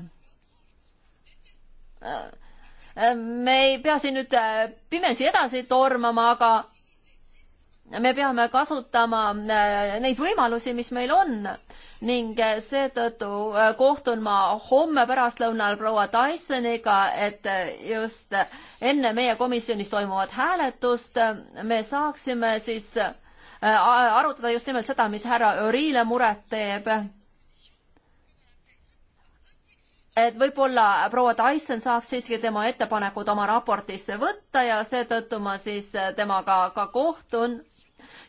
me ei pea siin nüüd pimesi edasi tormama, aga me peame kasutama äh, neid võimalusi, mis meil on ning äh, seetõttu äh, kohtun ma homme pärastlõunal proua Dysoniga, et just enne meie komisjonis toimuvat hääletust me saaksime siis arutada just nimelt seda, mis härra Örile muret teeb. et võib-olla proua Tyson saaks siiski tema ettepanekud oma raportisse võtta ja seetõttu ma siis temaga ka, ka kohtun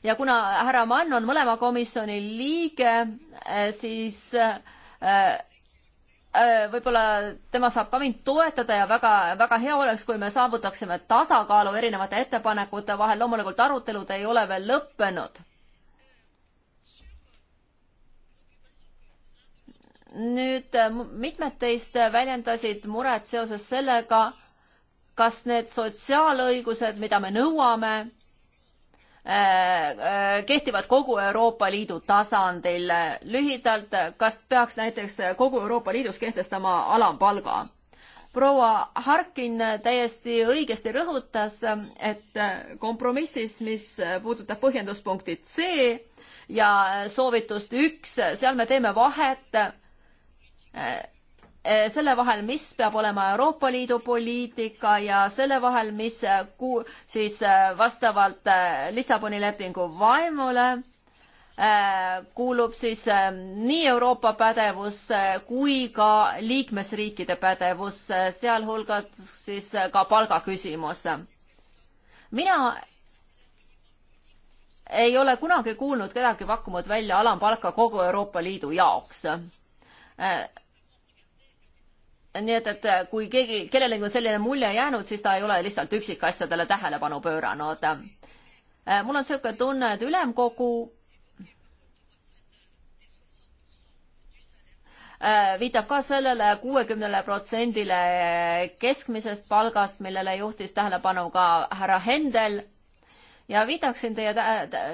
ja kuna härra Mann on mõlema komisjoni liige, eh, siis eh, eh, võib-olla tema saab ka mind toetada ja väga, väga hea oleks, kui me saavutaksime tasakaalu erinevate ettepanekute vahel, loomulikult arutelud ei ole veel lõppenud. nüüd mitmed teist väljendasid muret seoses sellega, kas need sotsiaalõigused, mida me nõuame, Äh, äh, kehtivad kogu Euroopa Liidu tasandil. lühidalt, kas peaks näiteks kogu Euroopa Liidus kehtestama alampalga? proua Harkin täiesti õigesti rõhutas, et kompromissis, mis puudutab põhjenduspunkti C ja soovitust üks, seal me teeme vahet Eh, selle vahel, mis peab olema Euroopa Liidu poliitika ja selle vahel, mis eh, ku-, siis eh, vastavalt Lissaboni lepingu vaimule kuulub siis nii Euroopa pädevus kui ka liikmesriikide pädevus, sealhulgas siis ka palgaküsimus. mina ei ole kunagi kuulnud kedagi pakkunud välja alampalka kogu Euroopa Liidu jaoks nii et, et äh, kui keegi, kellelegi on selline mulje jäänud, siis ta ei ole lihtsalt üksikasjadele tähelepanu pööranud. Äh, mul on niisugune tunne, et ülemkogu äh, viitab ka sellele kuuekümnele protsendile keskmisest palgast, millele juhtis tähelepanu ka härra Hendel ja viidaksin teie,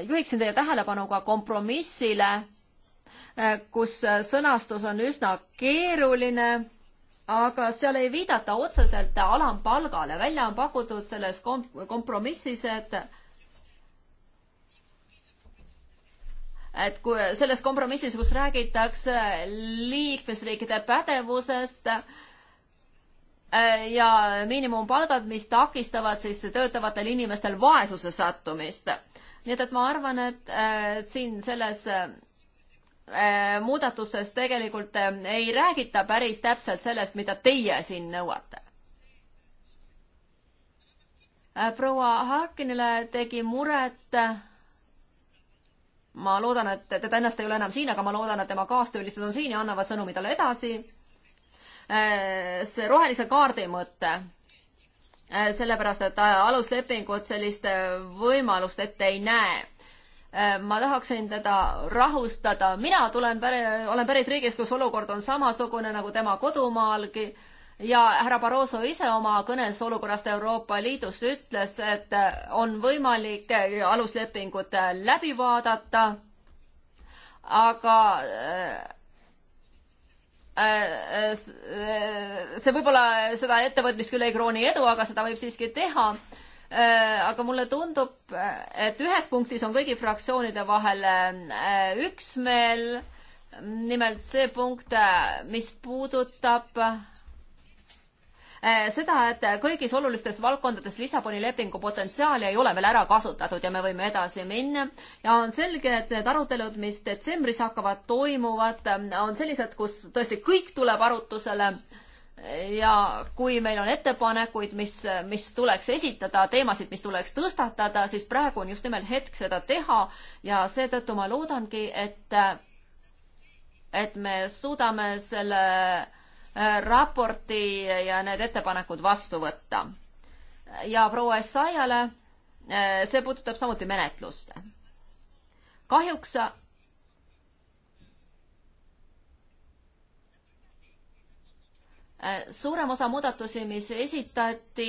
juhiksin teie tähelepanu ka kompromissile, kus sõnastus on üsna keeruline aga seal ei viidata otseselt alampalgale, välja on pakutud selles komp-, kompromissis, et et kui selles kompromissis, kus räägitakse liikmesriikide pädevusest äh, ja miinimumpalgad, mis takistavad siis töötavatel inimestel vaesuse sattumist. nii et, et ma arvan, et äh, siin selles Äh, muudatustes tegelikult äh, ei räägita päris täpselt sellest, mida teie siin nõuate. Äh, proua Harkinile tegi muret ma loodan, et teda ennast ei ole enam siin, aga ma loodan, et tema kaastöölised on siin ja annavad sõnumi talle edasi. see rohelise kaardi mõte, sellepärast et aluslepingud sellist võimalust ette ei näe Äh, ma tahaksin teda rahustada, mina tulen, olen pärit riigist, kus olukord on samasugune nagu tema kodumaalgi ja härra Barroso ise oma kõnes olukorrast Euroopa Liidus ütles, et on võimalik aluslepingud läbi vaadata, aga äh, äh, see võib-olla seda ettevõtmist küll ei krooni edu, aga seda võib siiski teha Äh, aga mulle tundub, et ühes punktis on kõigi fraktsioonide vahel äh, üksmeel, nimelt see punkt, äh, mis puudutab seda, et kõigis olulistes valdkondades Lissaboni lepingu potentsiaali ei ole veel ära kasutatud ja me võime edasi minna. ja on selge, et need arutelud, mis detsembris hakkavad toimuvad, on sellised, kus tõesti kõik tuleb arutusele ja kui meil on ettepanekuid, mis, mis tuleks esitada, teemasid, mis tuleks tõstatada, siis praegu on just nimelt hetk seda teha ja seetõttu ma loodangi, et, et me suudame selle äh, raporti ja need ettepanekud vastu võtta. ja proua Essayale, äh, see puudutab samuti menetlust. kahjuks Äh, suurem osa muudatusi, mis esitati,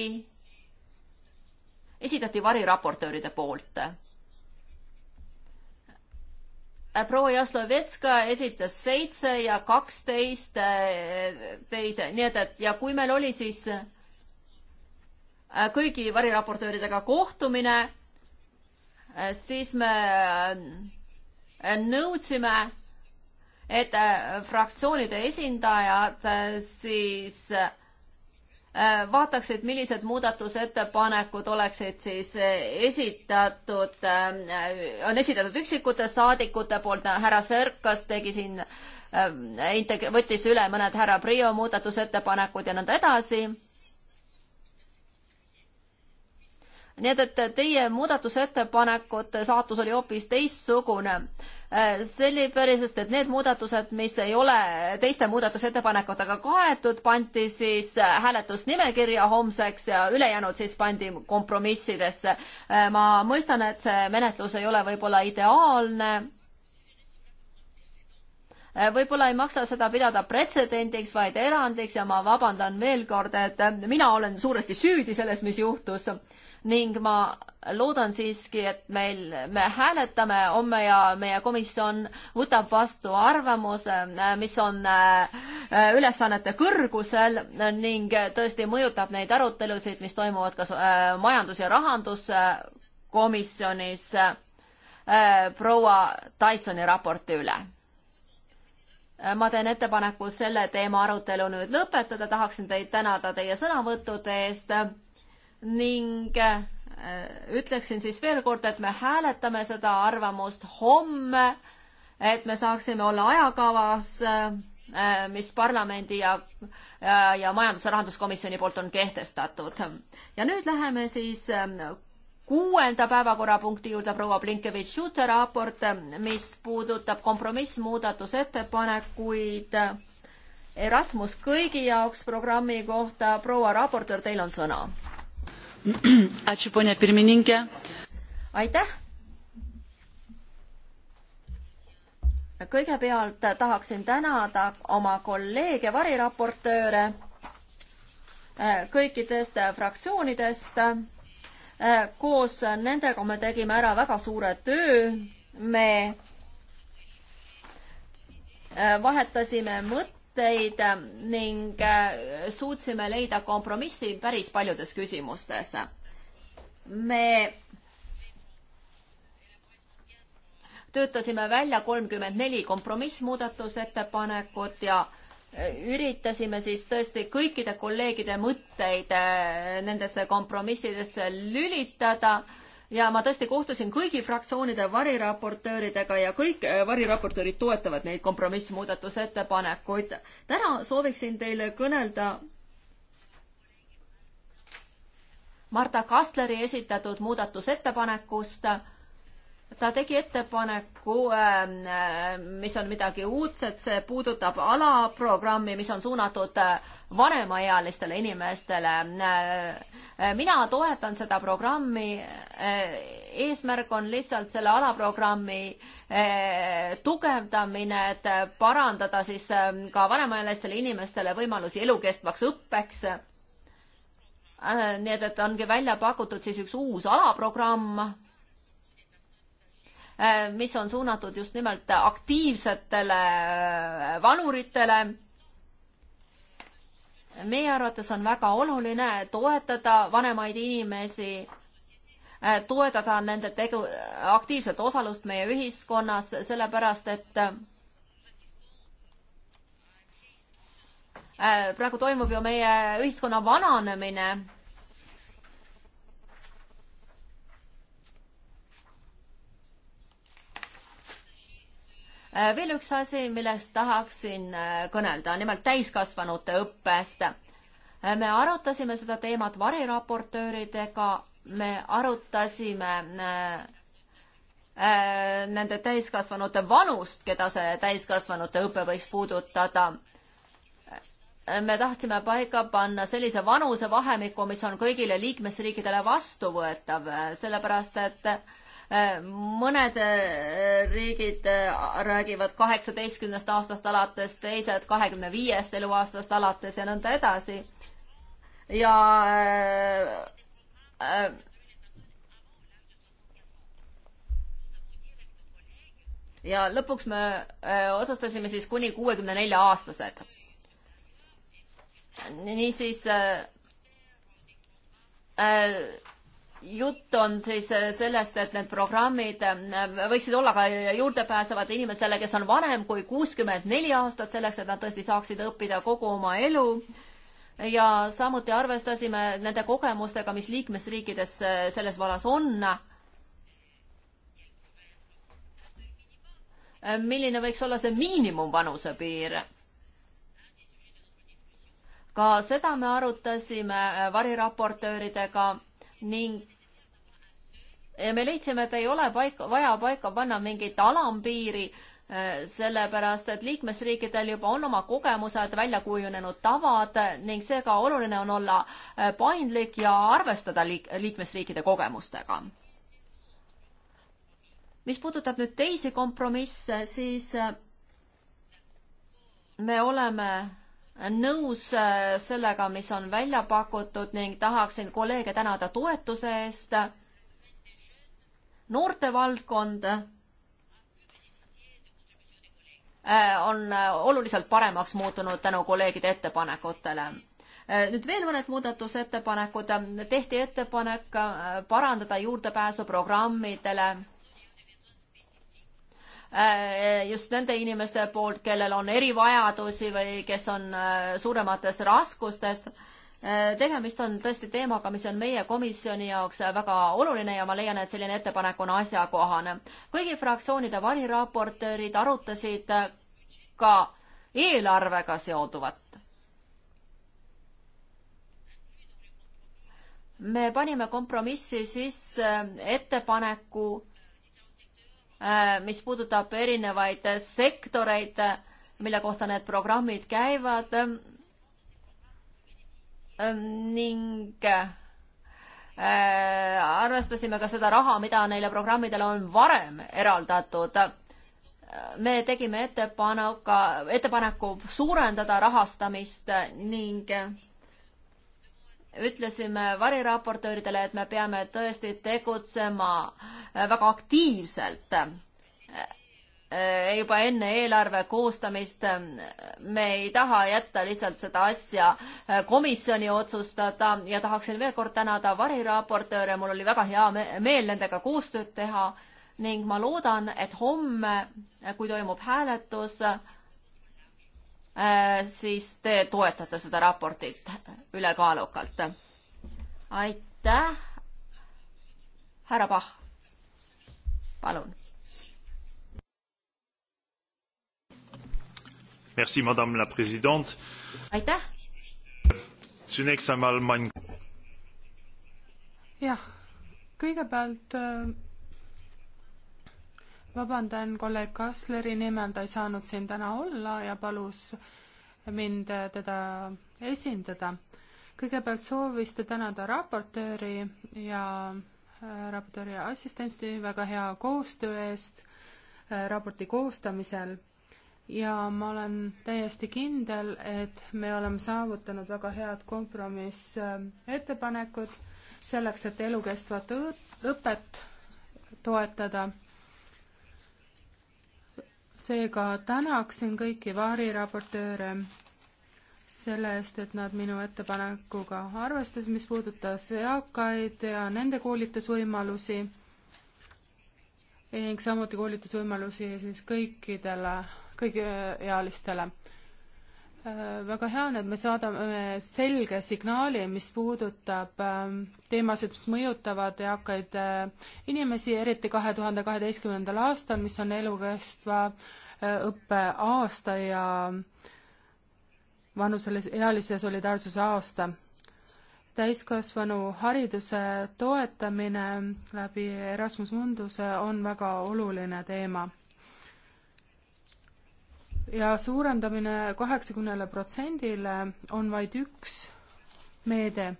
esitati variraportööride poolt. Äh, proua Jaslovetska esitas seitse ja kaksteist äh, teise, nii et, et ja kui meil oli siis kõigi variraportööridega kohtumine, siis me nõudsime et äh, fraktsioonide esindajad äh, siis äh, vaataksid, millised muudatusettepanekud oleksid siis esitatud, on esitatud üksikute saadikute poolt, härra Sõrkas tegi siin integ-, võttis üle mõned härra Priio muudatusettepanekud ja nõnda edasi nii et, et teie muudatusettepanekute saatus oli hoopis teistsugune. Äh, sellepärast, et need muudatused, mis ei ole teiste muudatusettepanekutega kaetud, pandi siis äh, hääletusnimekirja homseks ja ülejäänud siis pandi kompromissidesse. Äh, ma mõistan, et see menetlus ei ole võib-olla ideaalne võib-olla ei maksa seda pidada pretsedendiks, vaid erandiks ja ma vabandan veel kord, et mina olen suuresti süüdi selles, mis juhtus ning ma loodan siiski, et meil, me hääletame homme ja meie komisjon võtab vastu arvamuse, mis on äh, ülesannete kõrgusel ning tõesti mõjutab neid arutelusid, mis toimuvad kas äh, majandus- ja rahanduskomisjonis äh, proua Dysoni raporti üle ma teen ettepaneku selle teema arutelu nüüd lõpetada, tahaksin teid tänada teie sõnavõttude eest ning äh, ütleksin siis veel kord, et me hääletame seda arvamust homme, et me saaksime olla ajakavas, äh, mis parlamendi ja, ja, ja majandus- ja rahanduskomisjoni poolt on kehtestatud. ja nüüd läheme siis ähm, kuuenda päevakorrapunkti juurde, proua Blinkevitš-Jute raport, mis puudutab kompromissmuudatusettepanekuid Erasmus kõigi jaoks programmi kohta. proua raportöör, teil on sõna aitäh. kõigepealt tahaksin tänada oma kolleege, variraportööre kõikidest fraktsioonidest. koos nendega me tegime ära väga suure töö. me vahetasime mõtteid mõtteid ähm, ning äh, suutsime leida kompromissi päris paljudes küsimustes. me töötasime välja kolmkümmend neli kompromissmuudatusettepanekut ja äh, üritasime siis tõesti kõikide kolleegide mõtteid äh, nendesse kompromissidesse lülitada ja ma tõesti kohtusin kõigi fraktsioonide variraportööridega ja kõik äh, variraportöörid toetavad neid kompromissmuudatusettepanekuid. täna sooviksin teile kõnelda Marta Kastleri esitatud muudatusettepanekust ta tegi ettepaneku, ähm, äh, mis on midagi uudset, see puudutab alaprogrammi, mis on suunatud äh, vanemaealistele inimestele. Äh, mina toetan seda programmi, eesmärk on lihtsalt selle alaprogrammi tugevdamine, et parandada siis ähm, ka vanemaealistele inimestele võimalusi elukestvaks õppeks. nii et, et ongi välja pakutud siis üks uus alaprogramm Äh, mis on suunatud just nimelt aktiivsetele äh, vanuritele. meie arvates on väga oluline toetada vanemaid inimesi, äh, toetada nende tegu, aktiivset osalust meie ühiskonnas, sellepärast et praegu toimub ju meie ühiskonna vananemine Äh, veel üks asi, millest tahaksin äh, kõnelda, nimelt täiskasvanute õppest. Äh, me arutasime seda teemat variraportööridega, me arutasime nende täiskasvanute vanust, keda see täiskasvanute õpe võiks puudutada me tahtsime paika panna sellise vanusevahemiku, mis on kõigile liikmesriikidele vastuvõetav, sellepärast et mõned äh, riigid äh, räägivad kaheksateistkümnest aastast alates, teised kahekümne viiest eluaastast alates ja nõnda edasi. ja äh, äh ja lõpuks me otsustasime siis kuni kuuekümne nelja aastased. niisiis äh, äh, jutt on siis äh, sellest, et need programmid äh, võiksid olla ka juurdepääsevad inimestele, kes on vanem kui kuuskümmend neli aastat, selleks et nad tõesti saaksid õppida kogu oma elu. ja samuti arvestasime nende kogemustega, mis liikmesriikides äh, selles vallas on. milline võiks olla see miinimumvanuse piir? ka seda me arutasime variraportööridega ning me leidsime, et ei ole paika, vaja paika panna mingit alampiiri, äh, sellepärast et liikmesriikidel juba on oma kogemused, välja kujunenud tavad ning seega oluline on olla äh, paindlik ja arvestada liik-, liikmesriikide kogemustega. mis puudutab nüüd teisi kompromisse, siis äh, me oleme nõus äh, sellega, mis on välja pakutud ning tahaksin kolleege tänada toetuse eest. noortevaldkond äh, on äh, oluliselt paremaks muutunud tänu kolleegide ettepanekutele. nüüd veel mõned muudatusettepanekud. tehti ettepanek parandada juurdepääsu programmidele Äh, just nende inimeste poolt, kellel on erivajadusi või kes on äh, suuremates raskustes. Äh, tegemist on tõesti teemaga, mis on meie komisjoni jaoks väga oluline ja ma leian, et selline ettepanek on asjakohane. kõigi fraktsioonide variraportöörid arutasid ka eelarvega seonduvat. me panime kompromissi sisse ettepaneku Äh, mis puudutab erinevaid sektoreid, mille kohta need programmid käivad ähm, ning äh, arvestasime ka seda raha, mida neile programmidele on varem eraldatud. me tegime ettepaneku, ettepaneku suurendada rahastamist ning ütlesime variraportööridele, et me peame tõesti tegutsema äh, väga aktiivselt äh, juba enne eelarve koostamist. Äh, me ei taha jätta lihtsalt seda asja komisjoni otsustada ja tahaksin veel kord tänada variraportööre, mul oli väga hea meel nendega koostööd teha ning ma loodan, et homme, kui toimub hääletus, Äh, siis te toetate seda raportit ülekaalukalt. aitäh. härra Pahh, palun. Merci, madame la présidente. aitäh. Zunächst einmal mein jah, kõigepealt äh, vabandan kolleeg Kassleri nimel, ta ei saanud siin täna olla ja palus mind teda esindada. kõigepealt soovis ta tänada raportööri ja äh, raportööri assistentsi väga hea koostöö eest äh, raporti koostamisel ja ma olen täiesti kindel, et me oleme saavutanud väga head kompromissettepanekud äh, selleks, et elukestvat õpet toetada seega tänaksin kõiki vaariraportööre selle eest, et nad minu ettepanekuga arvestas, mis puudutas eakaid ja nende koolitusvõimalusi ning samuti koolitusvõimalusi siis kõikidele, kõigiealistele. Äh, väga hea on, et me saadame selge signaali, mis puudutab ähm, teemasid, mis mõjutavad eakaid äh, inimesi, eriti kahe tuhande kaheteistkümnendal aastal, mis on elukestva äh, õppe aasta ja vanuseealise solidaarsuse aasta. täiskasvanu hariduse toetamine läbi Erasmus Munduse on väga oluline teema ja suurendamine kaheksakümnele protsendile on vaid üks meede.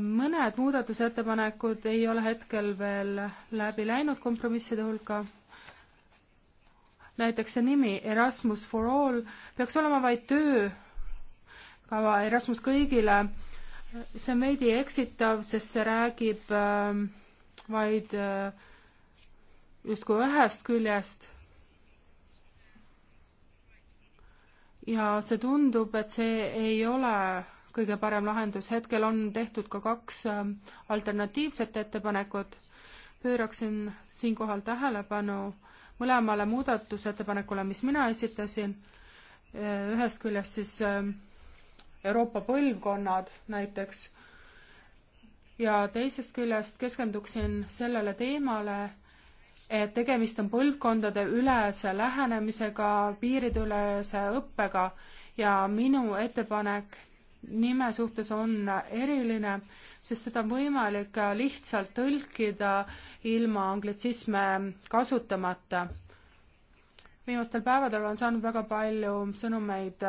mõned muudatusettepanekud ei ole hetkel veel läbi läinud kompromisside hulka. näiteks see nimi Erasmus for all peaks olema vaid töökava Erasmus kõigile. see on veidi eksitav, sest see räägib äh, vaid äh, justkui ühest küljest ja see tundub, et see ei ole kõige parem lahendus, hetkel on tehtud ka kaks ähm, alternatiivset ettepanekut, pööraksin siinkohal tähelepanu mõlemale muudatusettepanekule, mis mina esitasin, äh, ühest küljest siis ähm, Euroopa põlvkonnad näiteks ja teisest küljest keskenduksin sellele teemale, et tegemist on põlvkondadeülese lähenemisega, piirideülese õppega ja minu ettepanek nime suhtes on eriline, sest seda on võimalik lihtsalt tõlkida ilma anglitsisme kasutamata. viimastel päevadel olen saanud väga palju sõnumeid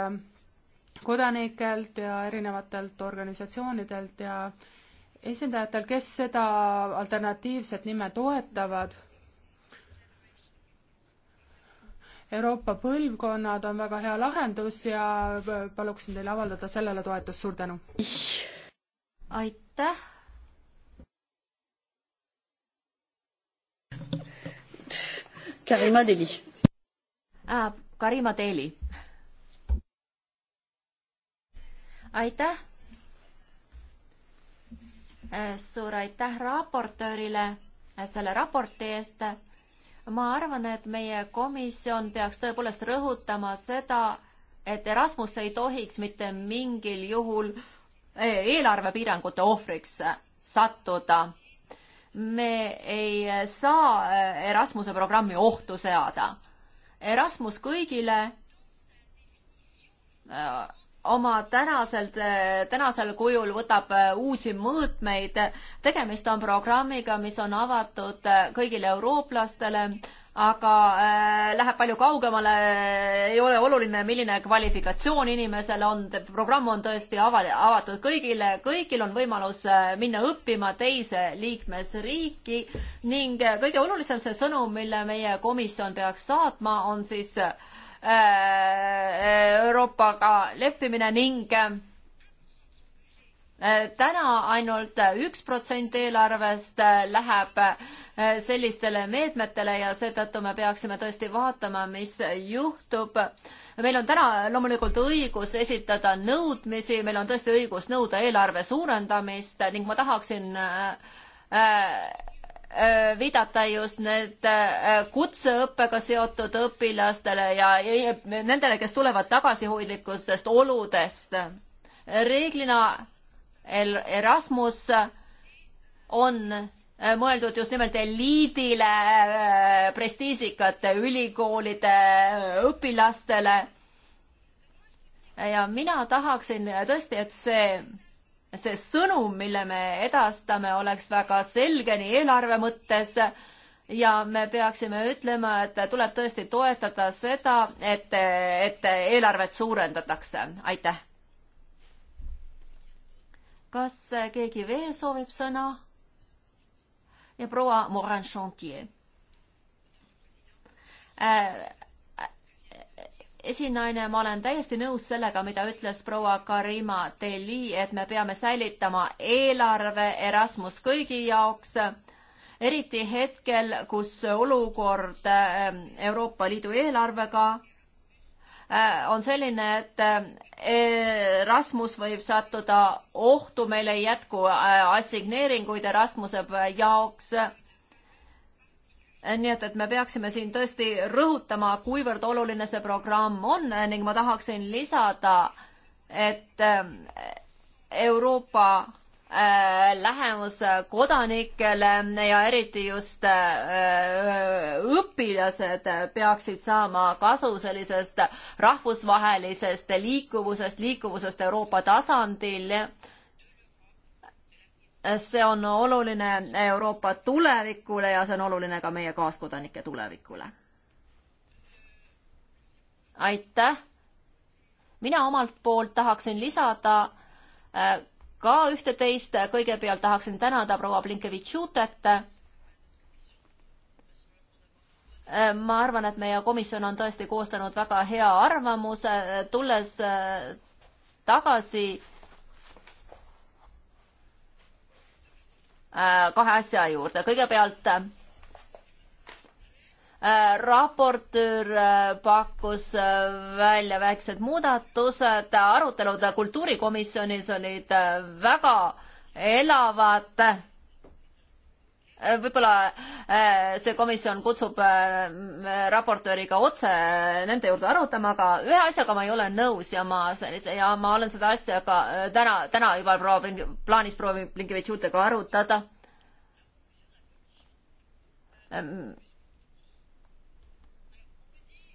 kodanikelt ja erinevatelt organisatsioonidelt ja esindajatelt, kes seda alternatiivset nime toetavad Euroopa põlvkonnad on väga hea lahendus ja paluksin teil avaldada sellele toetust, suur tänu! aitäh! Karima Deli ah,. Karima Deli. aitäh! Äh, suur aitäh raportöörile äh, selle raporti eest ma arvan, et meie komisjon peaks tõepoolest rõhutama seda, et Erasmus ei tohiks mitte mingil juhul eh, eelarvepiirangute ohvriks sattuda. me ei saa eh, Erasmuse programmi ohtu seada. Erasmus kõigile eh, oma tänaselt, tänasel kujul võtab äh, uusi mõõtmeid. tegemist on programmiga, mis on avatud äh, kõigile eurooplastele, aga äh, läheb palju kaugemale, ei ole oluline, milline kvalifikatsioon inimesel on, programm on tõesti ava-, avatud kõigile, kõigil on võimalus minna õppima teise liikmesriiki ning kõige olulisem see sõnum, mille meie komisjon peaks saatma, on siis äh, Äh, Euroopaga leppimine ning äh, täna ainult üks protsent eelarvest äh, läheb sellistele meetmetele ja seetõttu me peaksime tõesti vaatama, mis juhtub. meil on täna loomulikult õigus esitada nõudmisi, meil on tõesti õigus nõuda eelarve suurendamist ning ma tahaksin äh, Äh, viidata just need äh, kutseõppega seotud õpilastele ja, ja nendele, kes tulevad tagasihoidlikustest oludest. reeglina Erasmus on äh, mõeldud just nimelt eliidile, prestiižikate ülikoolide õpilastele. ja mina tahaksin tõesti, et see see sõnum, mille me edastame, oleks väga selge nii eelarve mõttes ja me peaksime ütlema, et tuleb tõesti toetada seda, et, et eelarvet suurendatakse. aitäh. kas keegi veel soovib sõna? ja proua Morin Chantier äh, esinaine, ma olen täiesti nõus sellega, mida ütles proua Karima Deli, et me peame säilitama eelarve Erasmus kõigi jaoks, eriti hetkel, kus olukord ähm, Euroopa Liidu eelarvega äh, on selline, et äh, Erasmus võib sattuda ohtu, meil ei jätku äh, assigneeringuid Erasmuse jaoks nii et, et me peaksime siin tõesti rõhutama, kuivõrd oluline see programm on ning ma tahaksin lisada, et eh, Euroopa eh, lähemus kodanikele ja eriti just eh, õpilased peaksid saama kasu sellisest rahvusvahelisest liikuvusest, liikuvusest Euroopa tasandil see on oluline Euroopa tulevikule ja see on oluline ka meie kaaskodanike tulevikule. aitäh! mina omalt poolt tahaksin lisada äh, ka ühte-teist, kõigepealt tahaksin tänada proua Blinkevitš-Jutet. Äh, ma arvan, et meie komisjon on tõesti koostanud väga hea arvamuse, tulles äh, tagasi äh, Äh, kahe asja juurde. kõigepealt äh, raportöör äh, pakkus välja väiksed muudatused, arutelud kultuurikomisjonis olid väga elavad võib-olla äh, see komisjon kutsub äh, raportööri ka otse nende juurde arutama, aga ühe asjaga ma ei ole nõus ja ma, ja ma olen seda asja ka äh, täna, täna juba proovin, plaanis proovin Blinkevitšutega arutada. Ähm,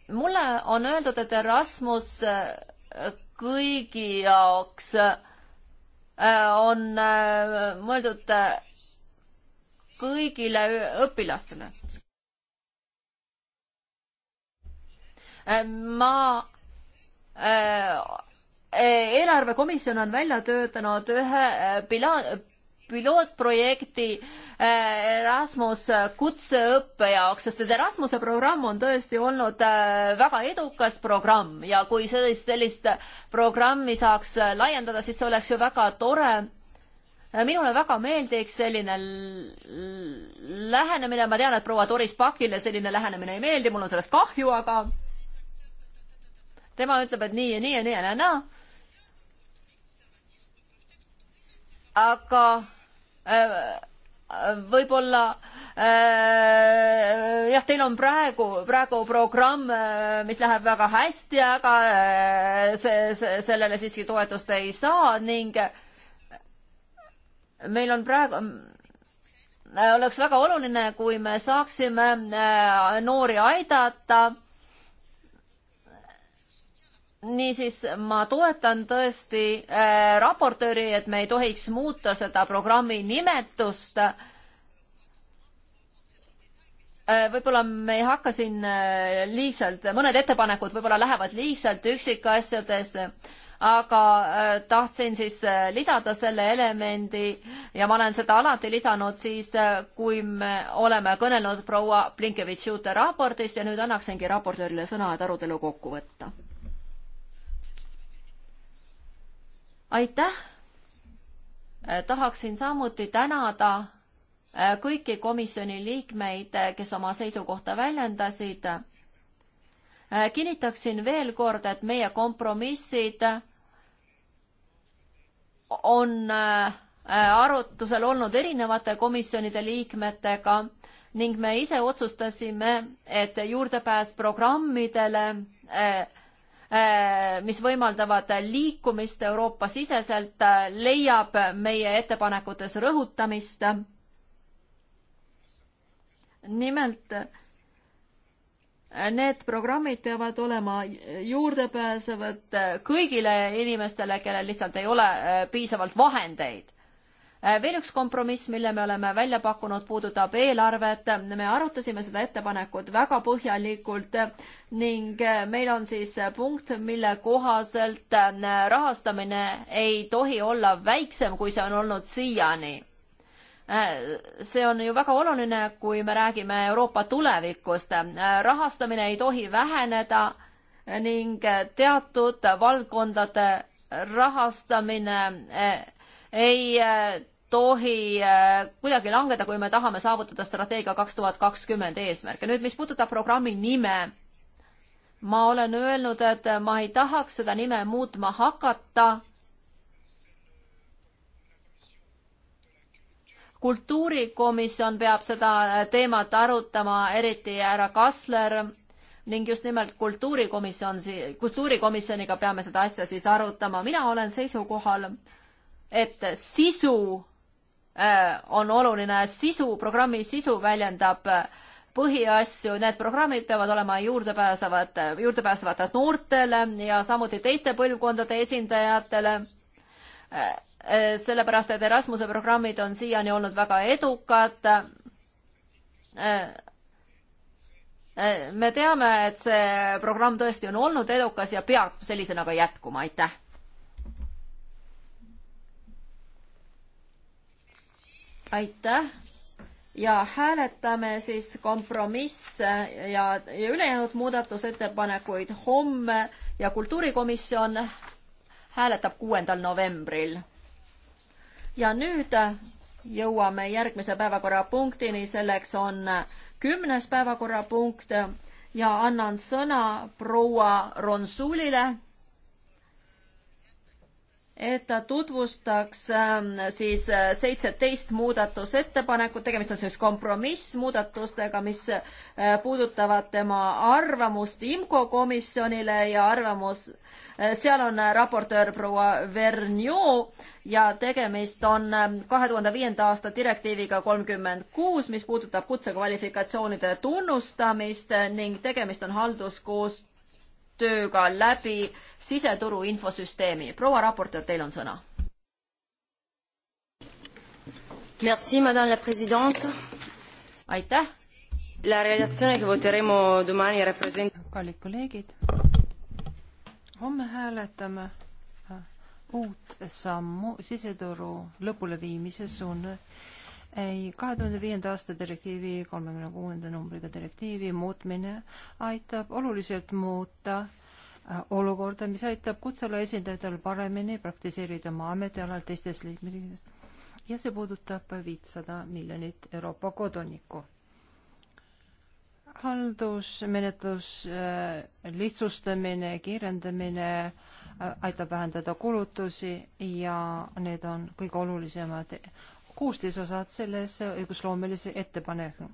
mulle on öeldud, et Erasmus kõigi jaoks on mõeldud kõigile õpilastele. ma äh, eelarvekomisjon on välja töötanud ühe äh, pila-, pilootprojekti äh, Erasmus kutseõppe jaoks, sest et Erasmuse programm on tõesti olnud väga edukas programm ja kui sellist, sellist programmi saaks laiendada, siis see oleks ju väga tore minule väga meeldiks selline lähenemine, ma tean, et proua Doris Pakile selline lähenemine ei meeldi, mul on sellest kahju, aga tema ütleb, et nii ja nii ja nii ja naa na.. aga äh, võib-olla äh, jah, teil on praegu, praegu programm, äh, mis läheb väga hästi, aga äh, see, see, sellele siiski toetust ei saa ning äh, meil on praegu oleks väga oluline, kui me saaksime äh, noori aidata. niisiis, ma toetan tõesti äh, raportööri, et me ei tohiks muuta seda programmi nimetust. Äh, võib-olla me ei hakka siin liigselt, mõned ettepanekud võib-olla lähevad liigselt üksikasjadesse aga äh, tahtsin siis äh, lisada selle elemendi ja ma olen seda alati lisanud siis, äh, kui me oleme kõnelenud proua Blinkevitš-Jute raportist ja nüüd annaksingi raportöörile sõna, et arutelu kokku võtta. aitäh! tahaksin samuti tänada kõiki komisjoni liikmeid, kes oma seisukohta väljendasid. kinnitaksin veel kord, et meie kompromissid on äh, arutusel olnud erinevate komisjonide liikmetega ning me ise otsustasime, et juurdepääs programmidele, äh, äh, mis võimaldavad liikumist Euroopa-siseselt, leiab meie ettepanekutes rõhutamist. nimelt Need programmid peavad olema juurdepääsevad kõigile inimestele, kellel lihtsalt ei ole äh, piisavalt vahendeid äh, veel üks kompromiss, mille me oleme välja pakkunud, puudutab eelarvet. me arutasime seda ettepanekut väga põhjalikult ning äh, meil on siis punkt, mille kohaselt rahastamine ei tohi olla väiksem, kui see on olnud siiani. Äh, see on ju väga oluline, kui me räägime Euroopa tulevikust. Äh, rahastamine ei tohi väheneda ning teatud valdkondade rahastamine äh, ei tohi kuidagi langeda, kui me tahame saavutada strateegia kaks tuhat kakskümmend eesmärke. nüüd, mis puudutab programmi nime, ma olen öelnud, et ma ei tahaks seda nime muutma hakata kultuurikomisjon peab seda teemat arutama, eriti härra Kassler ning just nimelt kultuurikomisjon, kultuurikomisjoniga peame seda asja siis arutama. mina olen seisukohal, et sisu äh, on oluline, sisu, programmi sisu väljendab äh, põhiasju, need programmid peavad olema juurdepääsevad, äh, juurdepääsevad noortele ja samuti teiste põlvkondade esindajatele Äh, sellepärast et Erasmuse programmid on siiani olnud väga edukad. Äh, äh, me teame, et see programm tõesti on olnud edukas ja peab sellisena ka jätkuma, aitäh. aitäh ja hääletame siis kompromisse ja, ja ülejäänud muudatusettepanekuid homme ja kultuurikomisjon hääletab kuuendal novembril ja nüüd äh, jõuame järgmise päevakorrapunktini, selleks on äh, kümnes päevakorrapunkt ja annan sõna proua Ronsulile et ta tutvustaks ähm, siis äh, seitseteist muudatusettepanekut, tegemist on siis kompromissmuudatustega, mis äh, puudutavad tema arvamust IMCO komisjonile ja arvamus, äh, seal on raportöör proua Vernio ja tegemist on ähm, kahe tuhande viienda aasta direktiiviga kolmkümmend kuus, mis puudutab kutsekvalifikatsioonide tunnustamist ning tegemist on halduskoostöö koostööga läbi siseturu infosüsteemi. proua raportöör, teil on sõna. Merci, madame la president. aitäh. La relatsioone, kui voteremo domani represent-. kallid kolleegid, homme hääletame äh, uut sammu siseturu lõpuleviimise suunas ei, kahe tuhande viienda aasta direktiivi, kolmekümne kuuenda numbriga direktiivi muutmine aitab oluliselt muuta äh, olukorda, mis aitab kutseala esindajatel paremini praktiseerida oma ametialal teistes liikmesriikides. ja see puudutab viitsada miljonit Euroopa kodanikku. haldusmenetlus äh, lihtsustamine, kiirendamine äh, aitab vähendada kulutusi ja need on kõige olulisemad kuusteist osad selles õigusloomelise ettepaneku.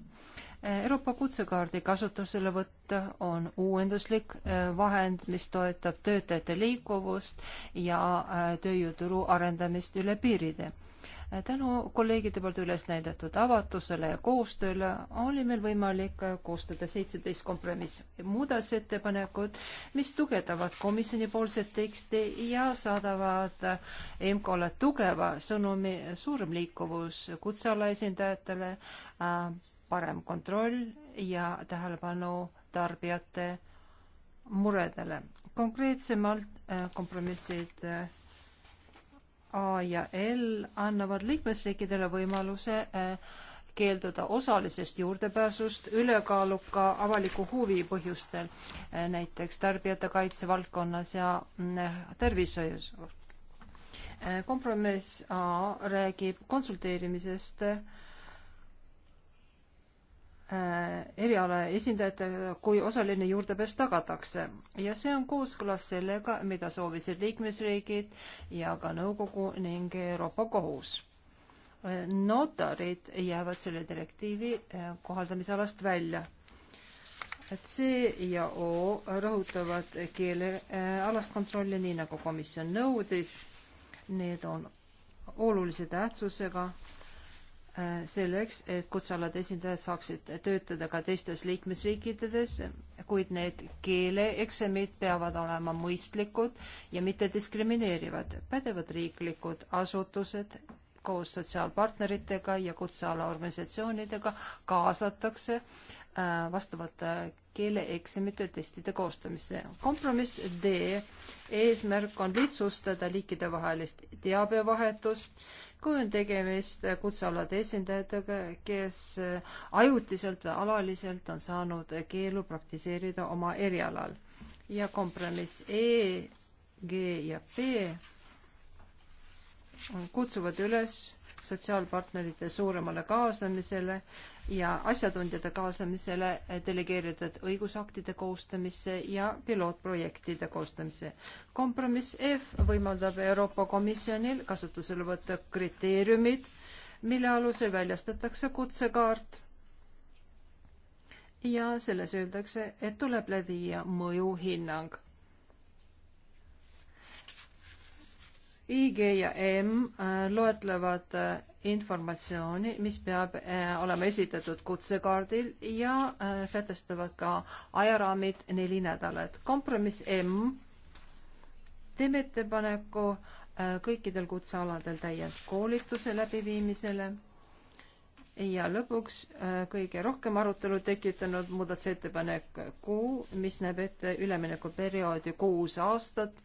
Euroopa kutsekaardi kasutuselevõtt on uuenduslik eh, vahend, mis toetab töötajate liikuvust ja eh, tööjõuturu arendamist üle piiride tänu kolleegide poolt üles näidatud avatusele ja koostööle oli meil võimalik koostada seitseteist kompromiss muudatusettepanekut, mis tugevdavad komisjonipoolset teksti ja saadavad EMKO-le tugeva sõnumi suurem liikuvus kutseala esindajatele, parem kontroll ja tähelepanu tarbijate muredele. konkreetsemalt eh, kompromissid eh, A ja L annavad liikmesriikidele võimaluse eh, keelduda osalisest juurdepääsust ülekaaluka avaliku huvi põhjustel, eh, näiteks tarbijate kaitse valdkonnas ja mm, tervishoius. Eh, kompromiss A räägib konsulteerimisest äh, Äh, eriala esindajatega, kui osaline juurdepääs tagatakse ja see on kooskõlas sellega, mida soovisid liikmesriigid ja ka nõukogu ning Euroopa Kohus. Äh, notarid jäävad selle direktiivi äh, kohaldamisalast välja. et C ja O rõhutavad keelealast kontrolli, nii nagu komisjon nõudis. Need on olulise tähtsusega selleks, et kutsealade esindajad saaksid töötada ka teistes liikmesriikides, kuid need keeleeksamid peavad olema mõistlikud ja mitte diskrimineerivad. pädevad riiklikud asutused koos sotsiaalpartneritega ja kutseala organisatsioonidega kaasatakse äh, Äh, vastavate äh, keeleeksamite testide koostamisse. kompromiss D eesmärk on lihtsustada liikidevahelist teabevahetust, kui on tegemist äh, kutsealade esindajatega, kes ajutiselt või alaliselt on saanud keelu praktiseerida oma erialal. ja kompromiss E, G ja B kutsuvad üles sotsiaalpartnerite suuremale kaasamisele ja asjatundjate kaasamisele delegeeritud õigusaktide koostamisse ja pilootprojektide koostamisse. kompromiss F võimaldab Euroopa Komisjonil kasutusele võtta kriteeriumid, mille alusel väljastatakse kutsekaart ja selles öeldakse, et tuleb läbi viia mõjuhinnang IG ja M äh, loetlevad äh, informatsiooni, mis peab äh, olema esitatud kutsekaardil ja sätestavad ka ajaraamid neli nädalat. kompromiss M teeb ettepaneku kõikidel kutsealadel täiendkoolituse läbiviimisele ja lõpuks kõige rohkem arutelu tekitanud muudatusettepanek Q, mis näeb ette üleminekuperioodi kuus aastat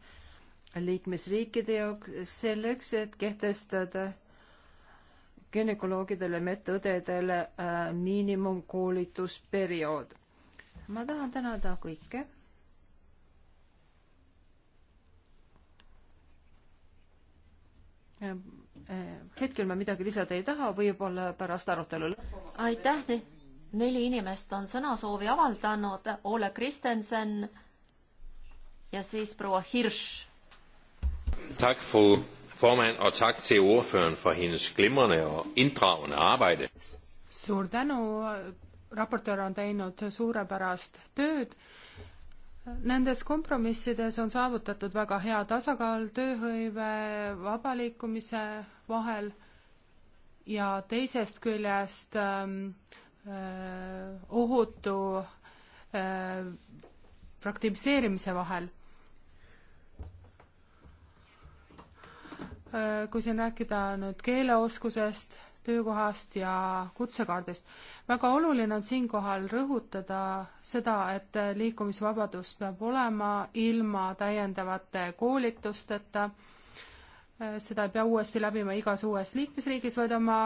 liikmesriikide jaoks selleks, et kehtestada gümnakoloogidele, medõdedele äh, miinimumkoolitusperiood. ma tahan tänada kõike. Äh, äh, hetkel ma midagi lisada ei taha, võib-olla pärast arutelu lõppu. aitäh, neli inimest on sõnasoovi avaldanud, Ole Kristensen ja siis proua Hirš Tak, fru formand, og tak til ordføreren for hendes glimrende og inddragende arbejde. Suur tänu, raportöör on teinud suurepärast tööd. Nendes kompromissides on saavutatud väga hea tasakaal tööhõive vaba liikumise vahel ja teisest küljest ähm, äh, ohutu äh, praktiseerimise vahel Äh, kui siin rääkida nüüd keeleoskusest, töökohast ja kutsekaardist. väga oluline on siinkohal rõhutada seda, et liikumisvabadus peab olema ilma täiendavate koolitusteta, äh, seda ei pea uuesti läbima igas uues liikmesriigis, vaid oma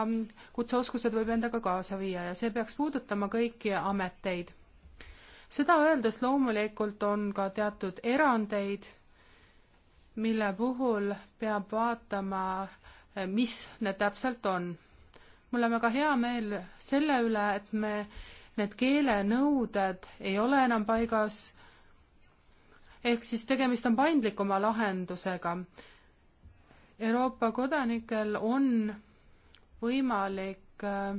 kutseoskused võib endaga kaasa viia ja see peaks puudutama kõiki ameteid. seda öeldes loomulikult on ka teatud erandeid mille puhul peab vaatama, mis need täpselt on. mul on väga hea meel selle üle, et me, need keelenõuded ei ole enam paigas, ehk siis tegemist on paindlikuma lahendusega. Euroopa kodanikel on võimalik äh,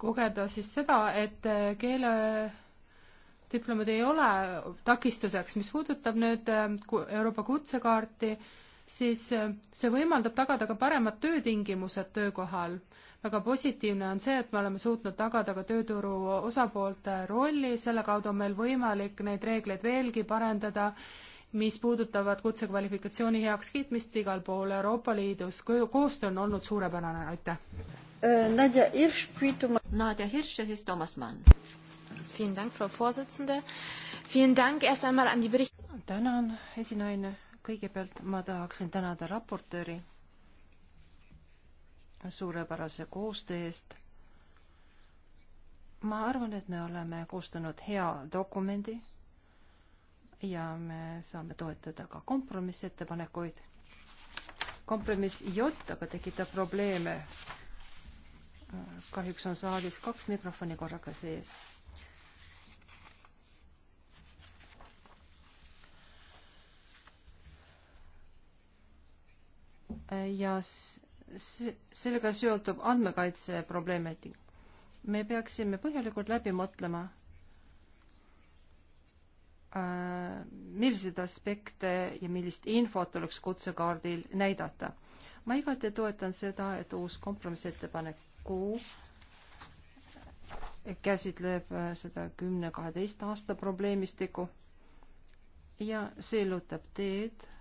kogeda siis seda, et äh, keele diplomaad ei ole takistuseks. mis puudutab nüüd ähm, Euroopa kutsekaarti, siis äh, see võimaldab tagada ka paremad töötingimused töökohal. väga positiivne on see, et me oleme suutnud tagada ka tööturu osapoolte rolli, selle kaudu on meil võimalik neid reegleid veelgi parendada, mis puudutavad kutsekvalifikatsiooni heakskiitmist igal pool Euroopa Liidus. koostöö on olnud suurepärane, aitäh! Äh, Nadja Hirš, Nadja Hirš ja siis Toomas Mann Vielen Dank, Frau Vorsitzende. Vielen Dank erst einmal an die Bericht-. tänan, esinaine. kõigepealt ma tahaksin tänada raportööri suurepärase koostöö eest. ma arvan, et me oleme koostanud hea dokumendi ja me saame toetada ka kompromissettepanekuid. kompromiss J aga tekitab probleeme. kahjuks on saalis kaks mikrofoni korraga sees ja sellega seotub andmekaitse probleemid. me peaksime põhjalikult läbi mõtlema, äh, milliseid aspekte ja millist infot tuleks kutsekaardil näidata. ma igati toetan seda, et uus kompromissettepanek Q käsitleb äh, seda kümne, kaheteist aasta probleemistikku ja see illutab teed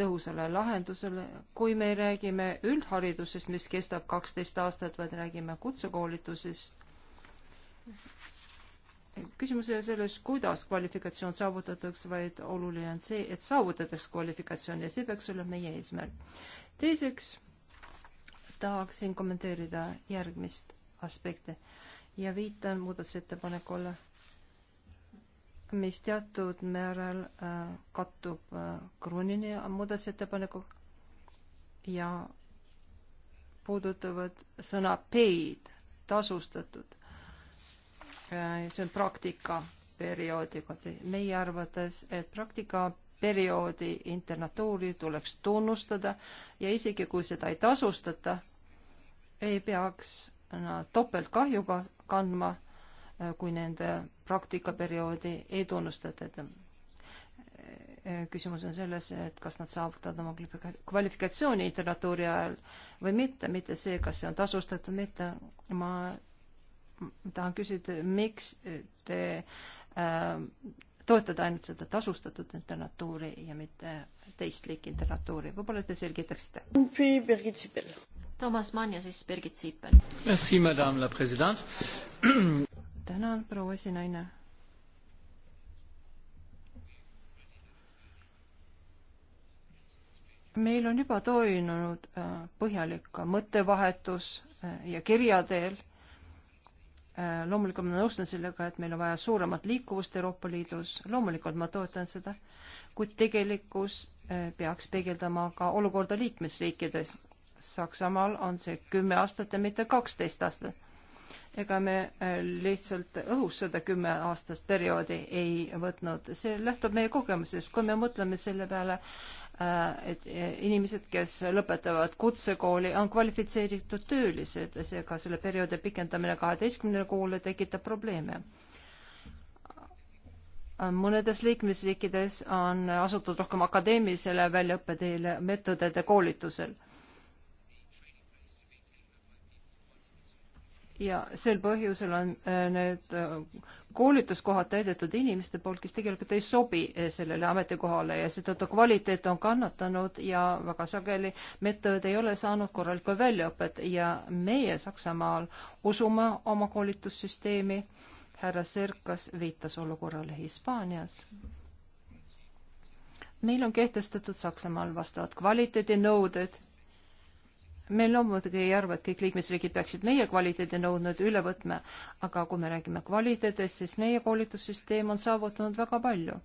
tõhusale lahendusele. kui me räägime üldharidusest, mis kestab kaksteist aastat, vaid räägime kutsekoolitusest, küsimus ei ole selles, kuidas kvalifikatsioon saavutatakse, vaid oluline on see, et saavutatakse kvalifikatsioon ja see peaks olema meie eesmärk. teiseks tahaksin kommenteerida järgmist aspekti ja viitan muudatusettepanekule mis teatud määral äh, kattub äh, Krunini muudatusettepaneku ja puudutavad sõna paid, tasustatud äh,. see on praktikaperioodi kohta. meie arvates, et praktikaperioodi internatuuri tuleks tunnustada ja isegi kui seda ei tasustata, ei peaks nad topeltkahju kandma Äh, kui nende praktikaperioodi ei tunnustata. Äh, küsimus on selles, et kas nad saavutavad oma kvalifikatsiooni internatuuri ajal või mitte, mitte see, kas see on tasustatud või mitte. ma tahan küsida, miks te äh, toetada ainult seda tasustatud internatuuri ja mitte teist liiki internatuuri. võib-olla te selgitaksite? Toomas Mann ja siis Birgit Siipel. Merci, madame la president. *clears throat* tänan, proua esinaine. meil on juba toimunud äh, põhjalik mõttevahetus äh, ja kirja teel. Äh, loomulikult ma nõustun sellega, et meil on vaja suuremat liikuvust Euroopa Liidus, loomulikult ma toetan seda, kuid tegelikkus peaks peegeldama ka olukorda liikmesriikides. Saksamaal on see kümme aastat ja mitte kaksteist aastat ega me äh, lihtsalt õhus seda kümme aastast perioodi ei võtnud, see lähtub meie kogemusest, kui me mõtleme selle peale, äh, et äh, inimesed, kes lõpetavad kutsekooli, on kvalifitseeritud töölised, seega selle perioodi pikendamine kaheteistkümnele kuule tekitab probleeme. mõnedes liikmesriikides on asutud rohkem akadeemilisele väljaõppeteele meetodide koolitusel ja sel põhjusel on äh, need äh, koolituskohad täidetud inimeste poolt, kes tegelikult ei sobi äh, sellele ametikohale ja seetõttu kvaliteet on kannatanud ja väga sageli medõed ei ole saanud korralikku väljaõpet ja meie Saksamaal usume oma koolitussüsteemi. härra Serkas viitas olukorrale Hispaanias meil on kehtestatud Saksamaal vastavad kvaliteedinõuded me loomulikult ei arva, et kõik liikmesriigid peaksid meie kvaliteedinõudmed üle võtma, aga kui me räägime kvaliteedist, siis meie koolitussüsteem on saavutanud väga palju.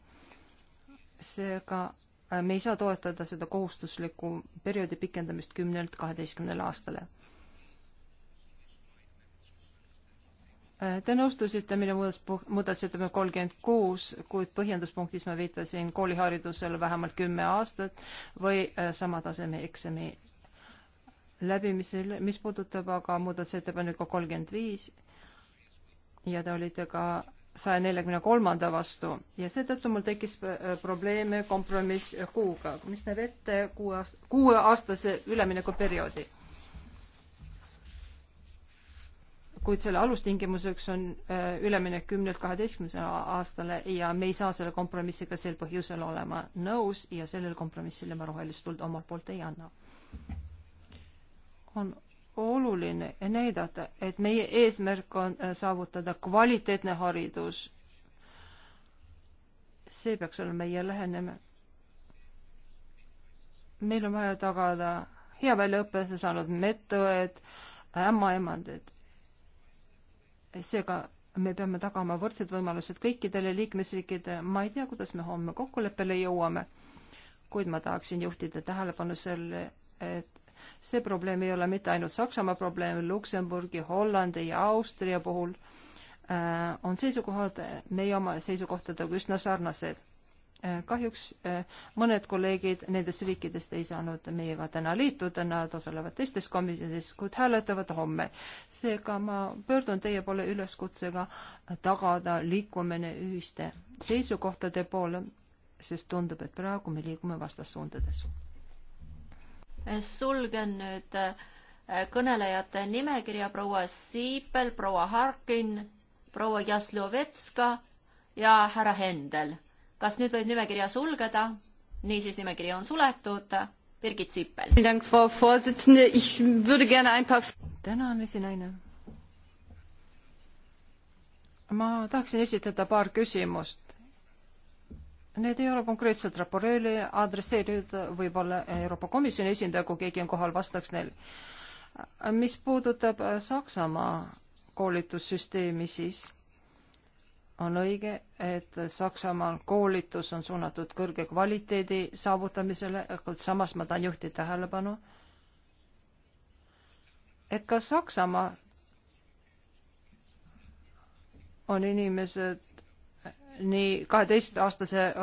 seega äh, me ei saa toetada seda kohustuslikku perioodi pikendamist kümnelt kaheteistkümnele aastale. Äh, te nõustusite minu muudatusettepanek kolmkümmend kuus, kuid põhjenduspunktis ma viitasin kooliharidusele vähemalt kümme aastat või äh, sama taseme eksami läbimisel, mis puudutab aga muudatusettepaneku kolmkümmend viis ja te olite ka saja neljakümne kolmanda vastu ja seetõttu mul tekkis äh, probleeme kompromiss kuuga, mis näeb ette kuue aast-, kuueaastase üleminekuperioodi. kuid selle alustingimuseks on äh, üleminek kümnelt kaheteistkümnele aastale ja me ei saa selle kompromissiga sel põhjusel olema nõus ja sellele kompromissile ma rohelist tuld omalt poolt ei anna on oluline näidata, et meie eesmärk on äh, saavutada kvaliteetne haridus. see peaks olema meie lähenemine. meil on vaja tagada hea väljaõppesse saanud medõed, ämmaemandid. seega me peame tagama võrdsed võimalused kõikidele liikmesriikidele, ma ei tea, kuidas me homme kokkuleppele jõuame, kuid ma tahaksin juhtida tähelepanu selle, et see probleem ei ole mitte ainult Saksamaa probleem, Luksemburgi, Hollandi ja Austria puhul äh, on seisukohad meie oma seisukohtadega üsna sarnased äh,. kahjuks äh, mõned kolleegid nendest riikidest ei saanud meiega täna liituda, nad osalevad teistes komisjonides, kuid hääletavad homme. seega ma pöördun teie poole üleskutsega tagada liikumine ühiste seisukohtade poole, sest tundub, et praegu me liigume vastassuundades sulgen nüüd äh, kõnelejate nimekirja proua Siipel, proua Harkin, proua Jaslovetska ja härra Hendel. kas nüüd võib nimekirja sulgeda? niisiis, nimekiri on suletud. Birgit Siipel. tänan, esinaine. ma tahaksin esitada paar küsimust Need ei ole konkreetselt raporööri adresseeritud, võib-olla Euroopa Komisjoni esindaja, kui keegi on kohal, vastaks neil. mis puudutab Saksamaa koolitussüsteemi, siis on õige, et Saksamaal koolitus on suunatud kõrge kvaliteedi saavutamisele, kuid samas ma tahan juhtida tähelepanu, et ka Saksamaa on inimesed nii kaheteistaastase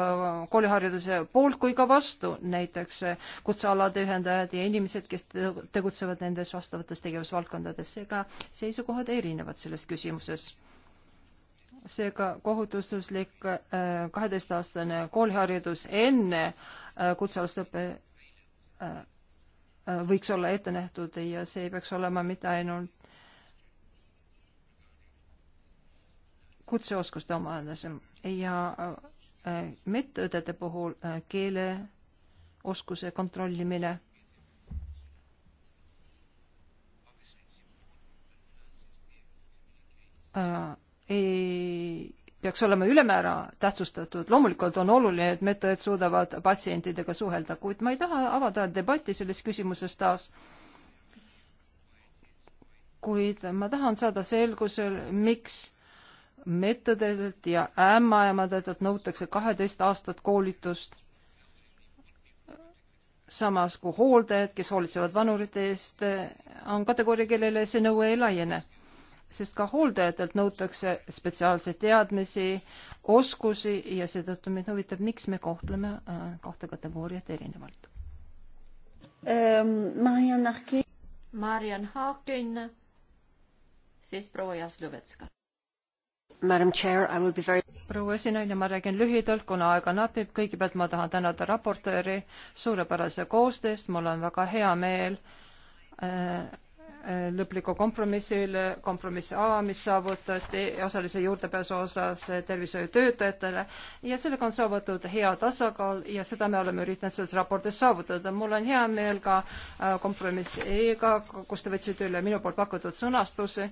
koolihariduse poolt kui ka vastu, näiteks kutsealade ühendajad ja inimesed, kes tegutsevad nendes vastavates tegevusvaldkondades, seega seisukohad erinevad selles küsimuses. seega kohutustuslik kaheteistaastane kooliharidus enne kutsealast õppe võiks olla ette nähtud ja see ei peaks olema mitte ainult kutseoskuste omandamisel ja äh, medõdede puhul äh, keeleoskuse kontrollimine. Äh, ei peaks olema ülemäära tähtsustatud. loomulikult on oluline, et medõed suudavad patsientidega suhelda, kuid ma ei taha avada debatti selles küsimuses taas kuid ma tahan saada selgusel, miks mettadelt ja ämmaemadelt nõutakse kaheteist aastat koolitust. samas kui hooldajad, kes hoolitsevad vanurite eest, on kategooria, kellele see nõue ei laiene, sest ka hooldajatelt nõutakse spetsiaalseid teadmisi, oskusi ja seetõttu meid huvitab, miks me kohtleme äh, kahte kategooriat erinevalt ähm,. Mariann Harkin. Mariann Harkin, siis proua Jaslovetska Very... proua esinaine, ma räägin lühidalt, kuna aega napib. kõigepealt ma tahan tänada raportööri suurepärase koostööst, mul on väga hea meel äh, äh lõpliku kompromissi üle, kompromiss A, mis saavutati osalise juurdepääsu osas tervishoiutöötajatele ja sellega on saavutatud hea tasakaal ja seda me oleme üritanud selles raportis saavutada. mul on hea meel ka äh, kompromiss E-ga, kus te võtsite üle minu poolt pakutud sõnastuse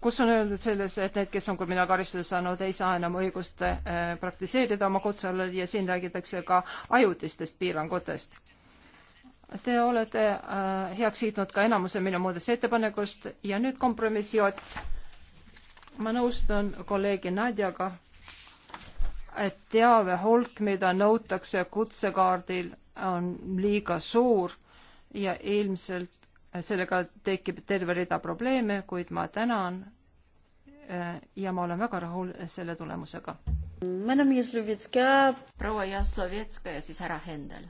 kus on öeldud selles, et need, kes on kriminaalkaristuse saanud, ei saa enam õigust äh, praktiseerida oma kutsealal ja siin räägitakse ka ajutistest piirangutest. Te olete äh, heaks kiitnud ka enamuse minu muudatusettepanekust ja nüüd kompromiss J. ma nõustun kolleegi Nadjaga, et teave hulk, mida nõutakse kutsekaardil, on liiga suur ja ilmselt sellega tekib terve rida probleeme, kuid ma tänan äh, ja ma olen väga rahul selle tulemusega. proua Jaslovetska ja siis härra Hendel.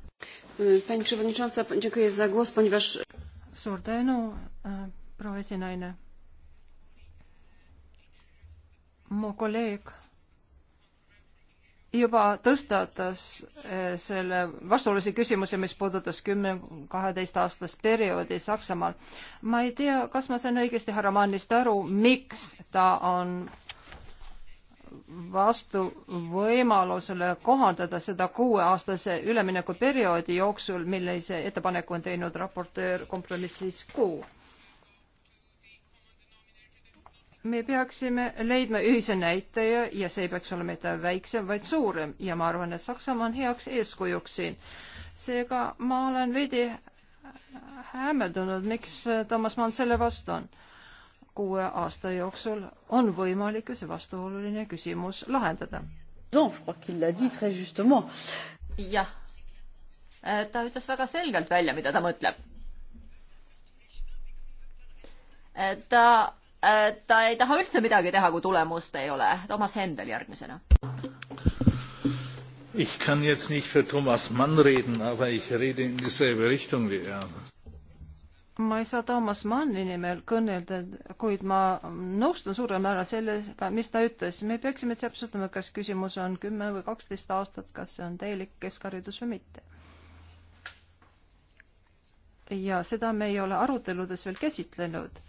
suur tänu, äh, proua esinaine. mu kolleeg juba tõstatas eh, selle vastuolulise küsimuse, mis puudutas kümne, kaheteist aastast perioodi Saksamaal. ma ei tea, kas ma sain õigesti härra Mannist aru, miks ta on vastu võimalusele kohandada seda kuueaastase üleminekuperioodi jooksul, millise ettepaneku on teinud raportöör kompromissis kuu me peaksime leidma ühise näitaja ja see ei peaks olema mitte väiksem, vaid suurem ja ma arvan, et Saksamaa on heaks eeskujuks siin. seega ma olen veidi hämmeldunud, miks Toomas Mann selle vastu on. kuue aasta jooksul on võimalik ju see vastuoluline küsimus lahendada. jah, ta ütles väga selgelt välja, mida ta mõtleb. ta Äh, ta ei taha üldse midagi teha, kui tulemust ei ole. Toomas Hendel järgmisena. Ich kann jetzt nicht für Thomas Mann reden, aber ich rede in dieselbe Richtung wie er. ma ei saa Toomas Manni nimel kõnelda, kuid ma nõustun suurel määral sellega, mis ta ütles. me peaksime täpsustama, kas küsimus on kümme või kaksteist aastat, kas see on täielik keskharidus või mitte. ja seda me ei ole aruteludes veel käsitlenud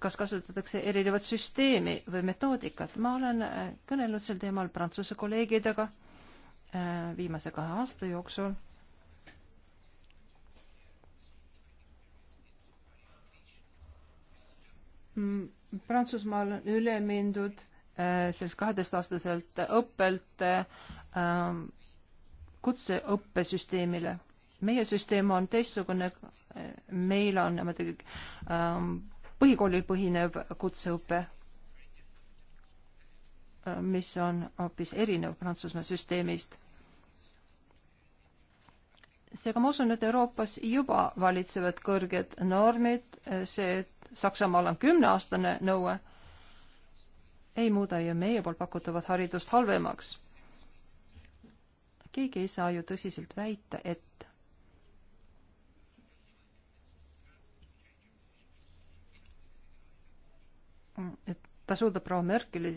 kas kasutatakse erinevat süsteemi või metoodikat. ma olen äh, kõnelenud sel teemal Prantsuse kolleegidega äh, viimase kahe aasta jooksul. Mm, Prantsusmaal on üle mindud äh, sellest kaheteistaastaselt õppelt ähm, kutseõppesüsteemile. meie süsteem on teistsugune, meil on niimoodi ähm, põhikoolil põhinev kutseõpe, mis on hoopis erinev Prantsusmaa süsteemist. seega ma usun, et Euroopas juba valitsevad kõrged normid, see, et Saksamaal on kümneaastane nõue, ei muuda ju meie poolt pakutavat haridust halvemaks. keegi ei saa ju tõsiselt väita, et et ta suudab proua Merkeli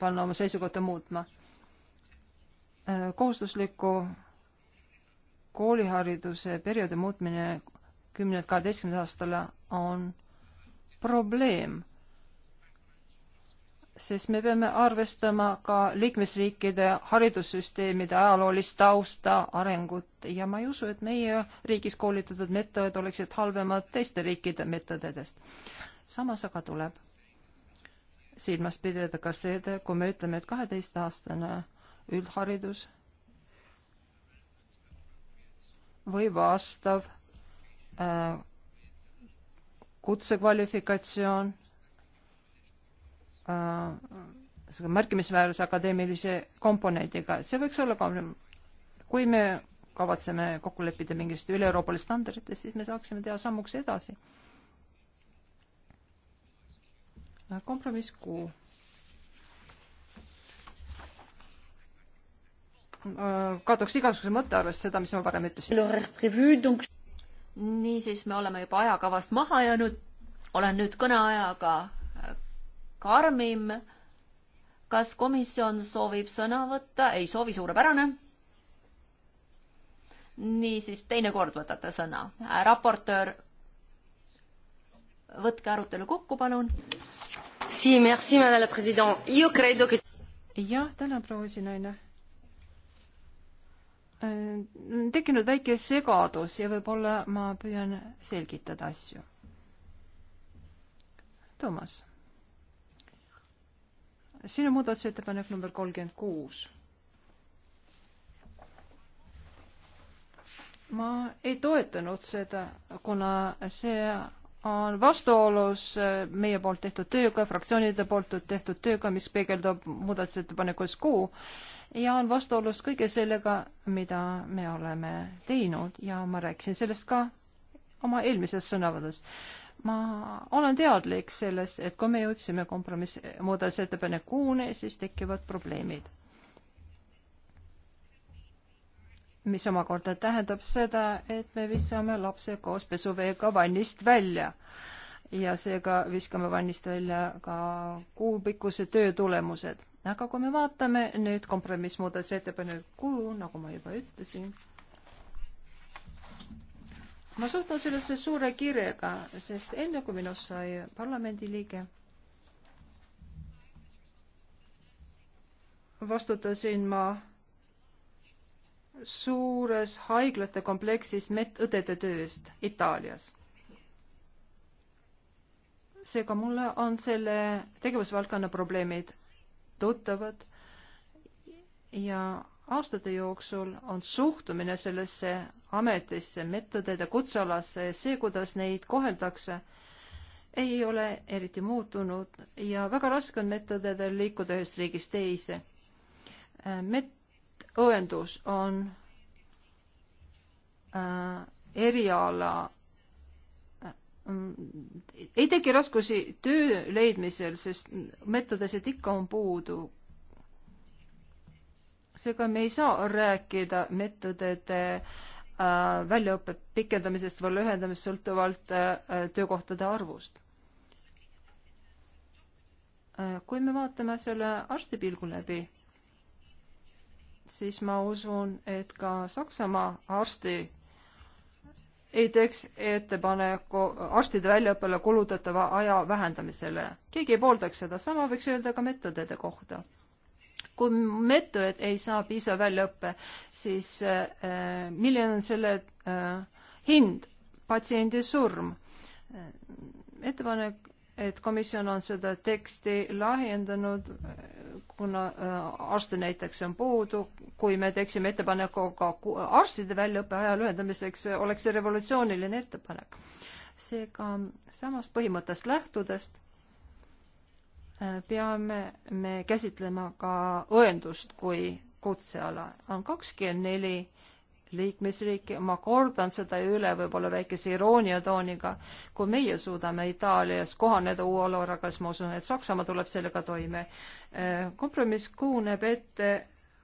panna oma seisukohta muutma. Äh, kohustusliku koolihariduse perioodi muutmine kümnelt kaheteistkümnenda aastale on probleem, sest me peame arvestama ka liikmesriikide haridussüsteemide ajaloolist tausta, arengut ja ma ei usu, et meie riigis koolitatud meetodid oleksid halvemad teiste riikide meetodidest. samas aga tuleb silmas pidada ka seda, kui me ütleme, et kaheteistaastane üldharidus või vastav äh, kutsekvalifikatsioon äh, märkimisväärse akadeemilise komponendiga, see võiks olla ka, kui me kavatseme kokku leppida mingist üle-euroopalist standarditest, siis me saaksime teha sammuks edasi äh, kompromiss Q. Äh, kaotaks igasuguse mõtte arvest seda, mis ma varem ütlesin. niisiis, me oleme juba ajakavast maha jäänud. olen nüüd kõneajaga äh, karmim. kas komisjon soovib sõna võtta? ei soovi, suurepärane. niisiis, teinekord võtate sõna. Äh, raportöör, võtke arutelu kokku, palun jah, tänan, proua esinaine. Äh, on tekkinud väike segadus ja võib-olla ma püüan selgitada asju. Toomas, sinu muudatusettepanek number kolmkümmend kuus ma ei toetanud seda, kuna see on vastuolus äh, meie poolt tehtud tööga, fraktsioonide poolt tehtud tööga, mis peegeldub muudatusettepanekus kuu ja on vastuolus kõige sellega, mida me oleme teinud ja ma rääkisin sellest ka oma eelmises sõnavõtus. ma olen teadlik sellest, et kui me jõudsime kompromiss, muudatusettepanek kuune, siis tekivad probleemid mis omakorda tähendab seda, et me visame lapse koos pesuveega vannist välja. ja seega viskame vannist välja ka kuupikkuse töö tulemused. aga kui me vaatame nüüd kompromissmuudatusettepaneku kuju, nagu ma juba ütlesin, ma suhtun sellesse suure kirega, sest enne kui minust sai parlamendiliige, vastutasin ma suures haiglate kompleksis medõdede tööst Itaalias. seega mulle on selle tegevusvaldkonna probleemid tuttavad ja aastate jooksul on suhtumine sellesse ametisse, medõdede kutsealasse ja see, kuidas neid koheldakse, ei ole eriti muutunud ja väga raske on medõdedel liikuda ühest riigist teise. Med-, õendus on äh, eriala äh, ei teki raskusi töö leidmisel, sest meetodesid ikka on puudu. seega me ei saa rääkida meetodide äh, väljaõppe pikendamisest või lühendamisest sõltuvalt äh, töökohtade arvust äh,. kui me vaatame selle arsti pilgu läbi siis ma usun, et ka Saksamaa arsti ei teeks ettepaneku arstide väljaõppele kulutatava aja vähendamisele. keegi ei pooldaks seda, sama võiks öelda ka meetodide kohta. kui meetod ei saa piisav väljaõppe, siis äh, milline on selle äh, hind, patsiendi surm? Äh, ettepanek et komisjon on seda teksti lahjendanud, kuna äh, arste näiteks on puudu, kui me teeksime ettepaneku ka arstide väljaõppe aja lühendamiseks, oleks see revolutsiooniline ettepanek. seega samast põhimõttest lähtudest äh, peame me käsitlema ka õendust kui kutseala. on kakskümmend neli liikmesriiki, ma kordan seda üle võib-olla väikese iroonia tooniga, kui meie suudame Itaalias kohaneda uue olukorraga, siis ma usun, et Saksamaa tuleb sellega toime. Äh, kompromiss kujuneb ette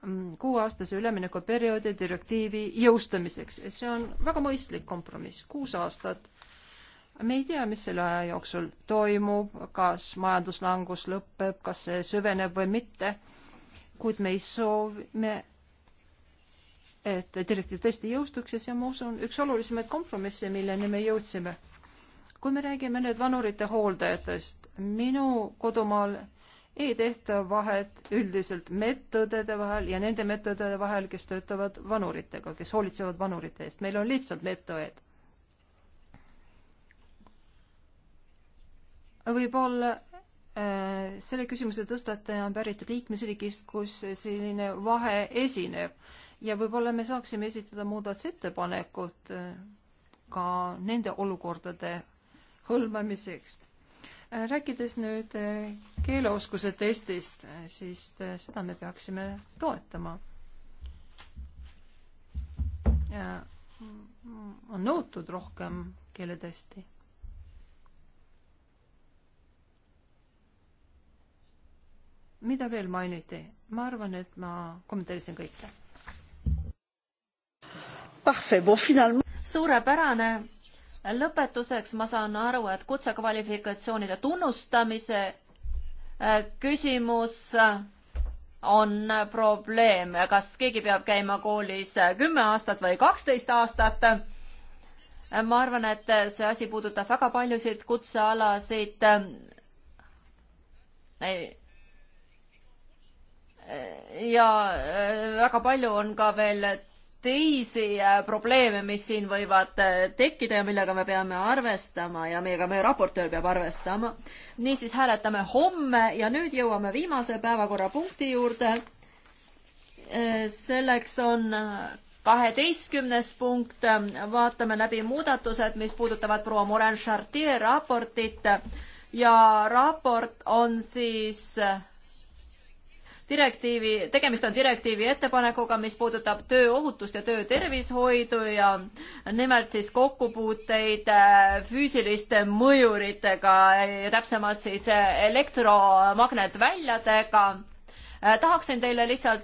mm, kuueaastase üleminekuperioodi direktiivi jõustamiseks, see on väga mõistlik kompromiss, kuus aastat. me ei tea, mis selle aja jooksul toimub, kas majanduslangus lõpeb, kas see süveneb või mitte, kuid me ei soovi, me et direktiiv tõesti jõustuks ja see on, ma usun, üks olulisemaid kompromisse, milleni me jõudsime. kui me räägime nüüd vanurite hooldajatest, minu kodumaal ei tehta vahet üldiselt medõdede vahel ja nende medõdede vahel, kes töötavad vanuritega, kes hoolitsevad vanurite eest, meil on lihtsalt medõed. võib-olla äh, selle küsimuse tõstataja on pärit liikmesriigist, kus selline vahe esineb ja võib-olla me saaksime esitada muudatusettepanekud äh, ka nende olukordade hõlmamiseks. Äh, rääkides nüüd äh, keeleoskuse testist, siis seda me peaksime toetama. on nõutud rohkem keeletesti mida veel mainiti? ma arvan, et ma kommenteerisin kõike suurepärane. lõpetuseks ma saan aru, et kutsekvalifikatsioonide tunnustamise äh, küsimus äh, on äh, probleem, kas keegi peab käima koolis kümme aastat või kaksteist aastat. ma arvan, et see asi puudutab väga paljusid kutsealasid. ja väga palju on ka veel teisi äh, probleeme, mis siin võivad äh, tekkida ja millega me peame arvestama ja millega meie raportöör peab arvestama. niisiis hääletame homme ja nüüd jõuame viimase päevakorrapunkti juurde. Äh, selleks on kaheteistkümnes punkt, vaatame läbi muudatused, mis puudutavad proua Morin Chartier raportit ja raport on siis äh, direktiivi, tegemist on direktiivi ettepanekuga, mis puudutab tööohutust ja töötervishoidu ja nimelt siis kokkupuuteid äh, füüsiliste mõjuritega, täpsemalt siis äh, elektromagnetväljadega. Äh, tahaksin teile lihtsalt,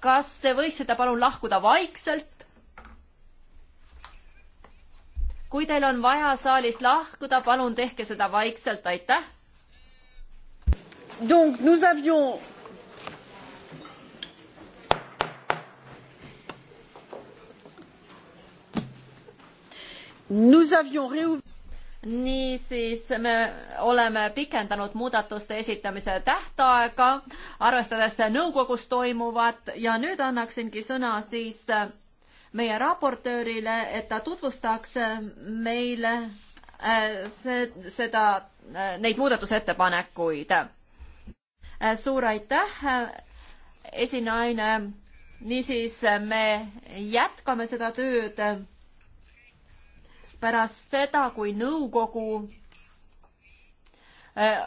kas te võiksite palun lahkuda vaikselt? kui teil on vaja saalist lahkuda, palun tehke seda vaikselt, aitäh. Donc nous avions niisiis me oleme pikendanud muudatuste esitamise tähtaega, arvestades nõukogus toimuvat ja nüüd annaksingi sõna siis meie raportöörile, et ta tutvustaks meile äh, see, seda, äh, neid muudatusettepanekuid. Äh, suur aitäh, esinaine. niisiis me jätkame seda tööd pärast seda, kui nõukogu äh,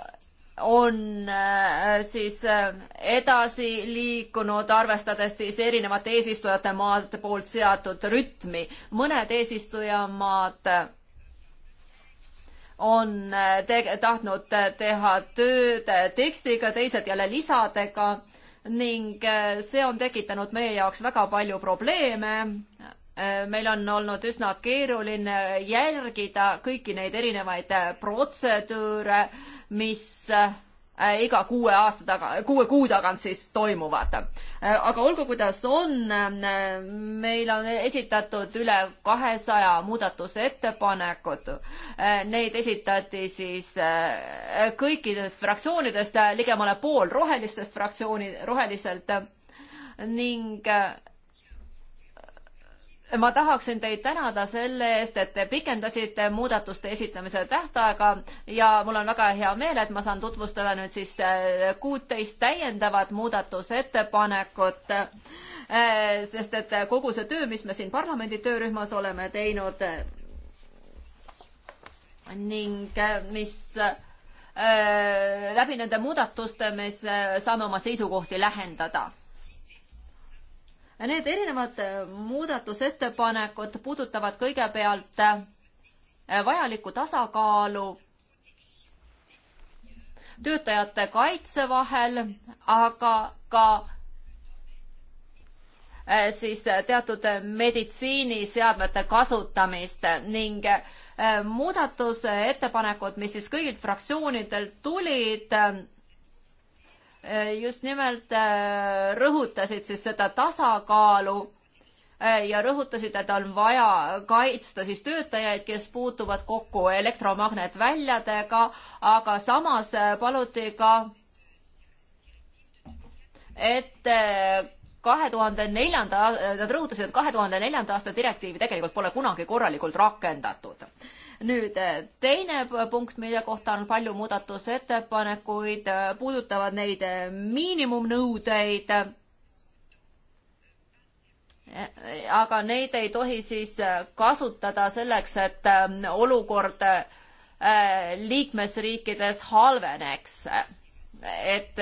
on äh, siis äh, edasi liikunud, arvestades siis erinevate eesistujate maade poolt seatud rütmi. mõned eesistujamaad on te-, tahtnud teha tööd tekstiga, teised jälle lisadega ning see on tekitanud meie jaoks väga palju probleeme. Äh, meil on olnud üsna keeruline järgida kõiki neid erinevaid äh, protseduure, mis äh, iga kuue aasta taga, kuue kuu tagant siis toimuvad. aga olgu, kuidas on, meil on esitatud üle kahesaja muudatusettepanekut. Neid esitati siis kõikidest fraktsioonidest, ligemale pool rohelistest fraktsiooni, roheliselt ning ma tahaksin teid tänada selle eest, et te pikendasite muudatuste esitamise tähtaega ja mul on väga hea meel, et ma saan tutvustada nüüd siis äh, kuuteist täiendavat muudatusettepanekut, äh, sest et kogu see töö, mis me siin parlamendi töörühmas oleme teinud ning äh, mis läbi nende muudatuste me saame oma seisukohti lähendada Need erinevad äh, muudatusettepanekud puudutavad kõigepealt äh, vajalikku tasakaalu töötajate kaitse vahel, aga ka äh, siis teatud meditsiiniseadmete kasutamist ning muudatusettepanekud, mis siis kõigilt fraktsioonidelt tulid, Äh, just nimelt äh, rõhutasid siis seda tasakaalu äh, ja rõhutasid, et on vaja kaitsta siis töötajaid, kes puutuvad kokku elektromagnetväljadega, aga samas paluti ka, et kahe tuhande neljanda, nad rõhutasid, et kahe tuhande neljanda aasta direktiivi tegelikult pole kunagi korralikult rakendatud nüüd eh, teine punkt, mille kohta on palju muudatusettepanekuid, eh, puudutavad neid eh, miinimumnõudeid. aga neid ei tohi siis kasutada selleks, et olukord liikmesriikides halveneks. et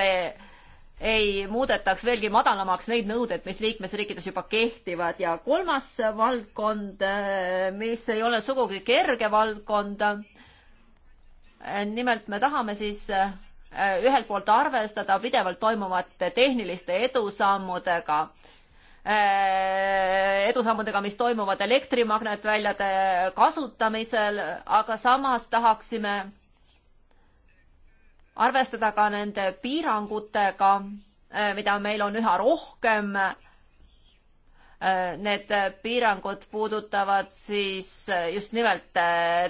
ei muudetaks veelgi madalamaks neid nõudeid, mis liikmesriikides juba kehtivad ja kolmas valdkond, eh, mis ei ole sugugi kerge valdkond, eh, nimelt me tahame siis eh, ühelt poolt arvestada pidevalt toimuvate tehniliste edusammudega, edusammudega, mis toimuvad elektrimagnetväljade kasutamisel, aga samas tahaksime arvestada ka nende piirangutega, äh, mida meil on üha rohkem. Äh, need piirangud puudutavad siis äh, just nimelt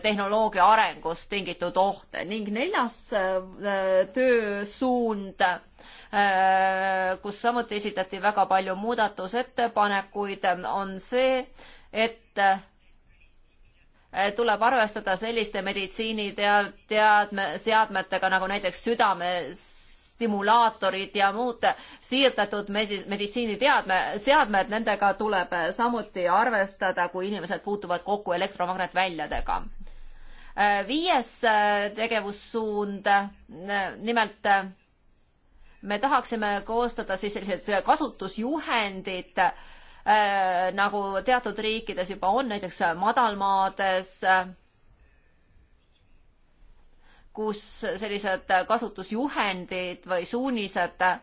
tehnoloogia arengust tingitud ohte ning neljas töösuund, kus samuti esitati väga palju muudatusettepanekuid, on see, et Eh, tuleb arvestada selliste meditsiiniteadme, seadmetega nagu näiteks südamestimulaatorid ja muud siirdatud meditsiiniteadme, seadmed, nendega tuleb samuti arvestada, kui inimesed puutuvad kokku elektromagnetväljadega eh, viies eh, tegevussuund, nimelt me tahaksime koostada siis sellised kasutusjuhendid äh, Äh, nagu teatud riikides juba on, näiteks madalmaades, kus sellised kasutusjuhendid või suunised äh,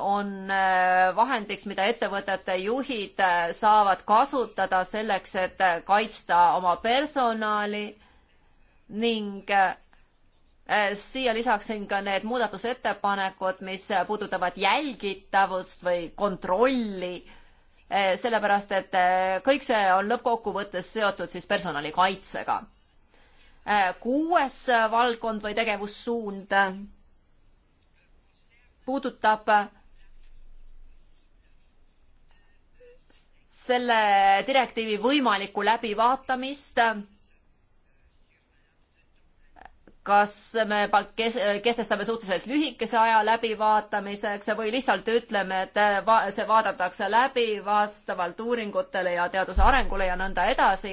on äh, vahendiks, mida ettevõtete juhid saavad kasutada selleks, et kaitsta oma personali ning siia lisaksin ka need muudatusettepanekud, mis puudutavad jälgitavust või kontrolli Eh, sellepärast et eh, kõik see on lõppkokkuvõttes seotud siis personalikaitsega. Eh, kuues valdkond või tegevussuund puudutab selle direktiivi võimalikku läbivaatamist kas me kehtestame suhteliselt lühikese aja läbivaatamiseks või lihtsalt ütleme, et äh, see vaadatakse läbi vastavalt uuringutele ja teaduse arengule ja nõnda edasi.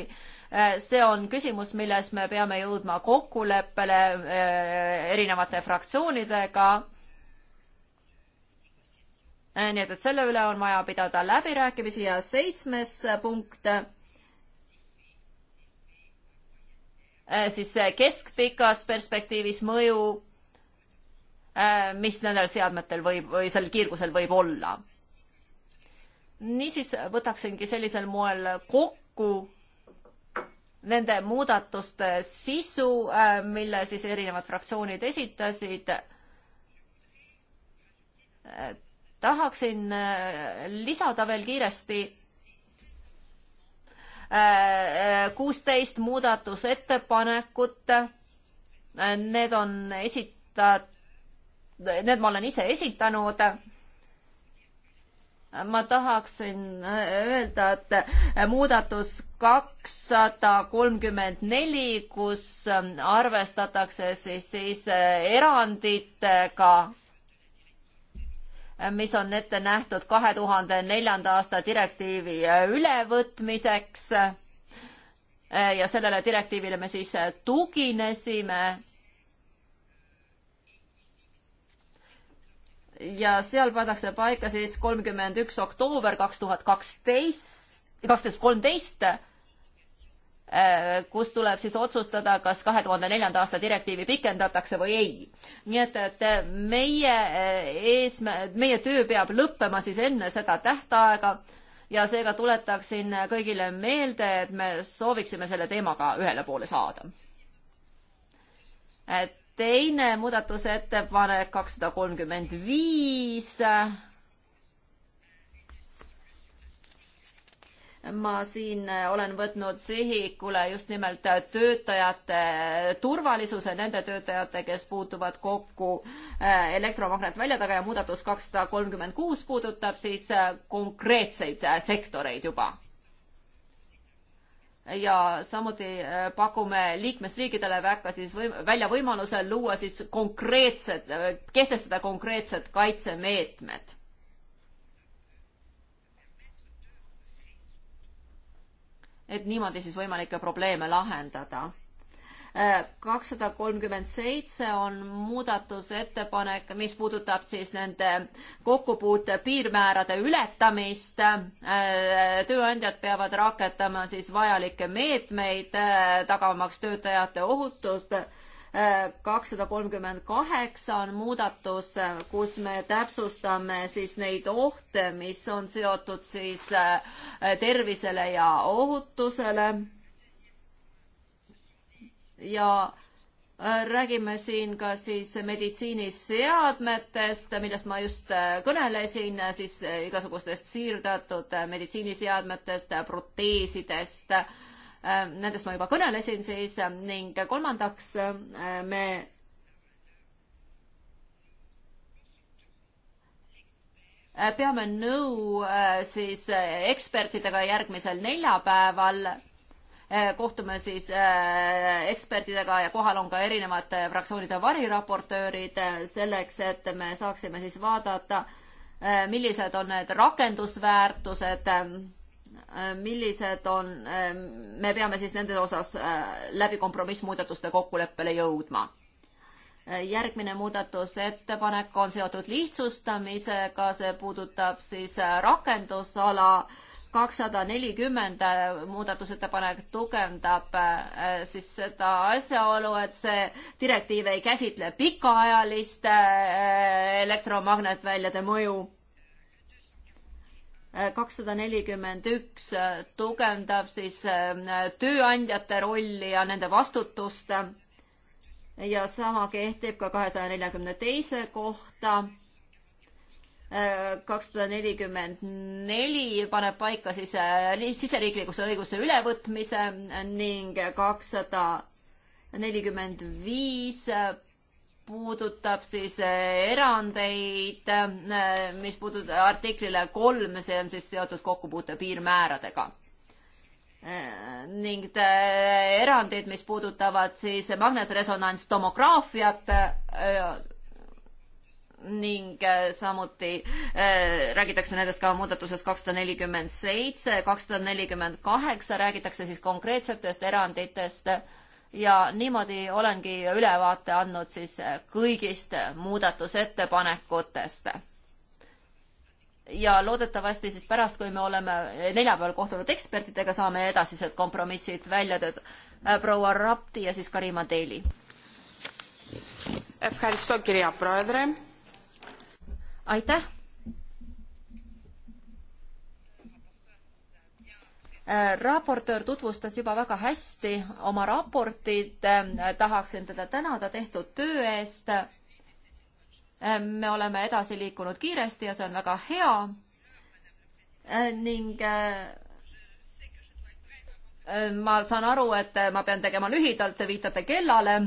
Äh, see on küsimus, milles me peame jõudma kokkuleppele äh, erinevate fraktsioonidega nii et, et selle üle on vaja pidada läbirääkimisi ja seitsmes punkt Äh, siis äh, keskpikas perspektiivis mõju, äh, mis nendel seadmetel võib, või sel kiirgusel võib olla. niisiis võtaksingi sellisel moel kokku nende muudatuste sisu, mille siis erinevad fraktsioonid esitasid. tahaksin lisada veel kiiresti kuusteist muudatusettepanekut. Need on esitatud, need ma olen ise esitanud ma tahaksin öelda, et muudatus kakssada kolmkümmend neli, kus arvestatakse siis, siis eranditega mis on ette nähtud kahe tuhande neljanda aasta direktiivi ülevõtmiseks. ja sellele direktiivile me siis tuginesime. ja seal pannakse paika siis kolmkümmend üks oktoober kaks tuhat kaksteist, kaksteist kolmteist Äh, kus tuleb siis otsustada, kas kahe tuhande neljanda aasta direktiivi pikendatakse või ei. nii et, et meie äh, eesmä-, meie töö peab lõppema siis enne seda tähtaega ja seega tuletaksin kõigile meelde, et me sooviksime selle teemaga ühele poole saada. Äh, teine muudatusettepanek kakssada kolmkümmend viis ma siin olen võtnud sihikule just nimelt töötajate turvalisuse, nende töötajate, kes puutuvad kokku äh, elektromagnetväljadega ja muudatus kakssada kolmkümmend kuus puudutab siis äh, konkreetseid äh, sektoreid juba ja samuti pakume liikmesriikidele väga siis võim-, välja võimaluse luua siis konkreetsed, kehtestada konkreetsed kaitsemeetmed et niimoodi siis võimalikke probleeme lahendada. kakssada kolmkümmend seitse on muudatusettepanek, mis puudutab siis nende kokkupuute piirmäärade ületamist. tööandjad peavad rakendama siis vajalikke meetmeid, tagamaks töötajate ohutust kakssada kolmkümmend kaheksa on muudatus, kus me täpsustame siis neid ohte, mis on seotud siis äh, tervisele ja ohutusele. ja äh, räägime siin ka siis meditsiiniseadmetest, millest ma just äh, kõnelesin, siis igasugustest siirdatud meditsiiniseadmetest, proteesidest Äh, nendest ma juba kõnelesin siis äh, ning kolmandaks äh, me peame nõu siis ekspertidega järgmisel neljapäeval. kohtume siis ekspertidega ja kohal on ka erinevate fraktsioonide variraportöörid selleks, et me saaksime siis vaadata, millised on need rakendusväärtused Äh, millised on, äh, me peame siis nende osas äh, läbi kompromissmuudatuste kokkuleppele jõudma. järgmine muudatusettepanek on seotud lihtsustamisega, see puudutab siis rakendusala kakssada nelikümmend muudatusettepanek tugevdab siis seda asjaolu, et see direktiiv ei käsitle pikaajalist elektromagnetväljade mõju kakssada nelikümmend üks tugevdab siis äh, tööandjate rolli ja nende vastutust. ja sama kehtib ka kahesaja neljakümne teise kohta. Äh, kakssada nelikümmend neli paneb paika siis äh, siseriiklikusse õiguse ülevõtmise ning kakssada nelikümmend viis puudutab siis äh, erandeid, äh, mis puudutab artiklile kolm, see on siis seotud kokkupuute piirmääradega. Äh, ning erandid, mis puudutavad siis magnetresonantstomograafiat ning samuti räägitakse nendest ka muudatuses kakssada nelikümmend seitse, kakssada nelikümmend kaheksa räägitakse siis konkreetsetest eranditest ja niimoodi olengi ülevaate andnud siis kõigist muudatusettepanekutest. ja loodetavasti siis pärast, kui me oleme neljapäeval kohtunud ekspertidega, saame edasised kompromissid välja töötada. Äh, proua Rapti ja siis Karima Teili. aitäh raportöör tutvustas juba väga hästi oma raportit, äh, tahaksin teda tänada tehtud töö eest. Äh, me oleme edasi liikunud kiiresti ja see on väga hea. Äh, ning ma saan aru, et ma pean tegema lühidalt, te viitate kellale.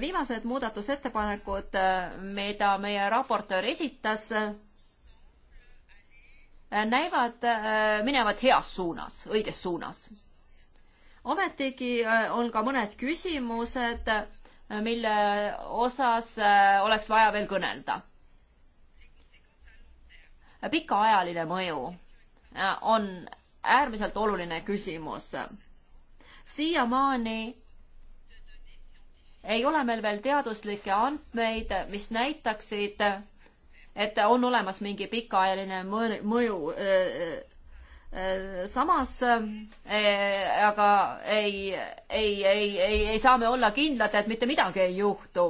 viimased muudatusettepanekud, mida meie raportöör esitas näivad äh, minevat heas suunas, õiges suunas. ometigi äh, on ka mõned küsimused, äh, mille osas oleks vaja veel kõnelda. pikaajaline mõju on äärmiselt oluline küsimus. siiamaani ei ole meil veel teaduslikke andmeid, mis näitaksid, et on olemas mingi pikaajaline mõju. samas aga ei, ei, ei, ei, ei saa me olla kindlad, et mitte midagi ei juhtu.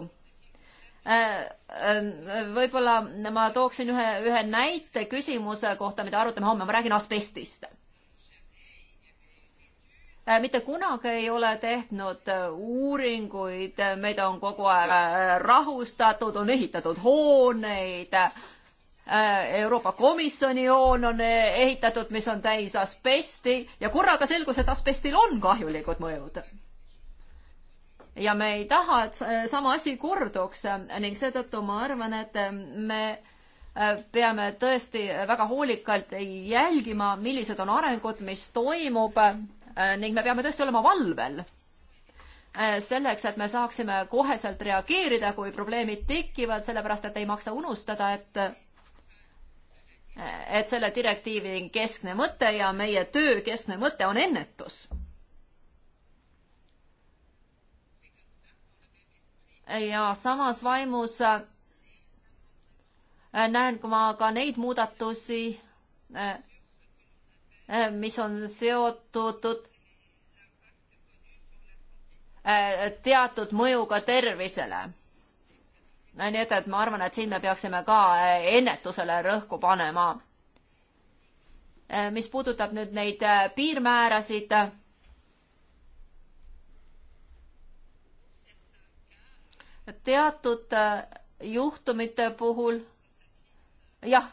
võib-olla ma tooksin ühe, ühe näite küsimuse kohta, mida arutame homme, ma räägin asbestist Äh, mitte kunagi ei ole tehtud äh, uuringuid, äh, meid on kogu aeg rahustatud, on ehitatud hooneid. Euroopa Komisjoni joon on ehitatud, mis on täis asbesti ja korraga selgus, et asbestil on kahjulikud mõjud. ja me ei taha, et sama asi korduks ning seetõttu ma arvan, et me peame tõesti väga hoolikalt jälgima, millised on arengud, mis toimub Äh, ning me peame tõesti olema valvel äh, selleks, et me saaksime koheselt reageerida, kui probleemid tekivad, sellepärast et ei maksa unustada, et äh, et selle direktiivi keskne mõte ja meie töö keskne mõte on ennetus. ja samas vaimus näen ma ka neid muudatusi, Äh, mis on seotud äh, teatud mõjuga tervisele. nii et, et ma arvan, et siin me peaksime ka äh, ennetusele rõhku panema. mis puudutab nüüd neid piirmäärasid, teatud juhtumite puhul jah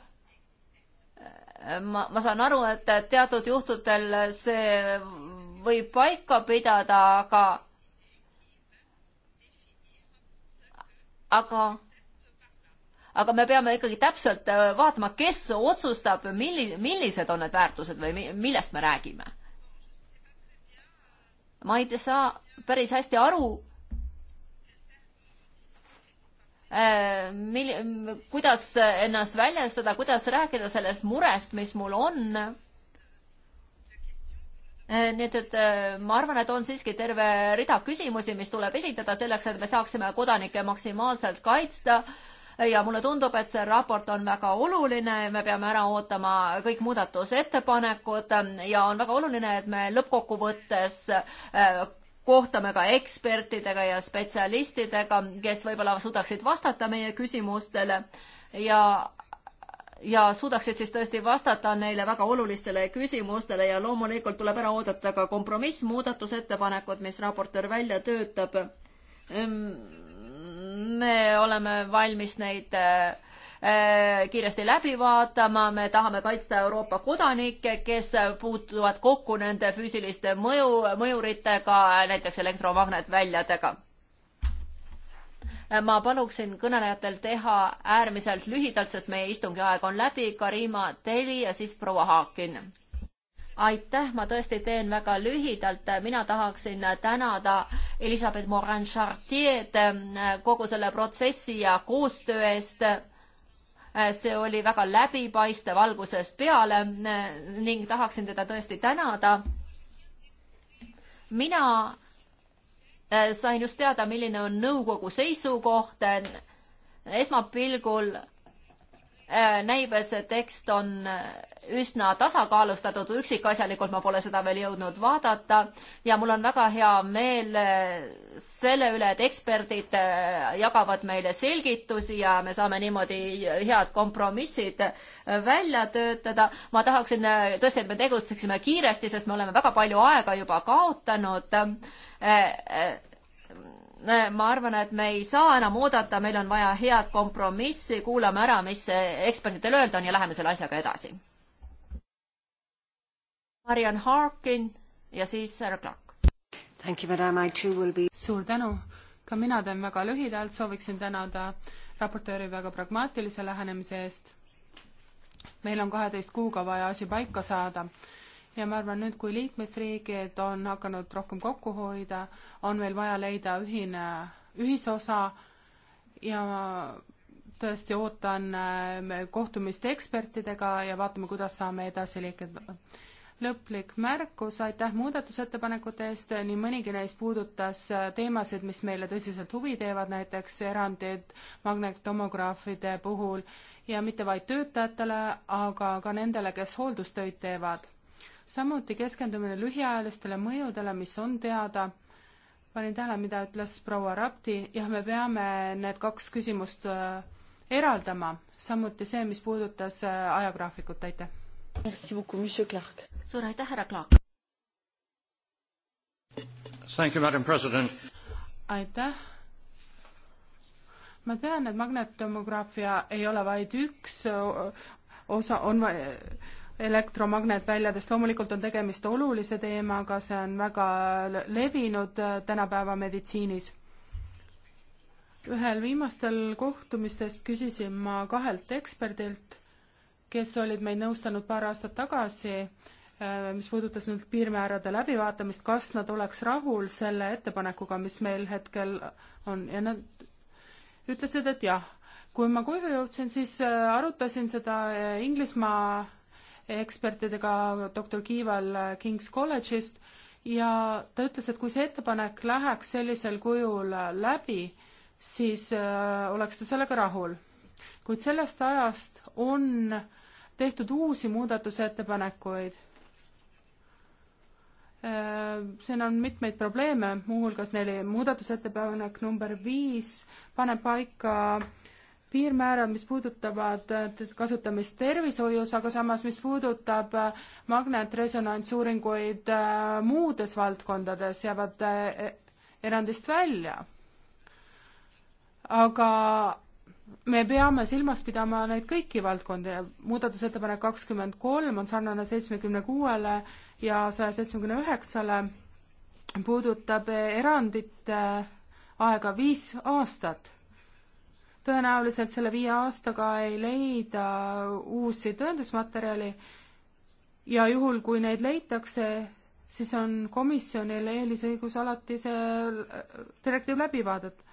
ma, ma saan aru, et teatud juhtudel see võib paika pidada, aga, aga, aga me peame ikkagi täpselt äh, vaatama, kes otsustab, milli-, millised on need väärtused või mi, millest me räägime. ma ei saa päris hästi aru Äh, mil-, kuidas ennast väljendada, kuidas rääkida sellest murest, mis mul on. Äh, nii et, et äh, ma arvan, et on siiski terve rida küsimusi, mis tuleb esitada selleks, et me saaksime kodanikke maksimaalselt kaitsta ja mulle tundub, et see raport on väga oluline, me peame ära ootama kõik muudatusettepanekud ja on väga oluline, et me lõppkokkuvõttes kohtume ka ekspertidega ja spetsialistidega, kes võib-olla suudaksid vastata meie küsimustele ja ja suudaksid siis tõesti vastata neile väga olulistele küsimustele ja loomulikult tuleb ära oodata ka kompromissmuudatusettepanekud, mis raportöör välja töötab. Ehm, me oleme valmis neid äh, Äh, kiiresti läbi vaatama, me tahame kaitsta Euroopa kodanikke, kes puutuvad kokku nende füüsiliste mõju, mõjuritega, näiteks elektromagnetväljadega ma paluksin kõnelejatel teha äärmiselt lühidalt, sest meie istungi aeg on läbi. Karima Teli ja siis proua Haakin. aitäh, ma tõesti teen väga lühidalt. mina tahaksin tänada Elizabeth Morin-Chartier'd kogu selle protsessi ja koostöö eest Äh, see oli väga läbipaistev algusest peale äh, ning tahaksin teda tõesti tänada. mina äh, sain just teada, milline on nõukogu seisukoht. esmapilgul näib, et see tekst on üsna tasakaalustatud, üksikasjalikult ma pole seda veel jõudnud vaadata ja mul on väga hea meel eh, selle üle, et eksperdid eh, jagavad meile selgitusi ja me saame niimoodi head kompromissid eh, välja töötada. ma tahaksin tõesti, et me tegutseksime kiiresti, sest me oleme väga palju aega juba kaotanud ma arvan, et me ei saa enam oodata, meil on vaja head kompromissi, kuulame ära, mis ekspertidel öelda on ja läheme selle asjaga edasi. Marian Harkin ja siis härra Clark. Be... suur tänu, ka mina teen väga lühidalt, sooviksin tänada raportööri väga pragmaatilise lähenemise eest. meil on kaheteist kuuga vaja asi paika saada ja ma arvan nüüd, kui liikmesriigid on hakanud rohkem kokku hoida, on meil vaja leida ühine, ühisosa ja tõesti ootan äh, kohtumist ekspertidega ja vaatame, kuidas saame edasi liikuda lõplik märkus, aitäh muudatusettepanekute eest, nii mõnigi neist puudutas äh, teemasid, mis meile tõsiselt huvi teevad, näiteks erandid magnetomograafide puhul ja mitte vaid töötajatele, aga ka nendele, kes hooldustöid teevad. samuti keskendumine lühiajalistele mõjudele, mis on teada, panin tähele, mida ütles proua Rapti, jah, me peame need kaks küsimust äh, eraldama, samuti see, mis puudutas äh, ajagraafikut, aitäh. Merci beaucoup, monsieur Clark suur aitäh, härra Klaak! aitäh! ma tean, et magnetomograafia ei ole vaid üks osa, on elektromagnetväljadest, loomulikult on tegemist olulise teemaga, see on väga levinud äh, tänapäeva meditsiinis. ühel viimastel kohtumistest küsisin ma kahelt eksperdilt, kes olid meid nõustanud paar aastat tagasi Äh, mis puudutas nüüd piirmäärade läbivaatamist, kas nad oleks rahul selle ettepanekuga, mis meil hetkel on ja nad ütlesid, et jah. kui ma koju jõudsin, siis äh, arutasin seda äh, Inglismaa ekspertidega doktor Kiival King's kolledžist ja ta ütles, et kui see ettepanek läheks sellisel kujul läbi, siis oleks ta sellega rahul. kuid sellest ajast on tehtud uusi muudatusettepanekuid Äh, siin on mitmeid probleeme, muuhulgas neli muudatusettepanek number viis paneb paika piirmäärad, mis puudutavad äh, kasutamist tervishoius, aga samas, mis puudutab äh, magnetresonantsuuringuid muudes valdkondades, jäävad erandist välja. aga me peame silmas pidama neid kõiki valdkondi ja muudatusettepanek kakskümmend kolm on sarnane seitsmekümne kuuele ja saja seitsmekümne üheksale, puudutab erandite aega viis aastat. tõenäoliselt selle viie aastaga ei leida uusi tõendusmaterjali ja juhul, kui neid leitakse, siis on komisjonil eelisõigus alati see direktiiv läbi vaadata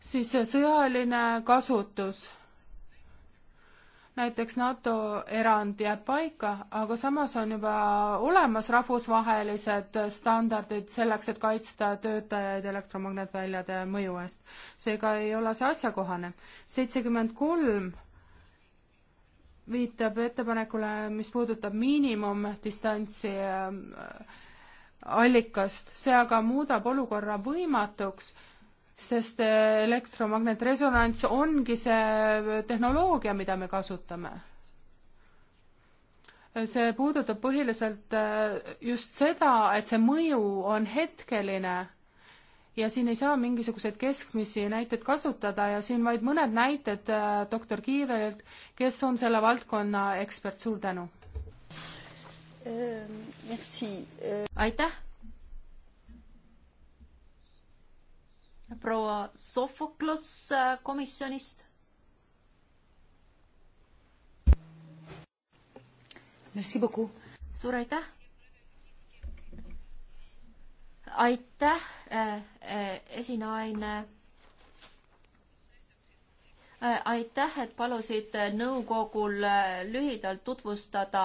siis sõjaline kasutus, näiteks NATO erand jääb paika, aga samas on juba olemas rahvusvahelised standardid selleks, et kaitsta töötajaid elektromagnetväljade mõju eest. seega ei ole see asjakohane. seitsekümmend kolm viitab ettepanekule, mis puudutab miinimumdistantsi äh, allikast, see aga muudab olukorra võimatuks sest elektromagnetresonants ongi see tehnoloogia, mida me kasutame. see puudutab põhiliselt äh, just seda, et see mõju on hetkeline ja siin ei saa mingisuguseid keskmisi näiteid kasutada ja siin vaid mõned näited äh, doktor Kiivelilt, kes on selle valdkonna ekspert, suur tänu! Ähm, äh, aitäh! proua Sofoklos äh, komisjonist. suur aitäh. aitäh, äh, äh, esinaine. aitäh, et palusid nõukogul lühidalt tutvustada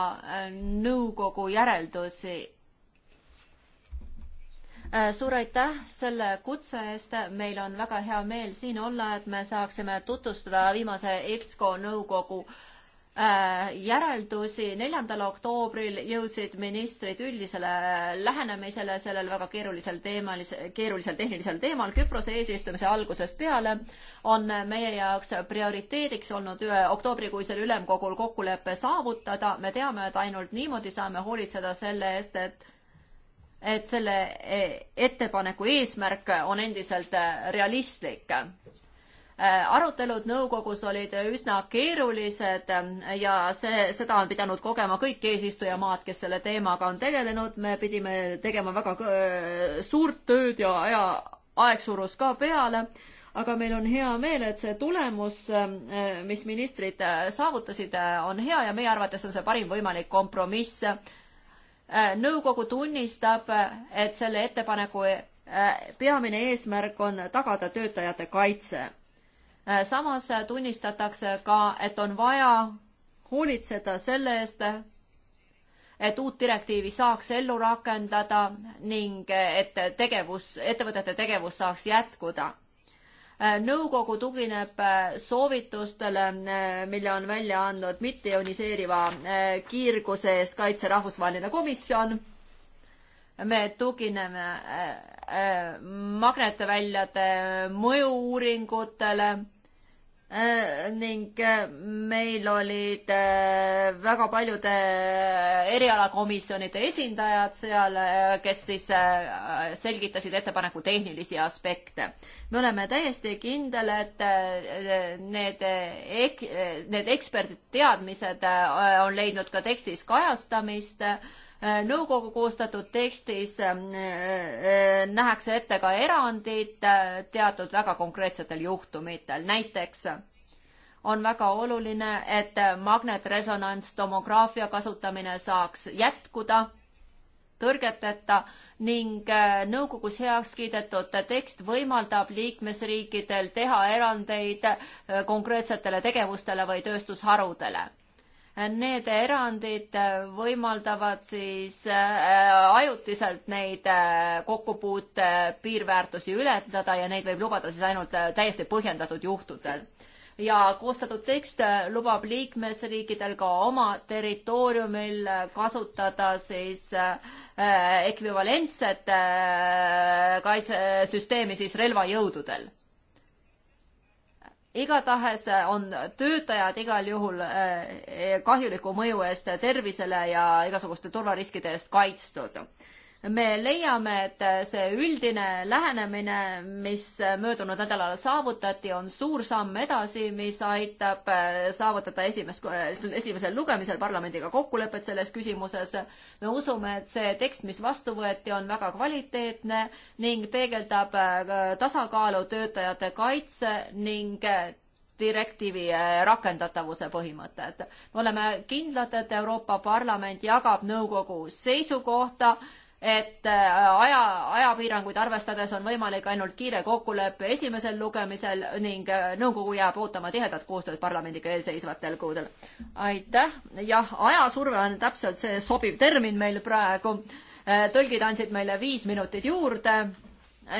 nõukogu järeldusi Äh, suur aitäh selle kutse eest, meil on väga hea meel siin olla, et me saaksime tutvustada viimase EBSCO nõukogu äh, järeldusi. neljandal oktoobril jõudsid ministrid üldisele lähenemisele sellel väga keerulisel teemal, keerulisel tehnilisel teemal. Küprose eesistumise algusest peale on meie jaoks prioriteediks olnud äh, oktoobrikuisel ülemkogul kokkulepe saavutada. me teame, et ainult niimoodi saame hoolitseda selle eest, et et selle e, ettepaneku eesmärk on endiselt e, realistlik. E, arutelud nõukogus olid üsna keerulised ja see, seda on pidanud kogema kõik eesistujamaad, kes selle teemaga on tegelenud, me pidime tegema väga suurt tööd ja, ja aeg surus ka peale, aga meil on hea meel, et see tulemus, mis ministrid saavutasid, on hea ja meie arvates on see parim võimalik kompromiss Äh, nõukogu tunnistab, et selle ettepaneku äh, peamine eesmärk on tagada töötajate kaitse. Äh, samas tunnistatakse ka, et on vaja hoolitseda selle eest, et uut direktiivi saaks ellu rakendada ning et tegevus, ettevõtete tegevus saaks jätkuda Äh, nõukogu tugineb äh, soovitustele, äh, mille on välja andnud mitteioniseeriva kiirguse eest kaitse rahvusvaheline komisjon. me tugineme magnetväljade mõju-uuringutele Äh, ning äh, meil olid äh, väga paljude erialakomisjonide esindajad seal, kes siis selgitasid ettepaneku tehnilisi aspekte. me oleme täiesti kindel, et need ek-, need eksperditeadmised on leidnud ka tekstis kajastamist nõukogu koostatud tekstis äh, äh, nähakse ette ka erandid äh, teatud väga konkreetsetel juhtumitel, näiteks on väga oluline, et magnetresonantstomograafia kasutamine saaks jätkuda tõrgeteta ning nõukogus heaks kiidetud tekst võimaldab liikmesriikidel teha erandeid konkreetsetele tegevustele või tööstusharudele. Need erandid võimaldavad siis äh, ajutiselt neid äh, kokkupuute piirväärtusi ületada ja neid võib lubada siis ainult äh, täiesti põhjendatud juhtudel ja koostatud tekst lubab liikmesriikidel ka oma territooriumil kasutada siis ekvivalentset kaitsesüsteemi siis relvajõududel igatahes on töötajad igal juhul eh, kahjuliku mõju eest tervisele ja igasuguste turvariskide eest kaitstud me leiame, et see üldine lähenemine, mis möödunud nädalal saavutati, on suur samm edasi, mis aitab äh, saavutada esimest, esimesel lugemisel parlamendiga kokkulepet selles küsimuses. me usume, et see tekst, mis vastu võeti, on väga kvaliteetne ning peegeldab äh, tasakaalu töötajate kaitse ning äh, direktiivi rakendatavuse põhimõtted. me oleme kindlad, et Euroopa Parlament jagab nõukogu seisukohta et äh, aja, ajapiiranguid arvestades on võimalik ainult kiire kokkulepe esimesel lugemisel ning äh, nõukogu jääb ootama tihedat koostööd parlamendiga eelseisvatel kuudel. aitäh, jah, ajasurve on täpselt see sobiv termin meil praegu. Äh, tõlgid andsid meile viis minutit juurde.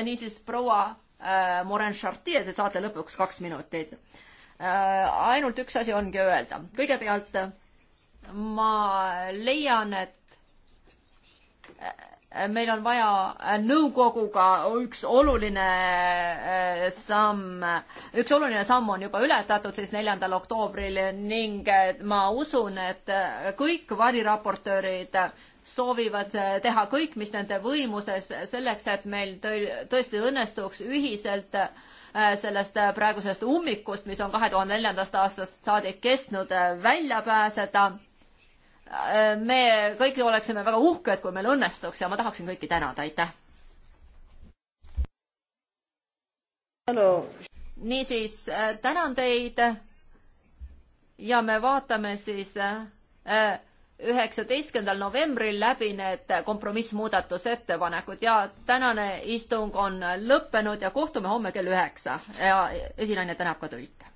niisiis, proua äh, Morin Chartier, te saate lõpuks kaks minutit äh,. ainult üks asi ongi öelda. kõigepealt ma leian, et meil on vaja äh, nõukoguga üks oluline äh, samm, üks oluline samm on juba ületatud siis neljandal oktoobril ning äh, ma usun, et kõik variraportöörid soovivad teha kõik, mis nende võimuses, selleks et meil tõesti õnnestuks ühiselt sellest praegusest ummikust, mis on kahe tuhande neljandast aastast saadik kestnud, välja pääseda Äh, me kõik oleksime väga uhked, kui meil õnnestuks ja ma tahaksin kõiki tänada, aitäh. niisiis, äh, tänan teid. ja me vaatame siis äh, üheksateistkümnendal novembril läbi need kompromissmuudatusettepanekud ja tänane istung on lõppenud ja kohtume homme kell üheksa ja esinaine tänab ka töid.